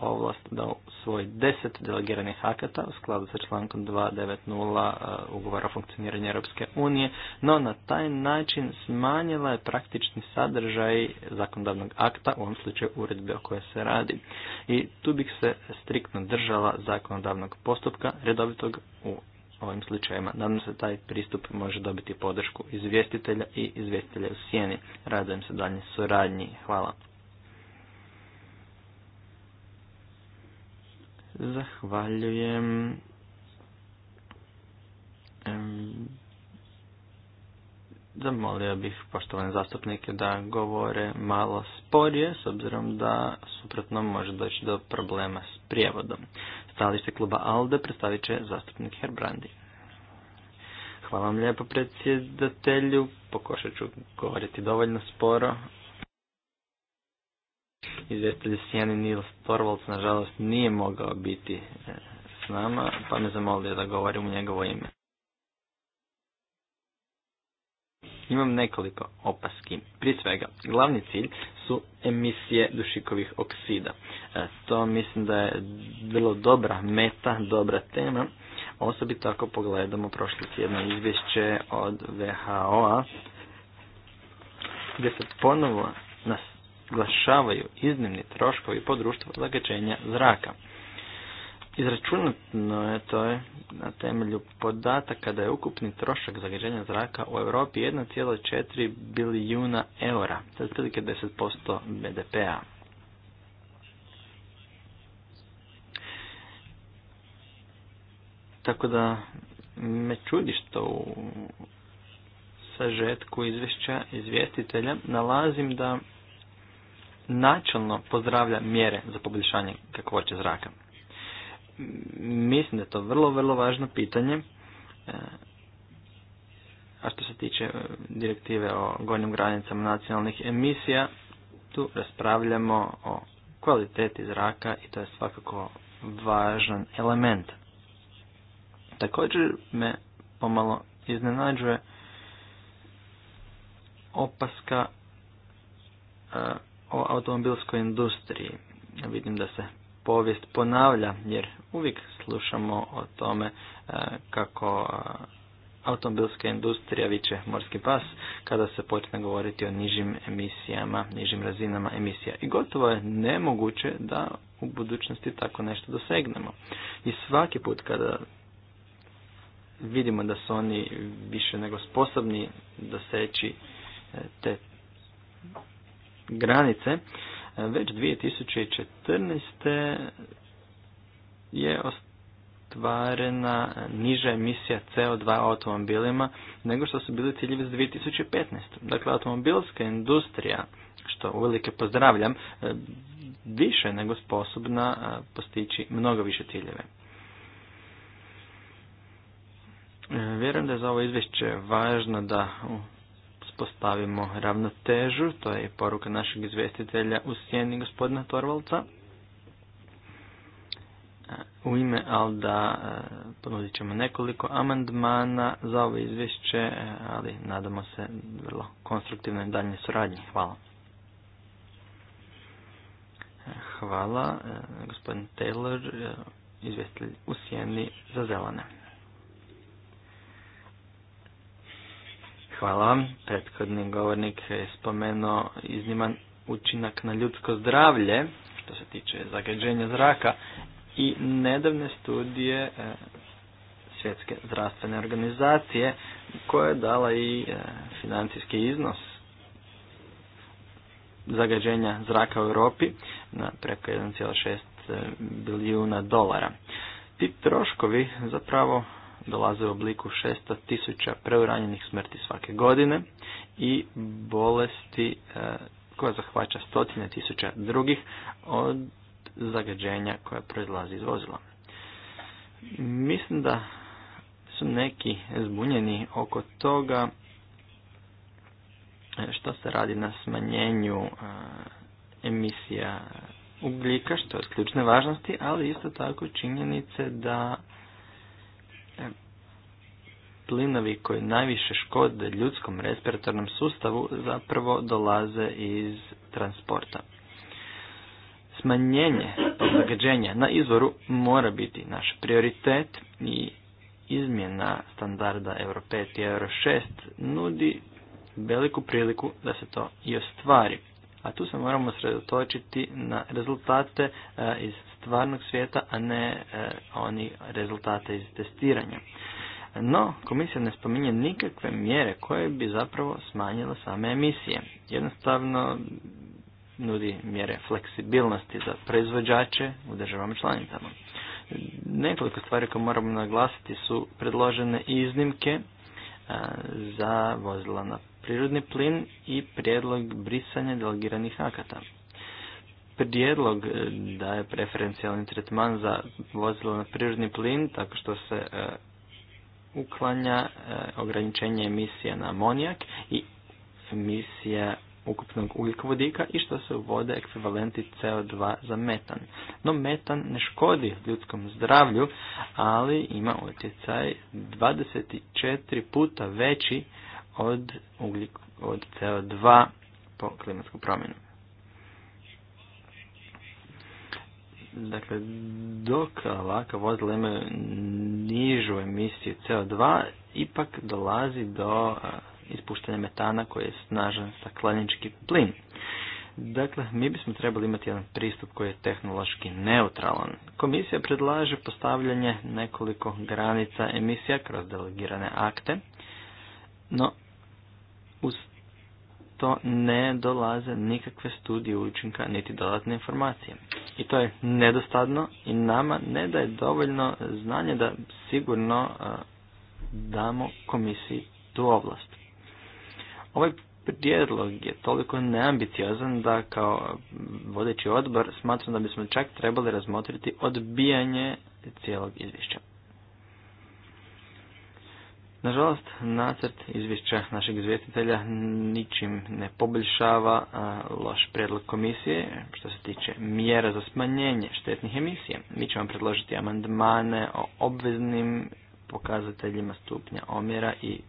ovlast da u svoj deset delegiranih akata u skladu sa člankom 290 e, ugovora o funkcioniranju Europske unije, no na taj način smanjila je praktični sadržaj zakonodavnog akta, u ovom slučaju uredbe o kojoj se radi. I tu bih se striktno držala zakonodavnog postupka redovitog u ovim slučajima. Nadam se taj pristup može dobiti podršku izvjestitelja i izvjestitelja u sjeni. Radujem se dalje suradnji. Hvala. Zahvaljujem. Zamolio bih poštovane zastupnike da govore malo sporije, s obzirom da suprotno može doći do problema s prijevodom. Stalište kluba ALDE predstavit će zastupnik Herbrandi. Hvala vam lijepo predsjedatelju, pokušat ću govoriti dovoljno sporo. Izvjestitelj Sjeni Nils Torvalds nažalost nije mogao biti e, s nama, pa me zamolio da govorim u njegovo ime. Imam nekoliko opaski. Prije svega, glavni cilj su emisije dušikovih oksida. E, to mislim da je vrlo dobra meta, dobra tema. Osobito ako pogledamo prošli tjedno izvješće od WHO-a gdje se ponovo naglašavaju iznimni troškovi po društvu zagađenja zraka. Izračunatno je to je na temelju podataka da je ukupni trošak zagađenja zraka u Europi 1,4 bilijuna eura, to je otprilike 10% BDP-a. Tako da me čudi što u sažetku izvješća izvjestitelja nalazim da načelno pozdravlja mjere za poboljšanje kakvoće zraka. Mislim da je to vrlo, vrlo važno pitanje. E, a što se tiče e, direktive o gornjim granicama nacionalnih emisija, tu raspravljamo o kvaliteti zraka i to je svakako važan element. Također me pomalo iznenađuje opaska e, o automobilskoj industriji. Vidim da se povijest ponavlja, jer uvijek slušamo o tome e, kako e, automobilska industrija viče morski pas kada se počne govoriti o nižim emisijama, nižim razinama emisija. I gotovo je nemoguće da u budućnosti tako nešto dosegnemo. I svaki put kada vidimo da su oni više nego sposobni doseći e, te granice, već 2014. je ostvarena niža emisija CO2 automobilima nego što su bili ciljevi za 2015. Dakle, automobilska industrija, što uvelike pozdravljam, e, više nego sposobna e, postići mnogo više ciljeve. E, vjerujem da je za ovo izvješće važno da uspostavimo ravnotežu, to je poruka našeg izvjestitelja u sjeni gospodina Torvalca. U ime Alda e, ponudit ćemo nekoliko amandmana za ovo izvješće, e, ali nadamo se vrlo konstruktivnoj daljnje suradnje. Hvala. E, hvala, gospodin Taylor, izvjestitelj u sjeni za zelane. Hvala vam. Prethodni govornik je spomenuo izniman učinak na ljudsko zdravlje, što se tiče zagađenja zraka, i nedavne studije e, Svjetske zdravstvene organizacije koja je dala i e, financijski iznos zagađenja zraka u Europi na preko 1,6 e, bilijuna dolara. Ti troškovi zapravo dolaze u obliku 600 preuranjenih smrti svake godine i bolesti e, koja zahvaća stotine tisuća drugih od zagađenja koja proizlazi iz vozila. Mislim da su neki zbunjeni oko toga e, što se radi na smanjenju e, emisija ugljika, što je od ključne važnosti, ali isto tako činjenice da plinovi koji najviše škode ljudskom respiratornom sustavu zapravo dolaze iz transporta. Smanjenje zagađenja na izvoru mora biti naš prioritet i izmjena standarda Euro 5 i Euro 6 nudi veliku priliku da se to i ostvari. A tu se moramo sredotočiti na rezultate e, iz stvarnog svijeta, a ne e, oni rezultate iz testiranja. No, komisija ne spominje nikakve mjere koje bi zapravo smanjile same emisije. Jednostavno nudi mjere fleksibilnosti za proizvođače u državama članicama. Nekoliko stvari koje moramo naglasiti su predložene iznimke za vozila na prirodni plin i prijedlog brisanja delegiranih akata. Prijedlog e, daje preferencijalni tretman za vozilo na prirodni plin tako što se e, uklanja e, ograničenje emisije na amonijak i emisije ukupnog ugljikovodika i što se uvode ekvivalenti CO2 za metan. No metan ne škodi ljudskom zdravlju, ali ima utjecaj 24 puta veći od, od CO2 po klimatsku promjenu. Dakle, dok ovakav vozila imaju nižu emisiju CO2, ipak dolazi do ispuštanja metana koji je snažan staklenički plin. Dakle, mi bismo trebali imati jedan pristup koji je tehnološki neutralan. Komisija predlaže postavljanje nekoliko granica emisija kroz delegirane akte, no uz ne dolaze nikakve studije učinka niti dodatne informacije. I to je nedostatno i nama ne daje dovoljno znanje da sigurno e, damo komisiji tu ovlast. Ovaj prijedlog je toliko neambiciozan da kao vodeći odbor smatram da bismo čak trebali razmotriti odbijanje cijelog izvješća. Nažalost, nacrt izvješća našeg izvjestitelja ničim ne poboljšava loš predlog komisije što se tiče mjera za smanjenje štetnih emisija. Mi ćemo predložiti amandmane o obveznim pokazateljima stupnja omjera i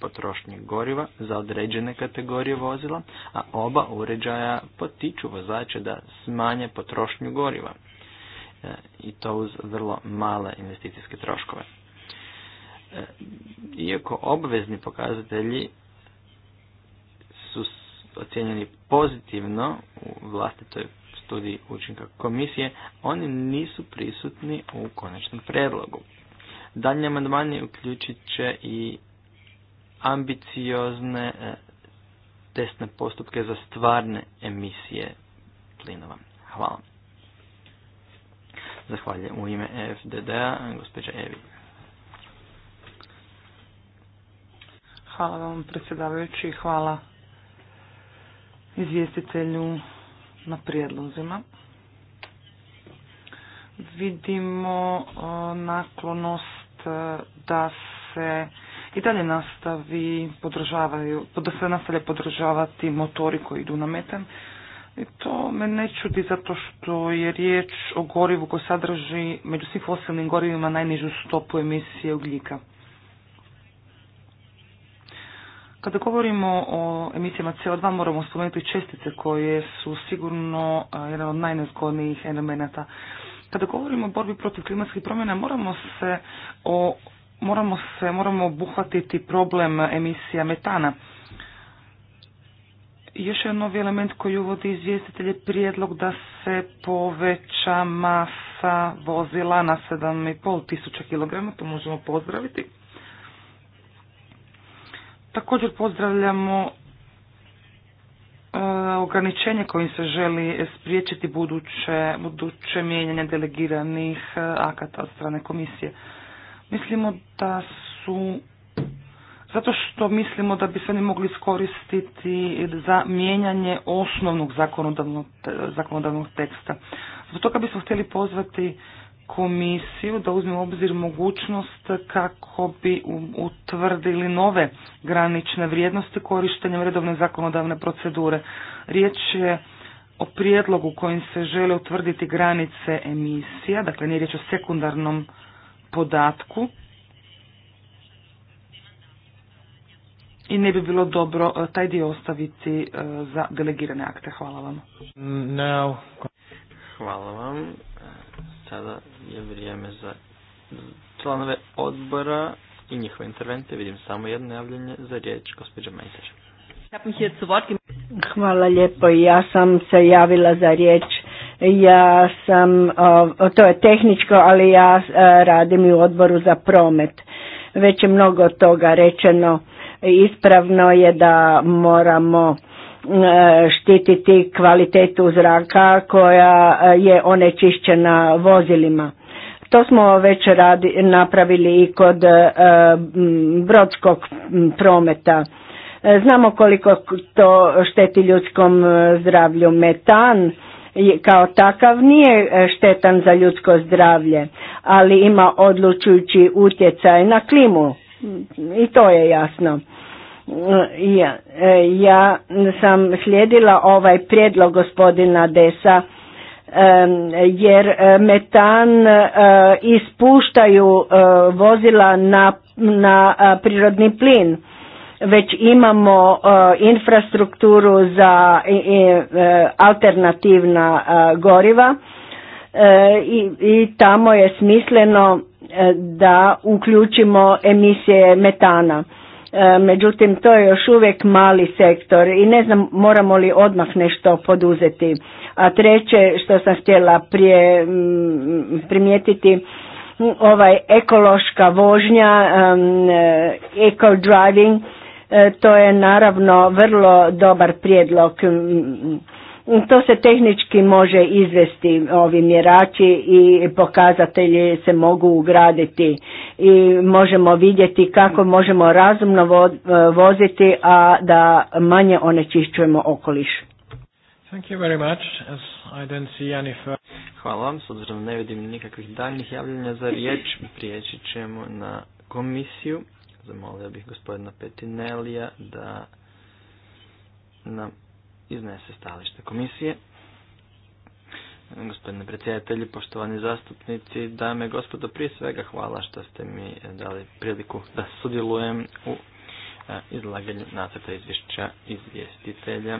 potrošnje goriva za određene kategorije vozila, a oba uređaja potiču vozače da smanje potrošnju goriva e, i to uz vrlo male investicijske troškove iako obvezni pokazatelji su ocjenjeni pozitivno u vlastitoj studiji učinka komisije, oni nisu prisutni u konačnom predlogu. Dalje amandmani uključit će i ambiciozne e, testne postupke za stvarne emisije plinova. Hvala. Zahvaljujem u ime FDD-a, gospođa Evi. Hvala vam predsjedavajući i hvala izvjestitelju na prijedlozima. Vidimo e, naklonost e, da se i dalje nastavi podržavaju, da se nastavlja podržavati motori koji idu na metan. I to me ne čudi zato što je riječ o gorivu koji sadrži među svih fosilnim gorivima najnižu stopu emisije ugljika. Kada govorimo o emisijama CO2 moramo spomenuti čestice koje su sigurno e, jedan od najnezgodnijih elemenata. Kada govorimo o borbi protiv klimatskih promjena moramo se o, moramo se moramo obuhvatiti problem emisija metana. Još jedan novi element koji uvodi izvjestitelj je prijedlog da se poveća masa vozila na 7,5 tisuća kilograma, to možemo pozdraviti. Također pozdravljamo e, ograničenje kojim se želi spriječiti buduće, mijenjanje delegiranih e, akata od strane komisije. Mislimo da su, zato što mislimo da bi se oni mogli iskoristiti za mijenjanje osnovnog zakonodavnog, zakonodavnog teksta. Zbog toga bismo htjeli pozvati komisiju da uzme u obzir mogućnost kako bi utvrdili nove granične vrijednosti korištenjem redovne zakonodavne procedure. Riječ je o prijedlogu kojim se žele utvrditi granice emisija, dakle nije riječ o sekundarnom podatku i ne bi bilo dobro e, taj dio ostaviti e, za delegirane akte. Hvala vam. Hvala vam. Sada je vrijeme za članove odbora i njihove intervente. Vidim samo jedno javljanje za riječ, gospođa Mejzer. Hvala lijepo. Ja sam se javila za riječ. Ja sam, to je tehničko, ali ja e, radim i u odboru za promet. Već je mnogo toga rečeno. Ispravno je da moramo štititi kvalitetu zraka koja e, je onečišćena vozilima. To smo već radi, napravili i kod e, brodskog prometa. E, znamo koliko to šteti ljudskom zdravlju. Metan kao takav nije štetan za ljudsko zdravlje, ali ima odlučujući utjecaj na klimu i to je jasno. Ja, e, ja sam slijedila ovaj prijedlog gospodina Desa jer e, metan e, ispuštaju vozila na, na prirodni plin. Već imamo infrastrukturu za alternativna goriva i, i tamo je smisleno da uključimo emisije metana E, međutim to je još uvijek mali sektor i ne znam moramo li odmah nešto poduzeti. A treće što sam htjela prije mm, primijetiti, ovaj ekološka vožnja, e, eco driving, e, to je naravno vrlo dobar prijedlog mm, to se tehnički može izvesti, ovi mjerači i pokazatelji se mogu ugraditi i možemo vidjeti kako možemo razumno e, voziti, a da manje onečišćujemo okoliš. Thank you very much. As I don't see any Hvala vam, s obzirom ne vidim nikakvih daljnjih javljanja za riječ, prijeći ćemo na komisiju. Zamolio bih gospodina Petinelija da nam iznese stalište komisije. Gospodine predsjedatelji, poštovani zastupnici, dame i gospodo, prije svega hvala što ste mi dali priliku da sudjelujem u e, izlaganju nacrta izvješća izvjestitelja.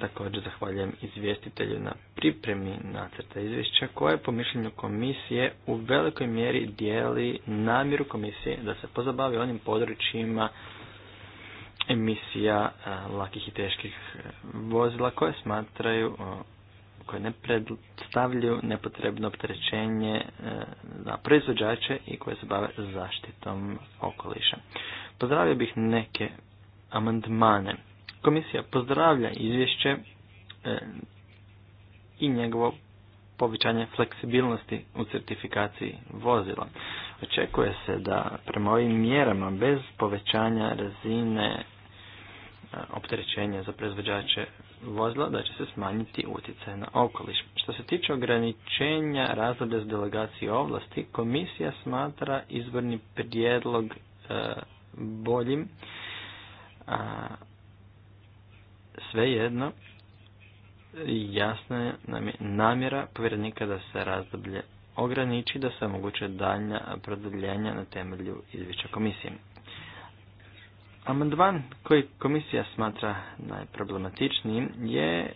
Također zahvaljujem izvjestitelju na pripremi nacrta izvješća koje po mišljenju komisije u velikoj mjeri dijeli namjeru komisije da se pozabavi onim područjima emisija e, lakih i teških e, vozila koje smatraju koje ne predstavljaju nepotrebno opterećenje e, za proizvođače i koje se bave zaštitom okoliša. Pozdravio bih neke amandmane. Komisija pozdravlja izvješće i njegovo povećanje fleksibilnosti u certifikaciji vozila. Očekuje se da prema ovim mjerama bez povećanja razine e, opterećenja za proizvođače vozila da će se smanjiti utjecaj na okoliš. Što se tiče ograničenja razdoblja s delegacije ovlasti, komisija smatra izborni prijedlog e, boljim. A, svejedno, jasna je namjera povjerenika da se razdoblje ograniči da se omoguće daljnja produljenja na temelju izvješća komisije. Amandman koji komisija smatra najproblematičnijim je e,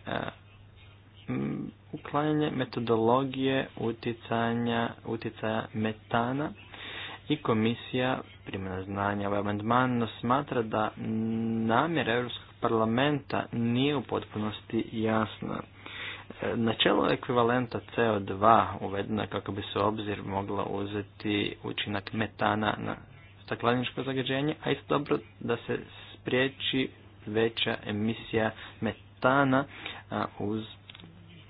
uklanjanje metodologije uticanja, utjecaja metana i komisija prima znanja ovaj amandman, smatra da namjera Europskog parlamenta nije u potpunosti jasna. Načelo ekvivalenta CO2 uvedeno kako bi se obzir mogla uzeti učinak metana na stakleničko zagađenje, a isto dobro da se spriječi veća emisija metana uz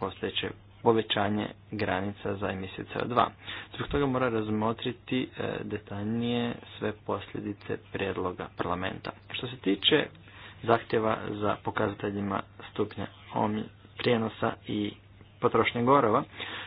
postojeće povećanje granica za emisiju CO2. Zbog toga mora razmotriti e, detaljnije sve posljedice prijedloga parlamenta. Što se tiče zahtjeva za pokazateljima stupnja prijenosa i potrošnje gorova.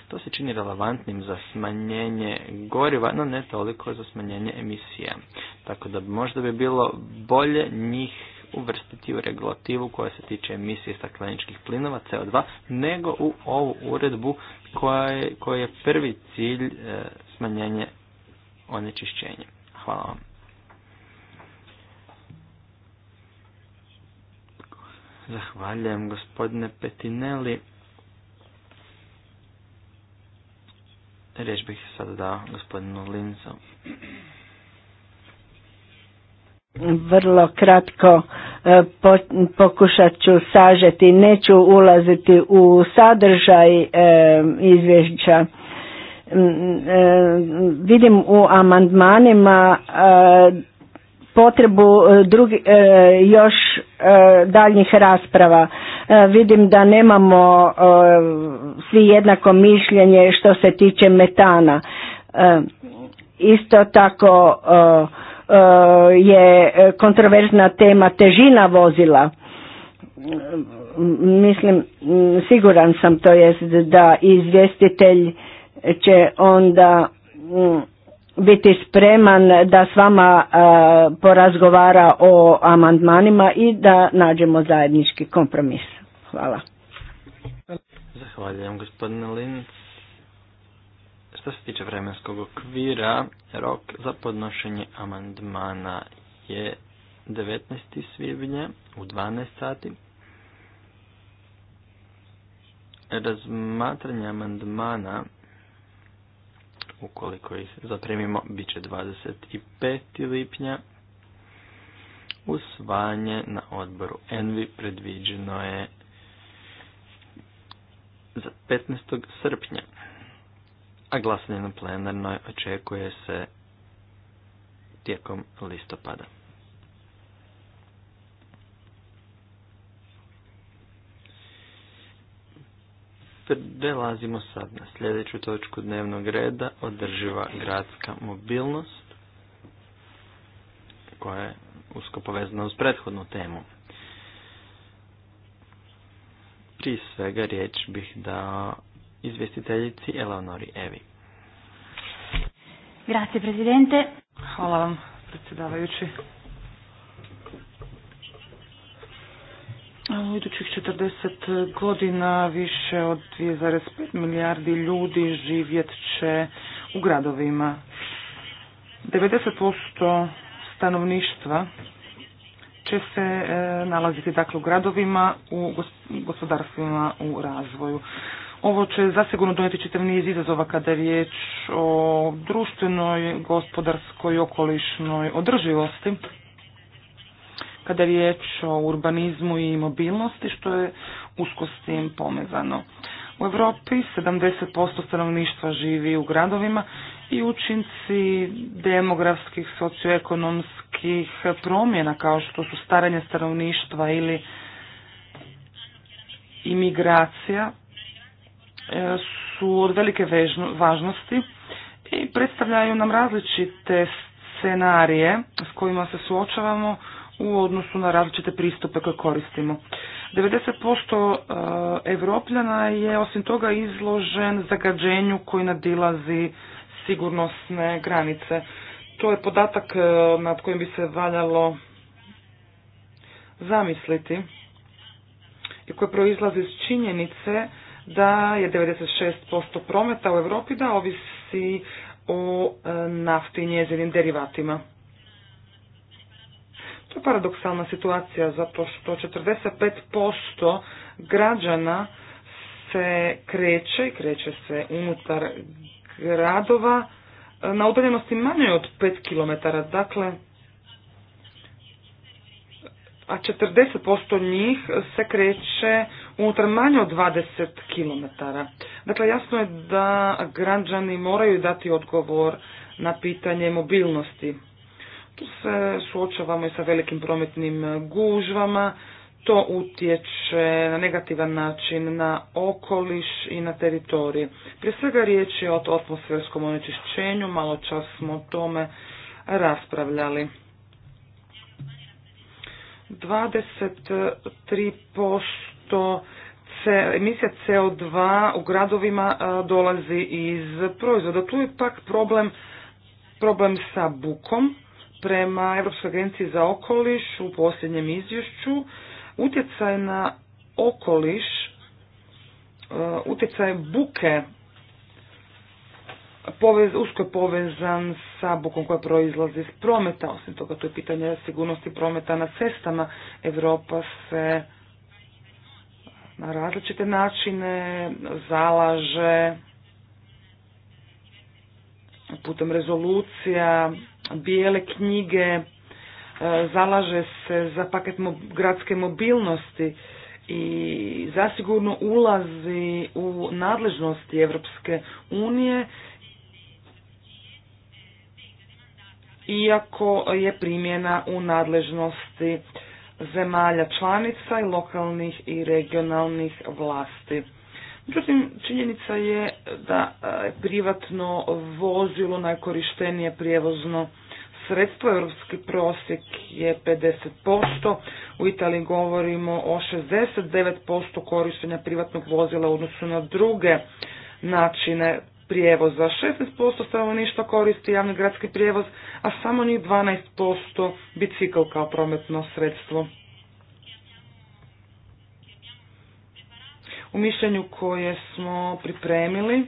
To se čini relevantnim za smanjenje goriva, no ne toliko za smanjenje emisija. Tako da možda bi bilo bolje njih uvrstiti u regulativu koja se tiče emisije stakleničkih plinova CO2 nego u ovu uredbu koja je, koja je prvi cilj e, smanjenje onečišćenja. Hvala vam. Zahvaljujem gospodine Petinelli. Riječ bih sada dao gospodinu Lincu. Vrlo kratko e, pokušat ću sažeti, neću ulaziti u sadržaj e, izvješća. E, vidim u amandmanima potrebu e, drugi, e, još e, daljnjih rasprava. Vidim da nemamo svi jednako mišljenje što se tiče metana. Isto tako je kontroverzna tema težina vozila. Mislim, siguran sam to jest da izvjestitelj će onda biti spreman da s vama e, porazgovara o amandmanima i da nađemo zajednički kompromis. Hvala. Zahvaljujem gospodine Linc. Što se tiče vremenskog okvira, rok za podnošenje amandmana je 19. svibnja u 12 sati. Razmatranje amandmana Ukoliko ih zapremimo, bit će 25. lipnja. Usvajanje na odboru Envi predviđeno je za 15. srpnja, a glasanje na plenarnoj očekuje se tijekom listopada. Dakle, prelazimo sad na sljedeću točku dnevnog reda, održiva gradska mobilnost, koja je usko povezana uz prethodnu temu. Prije svega riječ bih dao izvjestiteljici Eleonori Evi. Grazie, Presidente. Hvala vam, predsjedavajući. u idućih 40 godina više od 2,5 milijardi ljudi živjet će u gradovima. 90% stanovništva će se e, nalaziti dakle u gradovima, u gospodarstvima, u razvoju. Ovo će zasigurno donijeti čitav niz izazova kada je riječ o društvenoj, gospodarskoj, okolišnoj održivosti kada je riječ o urbanizmu i mobilnosti, što je usko s tim pomezano. U Europi 70% stanovništva živi u gradovima i učinci demografskih, socioekonomskih promjena kao što su staranje stanovništva ili imigracija e, su od velike važnosti i predstavljaju nam različite scenarije s kojima se suočavamo u odnosu na različite pristupe koje koristimo. 90% e, Evropljana je osim toga izložen zagađenju koji nadilazi sigurnosne granice. To je podatak e, nad kojim bi se valjalo zamisliti i koji proizlazi iz činjenice da je 96% prometa u Europi da ovisi o e, nafti i njezinim derivatima. To je paradoksalna situacija zato što 45% građana se kreće i kreće se unutar gradova e, na udaljenosti manje od 5 km, dakle a 40% njih se kreće unutar manje od 20 km. Dakle, jasno je da građani moraju dati odgovor na pitanje mobilnosti. Tu se suočavamo i sa velikim prometnim gužvama, to utječe na negativan način na okoliš i na teritorij. Prije svega riječ je o atmosferskom onečišćenju, malo čas smo o tome raspravljali. 23% emisija CO2 u gradovima dolazi iz proizvoda. Tu je pak problem, problem sa bukom. Prema Europskoj agenciji za okoliš u posljednjem izvješću utjecaj na okoliš, e, utjecaj buke usko je povezan sa bukom koja proizlazi iz prometa. Osim toga, to je pitanje sigurnosti prometa na cestama. Europa se na različite načine zalaže putem rezolucija bijele knjige, e, zalaže se za paket gradske mobilnosti i zasigurno ulazi u nadležnosti Europske unije iako je primjena u nadležnosti zemalja članica i lokalnih i regionalnih vlasti. Međutim, činjenica je da e, privatno vozilo najkorištenije prijevozno sredstvo, europski prosjek je 50%, u Italiji govorimo o 69% korištenja privatnog vozila u odnosu na druge načine prijevoza. 16% stanovništva koristi javni gradski prijevoz, a samo njih 12% bicikl kao prometno sredstvo. U mišljenju koje smo pripremili,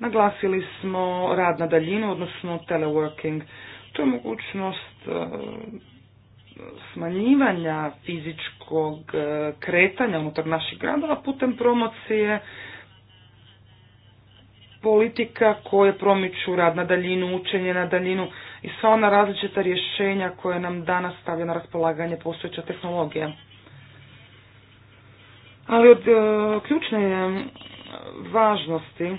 Naglasili smo rad na daljinu, odnosno teleworking. To je mogućnost e, smanjivanja fizičkog e, kretanja unutar naših gradova putem promocije politika koje promiču rad na daljinu, učenje na daljinu i sva ona različita rješenja koje nam danas stavlja na raspolaganje postojeća tehnologija. Ali od e, ključne važnosti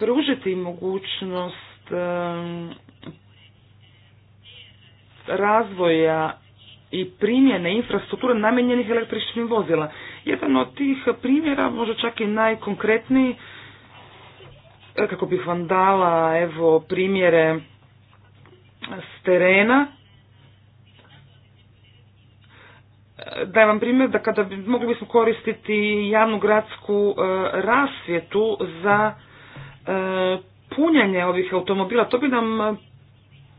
pružiti mogućnost razvoja i primjene infrastrukture namijenjenih električnim vozila. Jedan od tih primjera, možda čak i najkonkretniji, e, kako bih vam dala evo, primjere s terena, e, dajem vam primjer da kada bi, mogli bismo koristiti javnu gradsku e, rasvjetu za E, punjanje ovih automobila, to bi nam e,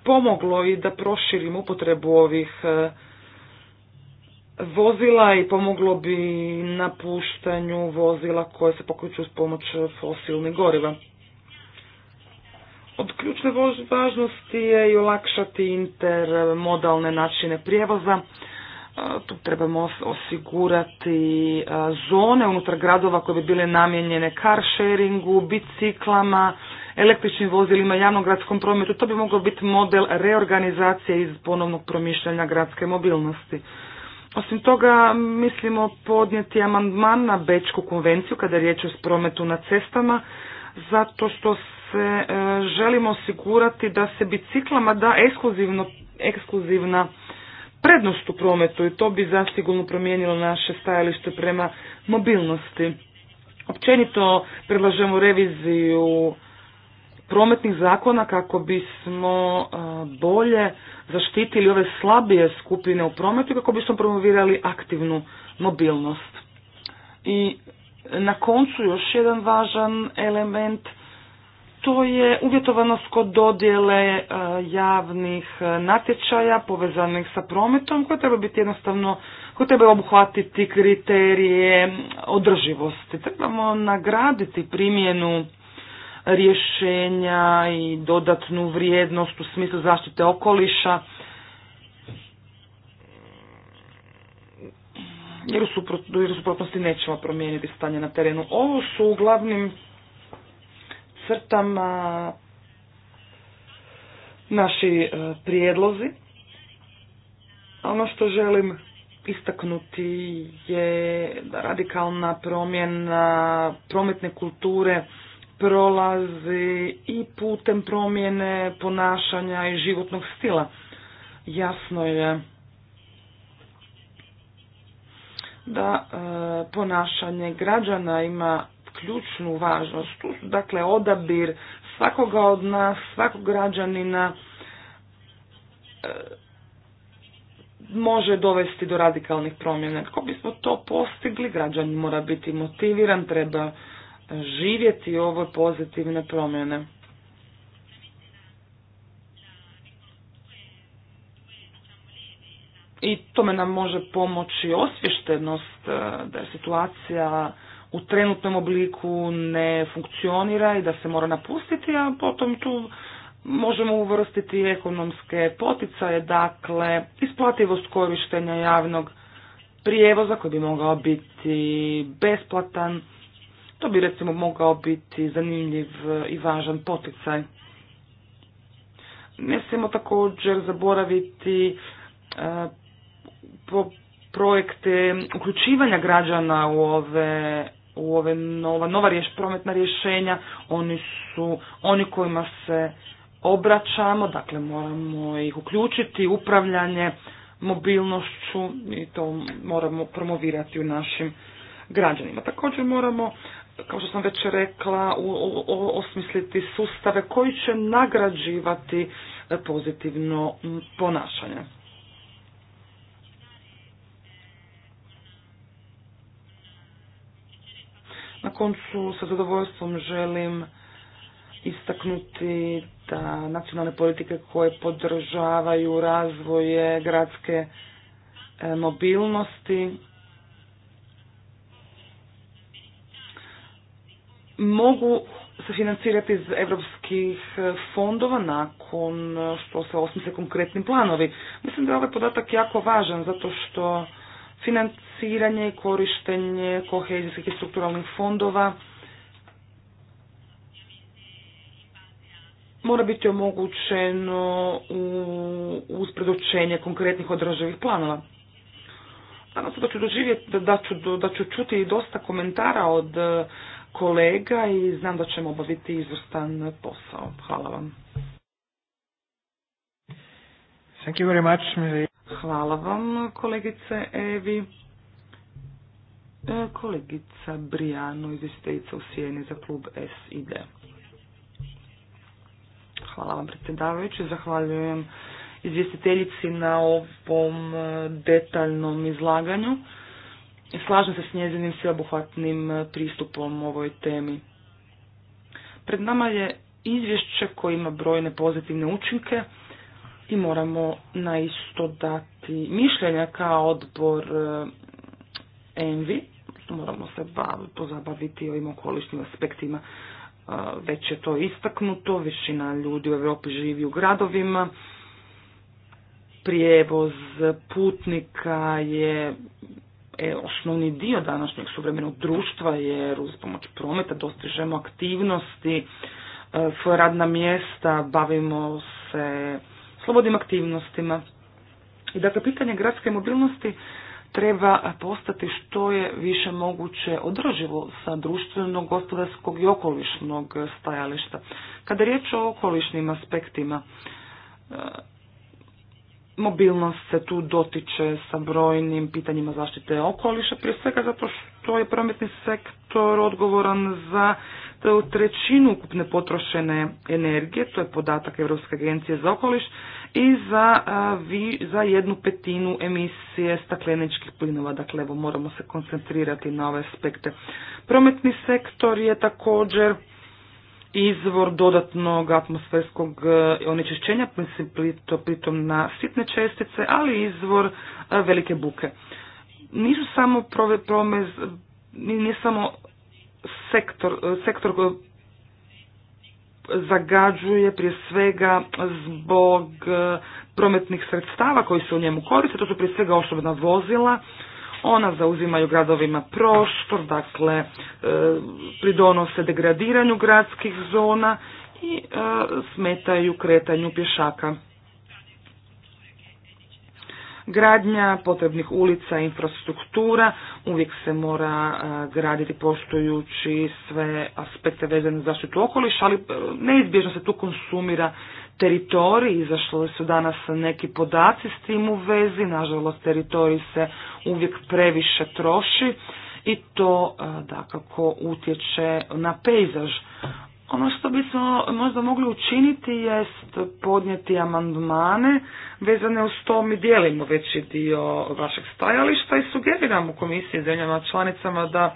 pomoglo i da proširimo upotrebu ovih e, vozila i pomoglo bi napuštanju vozila koje se pokreću s pomoć fosilnih goriva. Od ključne važnosti je i olakšati intermodalne načine prijevoza, tu trebamo osigurati zone unutar gradova koje bi bile namijenjene car sharingu, biciklama, električnim vozilima, javnom gradskom prometu. To bi mogao biti model reorganizacije iz ponovnog promišljanja gradske mobilnosti. Osim toga, mislimo podnijeti amandman na Bečku konvenciju kada je riječ o prometu na cestama, zato što se e, želimo osigurati da se biciklama da ekskluzivno, ekskluzivna prednost u prometu i to bi zasigurno promijenilo naše stajalište prema mobilnosti. Općenito predlažemo reviziju prometnih zakona kako bismo bolje zaštitili ove slabije skupine u prometu i kako bismo promovirali aktivnu mobilnost. I na koncu još jedan važan element – to je uvjetovanost kod dodjele e, javnih e, natječaja povezanih sa prometom koje treba biti jednostavno, koje treba obuhvatiti kriterije održivosti. Trebamo nagraditi primjenu rješenja i dodatnu vrijednost u smislu zaštite okoliša. Jer u suprotnosti nećemo promijeniti stanje na terenu. Ovo su uglavnim crtama naši e, prijedlozi. Ono što želim istaknuti je da radikalna promjena prometne kulture prolazi i putem promjene ponašanja i životnog stila. Jasno je da e, ponašanje građana ima ključnu važnost. Dakle, odabir svakoga od nas, svakog građanina e, može dovesti do radikalnih promjena. Kako bismo to postigli, građanin mora biti motiviran, treba e, živjeti ove pozitivne promjene. I tome nam može pomoći osvještenost e, da je situacija u trenutnom obliku ne funkcionira i da se mora napustiti, a potom tu možemo uvrstiti ekonomske poticaje, dakle isplativost korištenja javnog prijevoza koji bi mogao biti besplatan, to bi recimo mogao biti zanimljiv i važan poticaj. Ne smijemo također zaboraviti e, projekte uključivanja građana u ove u ove nova, nova prometna rješenja, oni su oni kojima se obraćamo, dakle moramo ih uključiti, upravljanje mobilnošću i to moramo promovirati u našim građanima. Također moramo, kao što sam već rekla, osmisliti sustave koji će nagrađivati pozitivno ponašanje. Na koncu sa zadovoljstvom želim istaknuti da nacionalne politike koje podržavaju razvoje gradske e, mobilnosti mogu se financirati iz evropskih fondova nakon što se osmise konkretni planovi. Mislim da je ovaj podatak jako važan zato što financiranje i korištenje kohezijskih i strukturalnih fondova mora biti omogućeno uz predočenje konkretnih održivih planova. Danas da ću da ću, čuti i dosta komentara od e, kolega i znam da ćemo obaviti izvrstan posao. Hvala vam. Thank you very much. Hvala vam, kolegice Evi. E, kolegica Brijano, izvjestiteljica u Sijeni za klub SID. Hvala vam, predsjedavajući. Zahvaljujem izvjestiteljici na ovom e, detaljnom izlaganju. Slažem se s njezinim sveobuhvatnim e, pristupom ovoj temi. Pred nama je izvješće koje ima brojne pozitivne učinke, i moramo na isto dati mišljenja kao odbor e, Envi. Moramo se pozabaviti ovim okolišnim aspektima. E, već je to istaknuto, većina ljudi u Europi živi u gradovima, prijevoz putnika je e, osnovni dio današnjeg suvremenog društva jer uz pomoć prometa dostižemo aktivnosti, svoje radna mjesta, bavimo se slobodnim aktivnostima. I dakle, pitanje gradske mobilnosti treba postati što je više moguće održivo sa društvenog, gospodarskog i okolišnog stajališta. Kada je riječ o okolišnim aspektima, Mobilnost se tu dotiče sa brojnim pitanjima zaštite okoliša, prije svega zato što je prometni sektor odgovoran za trećinu ukupne potrošene energije, to je podatak Europske agencije za okoliš, i za, za jednu petinu emisije stakleničkih plinova. Dakle, evo, moramo se koncentrirati na ove aspekte. Prometni sektor je također izvor dodatnog atmosferskog e, onečišćenja, pritom na sitne čestice, ali izvor e, velike buke. Nisu samo prove, promez, nije samo sektor, e, sektor koji zagađuje prije svega zbog prometnih sredstava koji se u njemu koriste, to su prije svega osobna vozila, ona zauzimaju gradovima prostor, dakle e, pridonose degradiranju gradskih zona i e, smetaju kretanju pješaka. Gradnja potrebnih ulica, infrastruktura uvijek se mora e, graditi poštujući sve aspekte vezane za zaštitu okoliša, ali neizbježno se tu konsumira Teritoriji, izašli su danas neki podaci s tim u vezi, nažalost teritorij se uvijek previše troši i to e, dakako utječe na pejzaž. Ono što bismo možda mogli učiniti jest podnijeti amandmane vezane uz to mi dijelimo veći dio vašeg stajališta i sugeriramo komisiji zemljama članicama da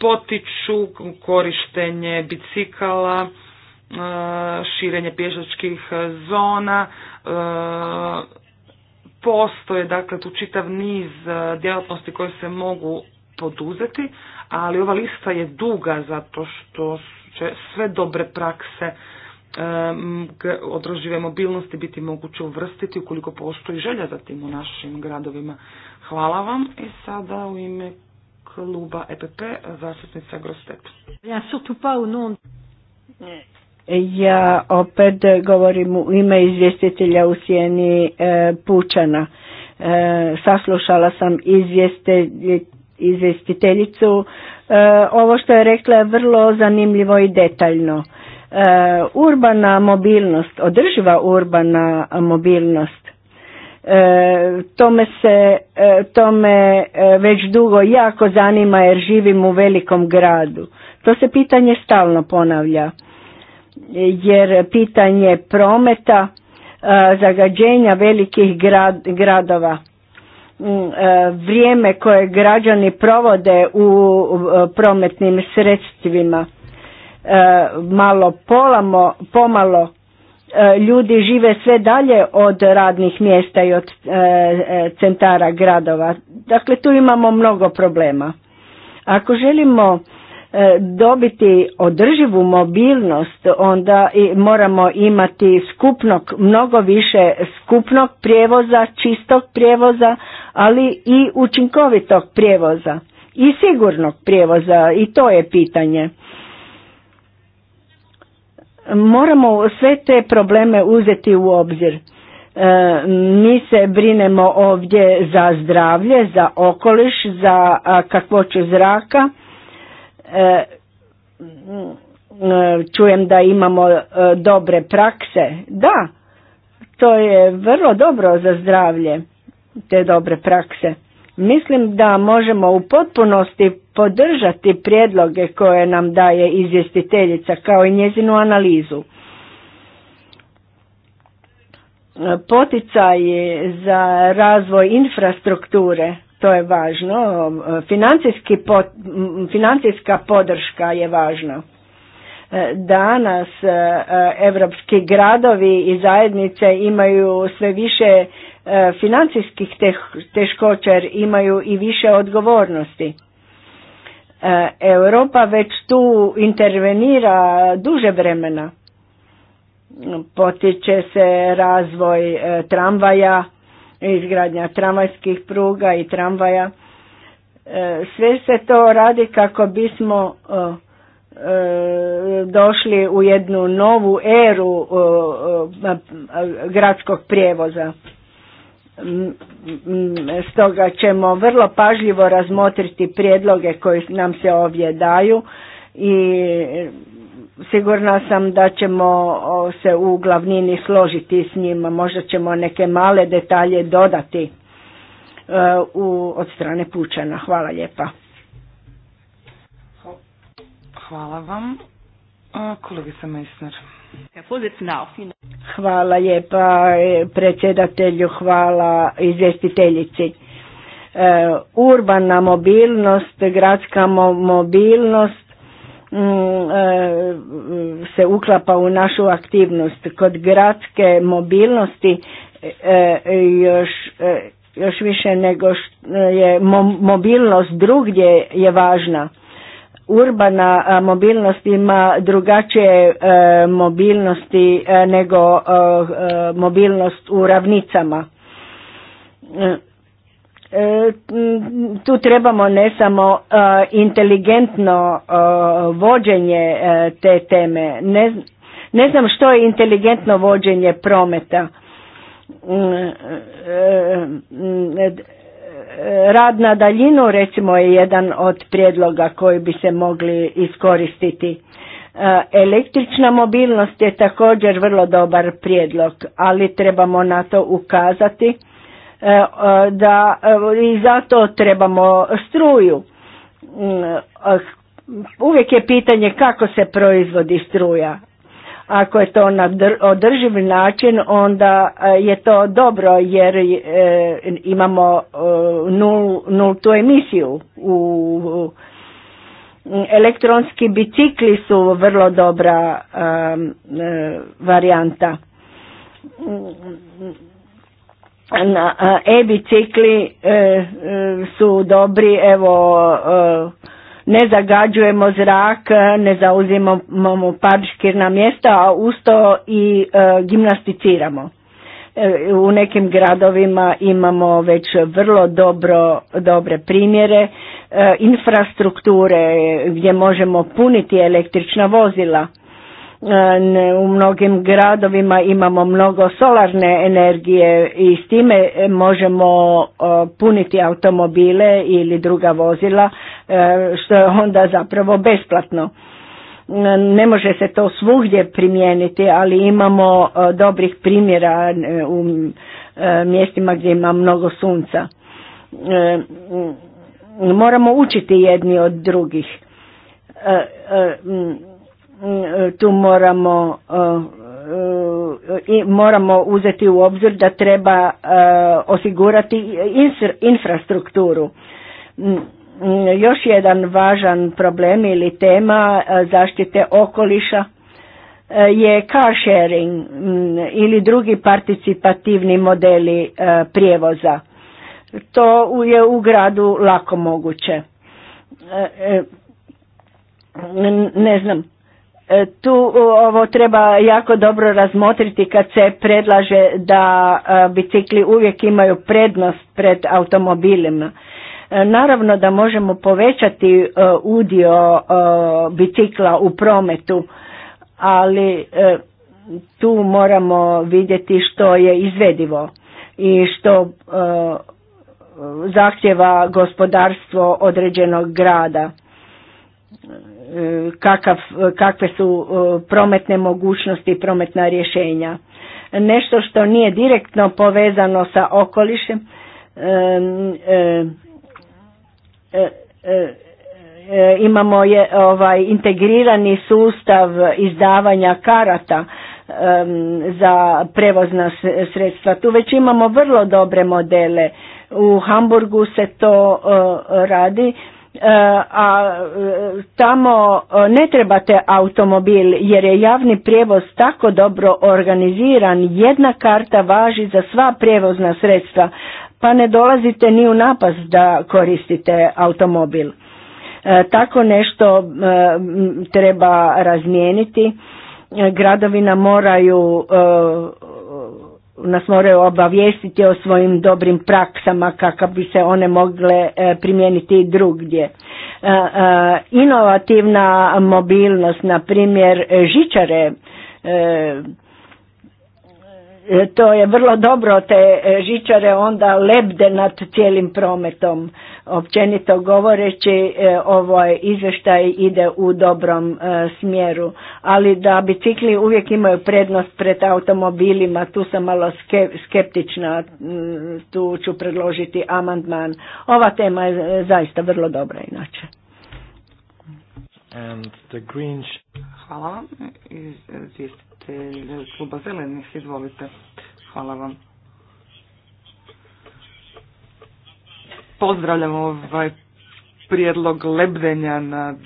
potiču korištenje bicikala, E, širenje pješačkih zona, e, postoje dakle tu čitav niz e, djelatnosti koje se mogu poduzeti, ali ova lista je duga zato što će sve dobre prakse odražive mobilnosti biti moguće uvrstiti ukoliko postoji želja za tim u našim gradovima. Hvala vam i sada u ime kluba EPP zastupnica Grostep. Ja surtout pa au nom ja opet govorim u ime izvjestitelja u sjeni e, Pučana. E, saslušala sam izvjestiteljicu. E, ovo što je rekla je vrlo zanimljivo i detaljno. E, urbana mobilnost, održiva urbana mobilnost, tome se, tome već dugo jako zanima jer živim u velikom gradu. To se pitanje stalno ponavlja jer pitanje prometa, e, zagađenja velikih grad, gradova, mm, e, vrijeme koje građani provode u prometnim sredstvima, e, malo polamo, pomalo ljudi žive sve dalje od radnih mjesta i od centara gradova. Dakle, tu imamo mnogo problema. Ako želimo E, dobiti održivu mobilnost onda moramo imati skupnog mnogo više skupnog prijevoza, čistog prijevoza, ali i učinkovitog prijevoza i sigurnog prijevoza i to je pitanje. Moramo sve te probleme uzeti u obzir. E, mi se brinemo ovdje za zdravlje, za okoliš, za kakvoću zraka E, čujem da imamo e, dobre prakse. Da, to je vrlo dobro za zdravlje, te dobre prakse. Mislim da možemo u potpunosti podržati prijedloge koje nam daje izvjestiteljica kao i njezinu analizu. Poticaj za razvoj infrastrukture to je važno. financijska podrška je važna. E, danas e, evropski gradovi i zajednice imaju sve više e, financijskih teškoća jer imaju i više odgovornosti. Europa već tu intervenira duže vremena. Potiče se razvoj tramvaja, izgradnja tramvajskih pruga i tramvaja. E, sve se to radi kako bismo e, e, došli u jednu novu eru gradskog prijevoza. Stoga ćemo vrlo pažljivo razmotriti prijedloge koji nam se ovdje daju i Sigurna sam da ćemo se u glavnini složiti s njima, možda ćemo neke male detalje dodati e, u, od strane Pučana. Hvala lijepa. Hvala vam. E, kolegica Meisner. Hvala lijepa e, predsjedatelju, hvala izvjestiteljici. Urbana mobilnost, gradska mobilnost Mm, e, se uklapa u našu aktivnost. Kod gradske mobilnosti e, e, još, još više nego je mobilnost drugdje je važna. Urbana mobilnost ima drugačije mobilnosti nego mobilnost u ravnicama E, tu trebamo ne samo e, inteligentno e, vođenje te teme. Ne, ne znam što je inteligentno vođenje prometa. Mm, rad na daljinu recimo je jedan od prijedloga koji bi se mogli iskoristiti. Električna mobilnost je također vrlo dobar prijedlog, ali trebamo na to ukazati E, e, da i zato trebamo struju. Mm, uvijek je pitanje kako se proizvodi struja. Ako je to na održiv način onda e, je to dobro jer imamo nultu emisiju u elektronski bicikli su vrlo dobra varijanta na e bicikli e, su dobri evo e, ne zagađujemo zrak ne zauzimamo na mjesta a usto i e, gimnasticiramo u nekim gradovima imamo već vrlo dobro dobre primjere infrastrukture gdje možemo puniti električna vozila E, u mnogim gradovima imamo mnogo solarne energije i s time e, možemo e, puniti automobile ili druga vozila što je onda zapravo besplatno. Ne može se to svugdje primijeniti, ali imamo dobrih primjera u mjestima gdje ima mnogo sunca. Moramo učiti jedni od drugih tu moramo e, e, moramo uzeti u obzir da treba e, osigurati infrastrukturu. Mm, još jedan važan problem ili tema zaštite okoliša je car sharing mm, ili drugi participativni modeli prijevoza. To je u gradu lako moguće. Ne znam, E, tu ovo treba jako dobro razmotriti kad se predlaže da e, bicikli uvijek imaju prednost pred automobilima. E, naravno da možemo povećati udio bicikla u prometu, ali tu moramo vidjeti što je izvedivo i što zahtjeva gospodarstvo određenog grada kakav, kakve su e, prometne mogućnosti i prometna rješenja. Nešto što nije direktno povezano sa okolišem, e, e, imamo je ovaj integrirani sustav izdavanja karata za prevozna sredstva. Tu već imamo vrlo dobre modele. U Hamburgu se to radi E, a e, tamo e, ne trebate automobil jer je javni prijevoz tako dobro organiziran, jedna karta važi za sva prijevozna sredstva, pa ne dolazite ni u napas da koristite automobil. Tako nešto treba razmijeniti, gradovina moraju nas moraju obavijestiti o svojim dobrim praksama kako bi se one mogle e, primijeniti i drugdje. E, e, inovativna mobilnost, na primjer žičare, E, to je vrlo dobro, te e, žičare onda lebde nad cijelim prometom. Općenito govoreći, e, ovaj izvještaj ide u dobrom smjeru, ali da bicikli uvijek imaju prednost pred automobilima, tu sam malo skeptična, tu ću predložiti amandman. Ova tema je zaista vrlo dobra inače. And Hvala vam izvjestitelj kluba zelenih. Izvolite. Hvala vam. Pozdravljam ovaj prijedlog lebdenja nad,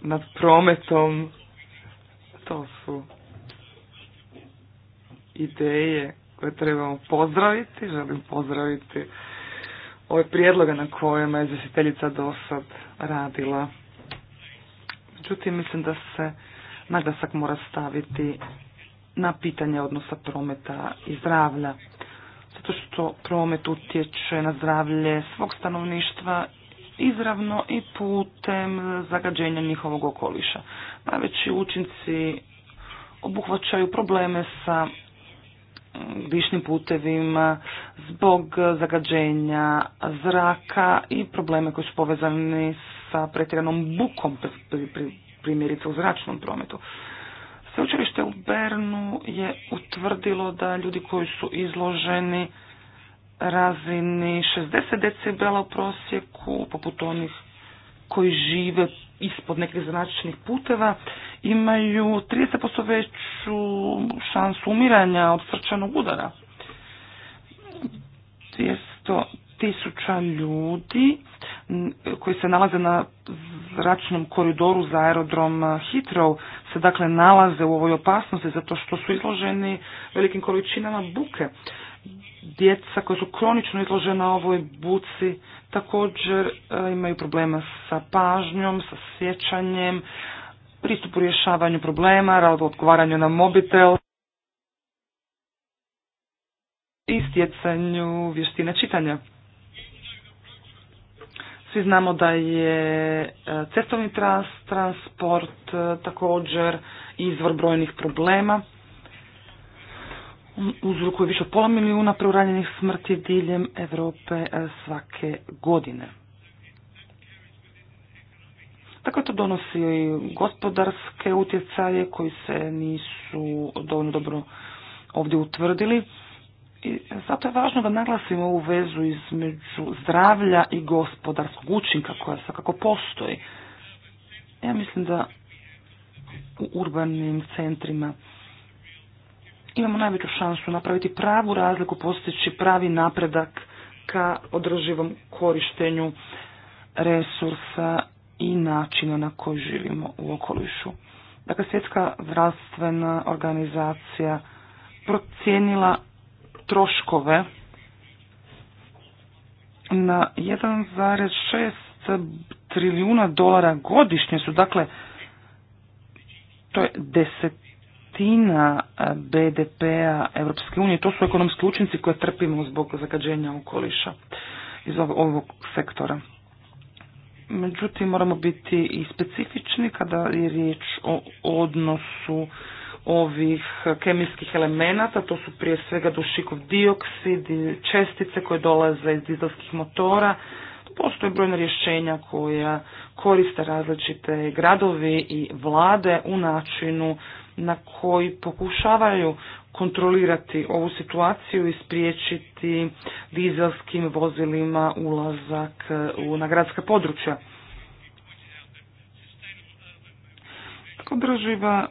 nad prometom. To su ideje koje trebamo pozdraviti. Želim pozdraviti ove prijedloge na kojima je izvjestiteljica do sad radila. Međutim, mislim da se naglasak mora staviti na pitanje odnosa prometa i zdravlja. Zato što promet utječe na zdravlje svog stanovništva izravno i putem zagađenja njihovog okoliša. Najveći učinci obuhvaćaju probleme sa mm, višnim putevima zbog zagađenja zraka i probleme koji su povezani sa pretjeranom bukom primjerice u zračnom prometu. Sveučilište u Bernu je utvrdilo da ljudi koji su izloženi razini 60 decibela u prosjeku, poput onih koji žive ispod nekih značnih puteva, imaju 30% veću šansu umiranja od srčanog udara. 200 tisuća ljudi koji se nalaze na zračnom koridoru za aerodrom Heathrow se dakle nalaze u ovoj opasnosti zato što su izloženi velikim količinama buke. Djeca koja su kronično izložena ovoj buci također e, imaju problema sa pažnjom, sa sjećanjem, pristupu rješavanju problema, odgovaranju na mobitel i stjecanju vještina čitanja. Svi znamo da je e, cestovni trans, transport e, također izvor brojnih problema. Uzrokuje više od pola milijuna preuranjenih smrti diljem Europe e, svake godine. Tako to donosi i gospodarske utjecaje koji se nisu dovoljno dobro ovdje utvrdili. I zato je važno da naglasimo ovu vezu između zdravlja i gospodarskog učinka koja svakako postoji. Ja mislim da u urbanim centrima imamo najveću šansu napraviti pravu razliku, postići pravi napredak ka održivom korištenju resursa i načina na koji živimo u okolišu. Dakle, svjetska zdravstvena organizacija procijenila troškove na 1,6 trilijuna dolara godišnje su, dakle, to je desetina e, BDP-a Europske unije. To su ekonomski učinci koje trpimo zbog zagađenja okoliša iz ovog sektora. Međutim, moramo biti i specifični kada je riječ o odnosu ovih kemijskih elemenata, to su prije svega dušikov dioksid, čestice koje dolaze iz dizelskih motora. Postoje brojna rješenja koja koriste različite gradovi i vlade u načinu na koji pokušavaju kontrolirati ovu situaciju i spriječiti dizelskim vozilima ulazak na gradska područja. Tako drživa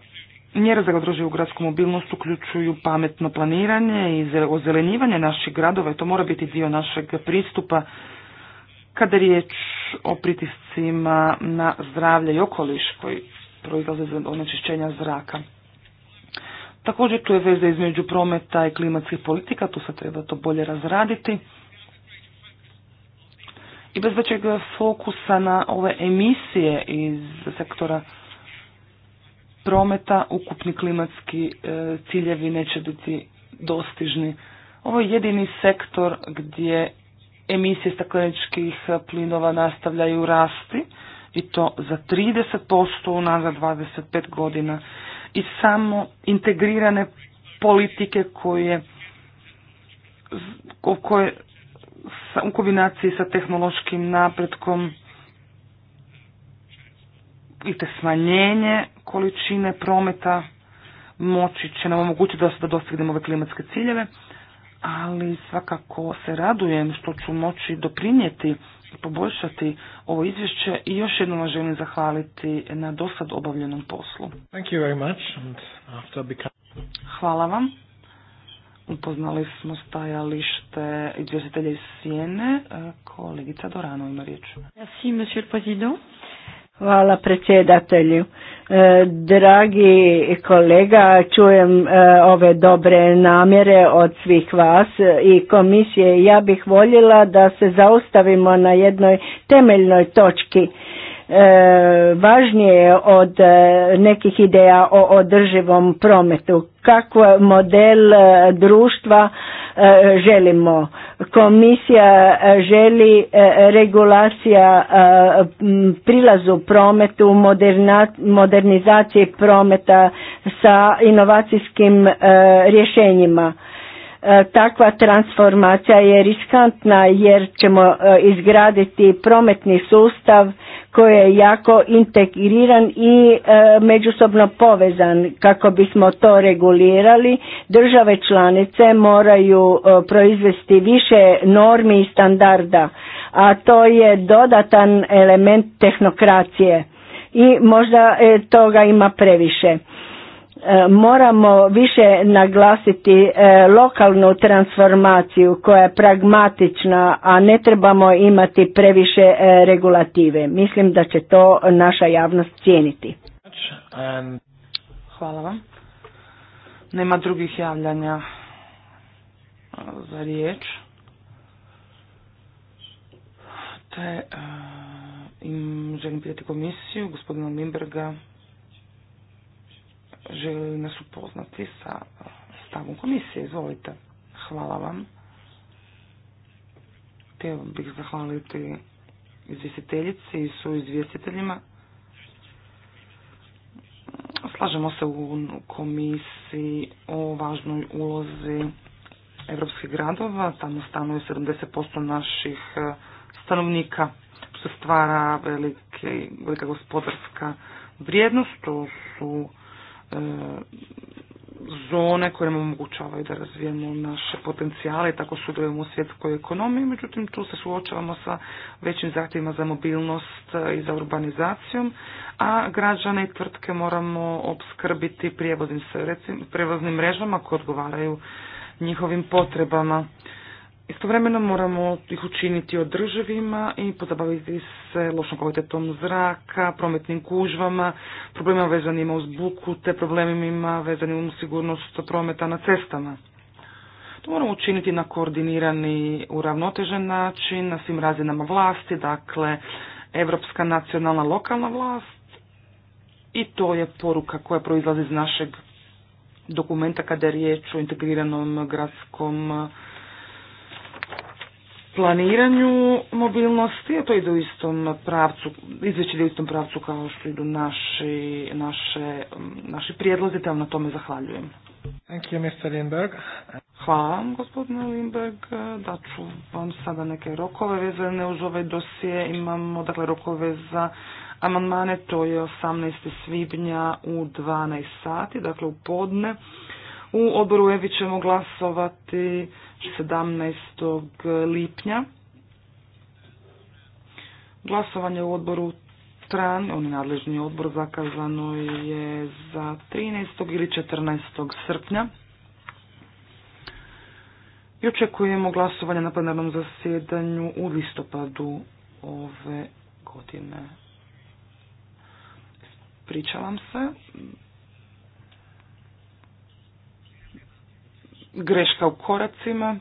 Mjere za održivu gradsku mobilnost uključuju pametno planiranje i ozelenjivanje naših gradova i to mora biti dio našeg pristupa kada je riječ o pritiscima na zdravlje i okoliš koji proizlaze iz onečišćenja zraka. Također tu je veza između prometa i klimatskih politika, tu se treba to bolje razraditi. I bez većeg fokusa na ove emisije iz sektora prometa ukupni klimatski e, ciljevi neće biti dostižni. Ovo je jedini sektor gdje emisije stakleničkih plinova nastavljaju rasti i to za 30% unazad 25 godina i samo integrirane politike koje koje u kombinaciji sa tehnološkim napretkom i te smanjenje količine prometa moći će nam omogućiti da, da dostignemo ove klimatske ciljeve, ali svakako se radujem što ću moći doprinijeti i poboljšati ovo izvješće i još jednom vam želim zahvaliti na dosad obavljenom poslu. Hvala vam. Upoznali smo stajalište izvjestitelja iz Sijene. Kolegica Dorano ima riječ. monsieur Hvala predsjedatelju. E, dragi kolega, čujem e, ove dobre namjere od svih vas i komisije. Ja bih voljela da se zaustavimo na jednoj temeljnoj točki. E, važnije od nekih ideja o održivom prometu. Kako model društva E, želimo. Komisija e, želi e, regulacija prilazu prometu, modernizacije prometa sa inovacijskim rješenjima. Takva transformacija je riskantna jer ćemo izgraditi prometni sustav koji je jako integriran i e, međusobno povezan. Kako bismo to regulirali, države članice moraju e, proizvesti više normi i standarda, a to je dodatan element tehnokracije i možda e, toga ima previše. E, moramo više naglasiti e, lokalnu transformaciju koja je pragmatična, a ne trebamo imati previše e, regulative. Mislim da će to naša javnost cijeniti. Hvala vam. Nema drugih javljanja za riječ. im želim pitati komisiju, gospodina Limberga, želi nas upoznati sa e, stavom komisije. Izvolite. Hvala vam. bih zahvaliti izvjestiteljici i su izvjestiteljima. Slažemo se u komisiji o važnoj ulozi evropskih gradova. Tamo stanuje 70% naših e, stanovnika. Što stvara velike, velika gospodarska vrijednost. To su zone koje nam omogućavaju da razvijemo naše potencijale i tako sudjelujemo u svjetskoj ekonomiji, međutim tu se suočavamo sa većim zahtjevima za mobilnost e, i za urbanizacijom, a građane i tvrtke moramo opskrbiti prijevoznim, prijevoznim mrežama koje odgovaraju njihovim potrebama. Istovremeno moramo ih učiniti održivima i pozabaviti se lošom kvalitetom zraka, prometnim kužvama, problemima vezanima uz buku te problemima vezanim uz sigurnost prometa na cestama. To moramo učiniti na koordinirani, uravnotežen način, na svim razinama vlasti, dakle, evropska nacionalna lokalna vlast i to je poruka koja proizlazi iz našeg dokumenta kada je riječ o integriranom gradskom planiranju mobilnosti, a to ide u istom pravcu, izveći ide u istom pravcu kao što idu naši, naše, naši prijedlozi, te vam na tome zahvaljujem. Thank you, Mr. Lindberg. Hvala vam, gospodine Lindberg. ću vam sada neke rokove vezane uz ovaj dosije. Imamo, dakle, rokove za amandmane, to je 18. svibnja u 12 sati, dakle u podne. U odboru Evi ćemo glasovati 17. lipnja. Glasovanje u odboru TRAN, on je nadležni odbor, zakazano je za 13. ili 14. srpnja. I očekujemo glasovanje na plenarnom zasjedanju u listopadu ove godine. Pričavam se. greška u koracima.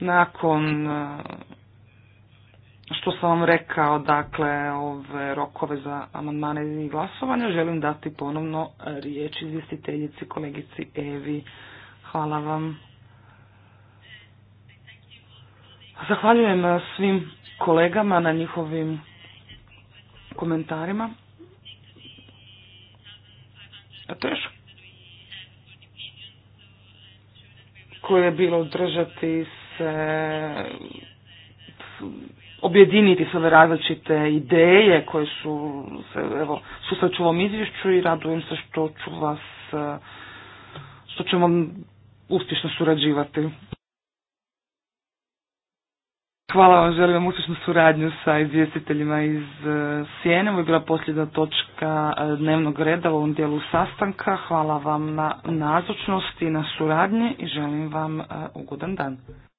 Nakon e, što sam vam rekao, dakle, ove rokove za amandmane i glasovanja, želim dati ponovno riječ izvjestiteljici, kolegici Evi. Hvala vam. Zahvaljujem svim kolegama na njihovim komentarima. Teško koje je bilo držati se objediniti sve različite ideje koje su se, evo, su u izvješću i radujem se što ću vas, što ću vam uspješno surađivati. Hvala vam, želim vam uspješnu suradnju sa izvjestiteljima iz e, Sijene. Ovo je bila posljedna točka e, dnevnog reda u ovom dijelu sastanka. Hvala vam na nazočnosti i na suradnji i želim vam e, ugodan dan.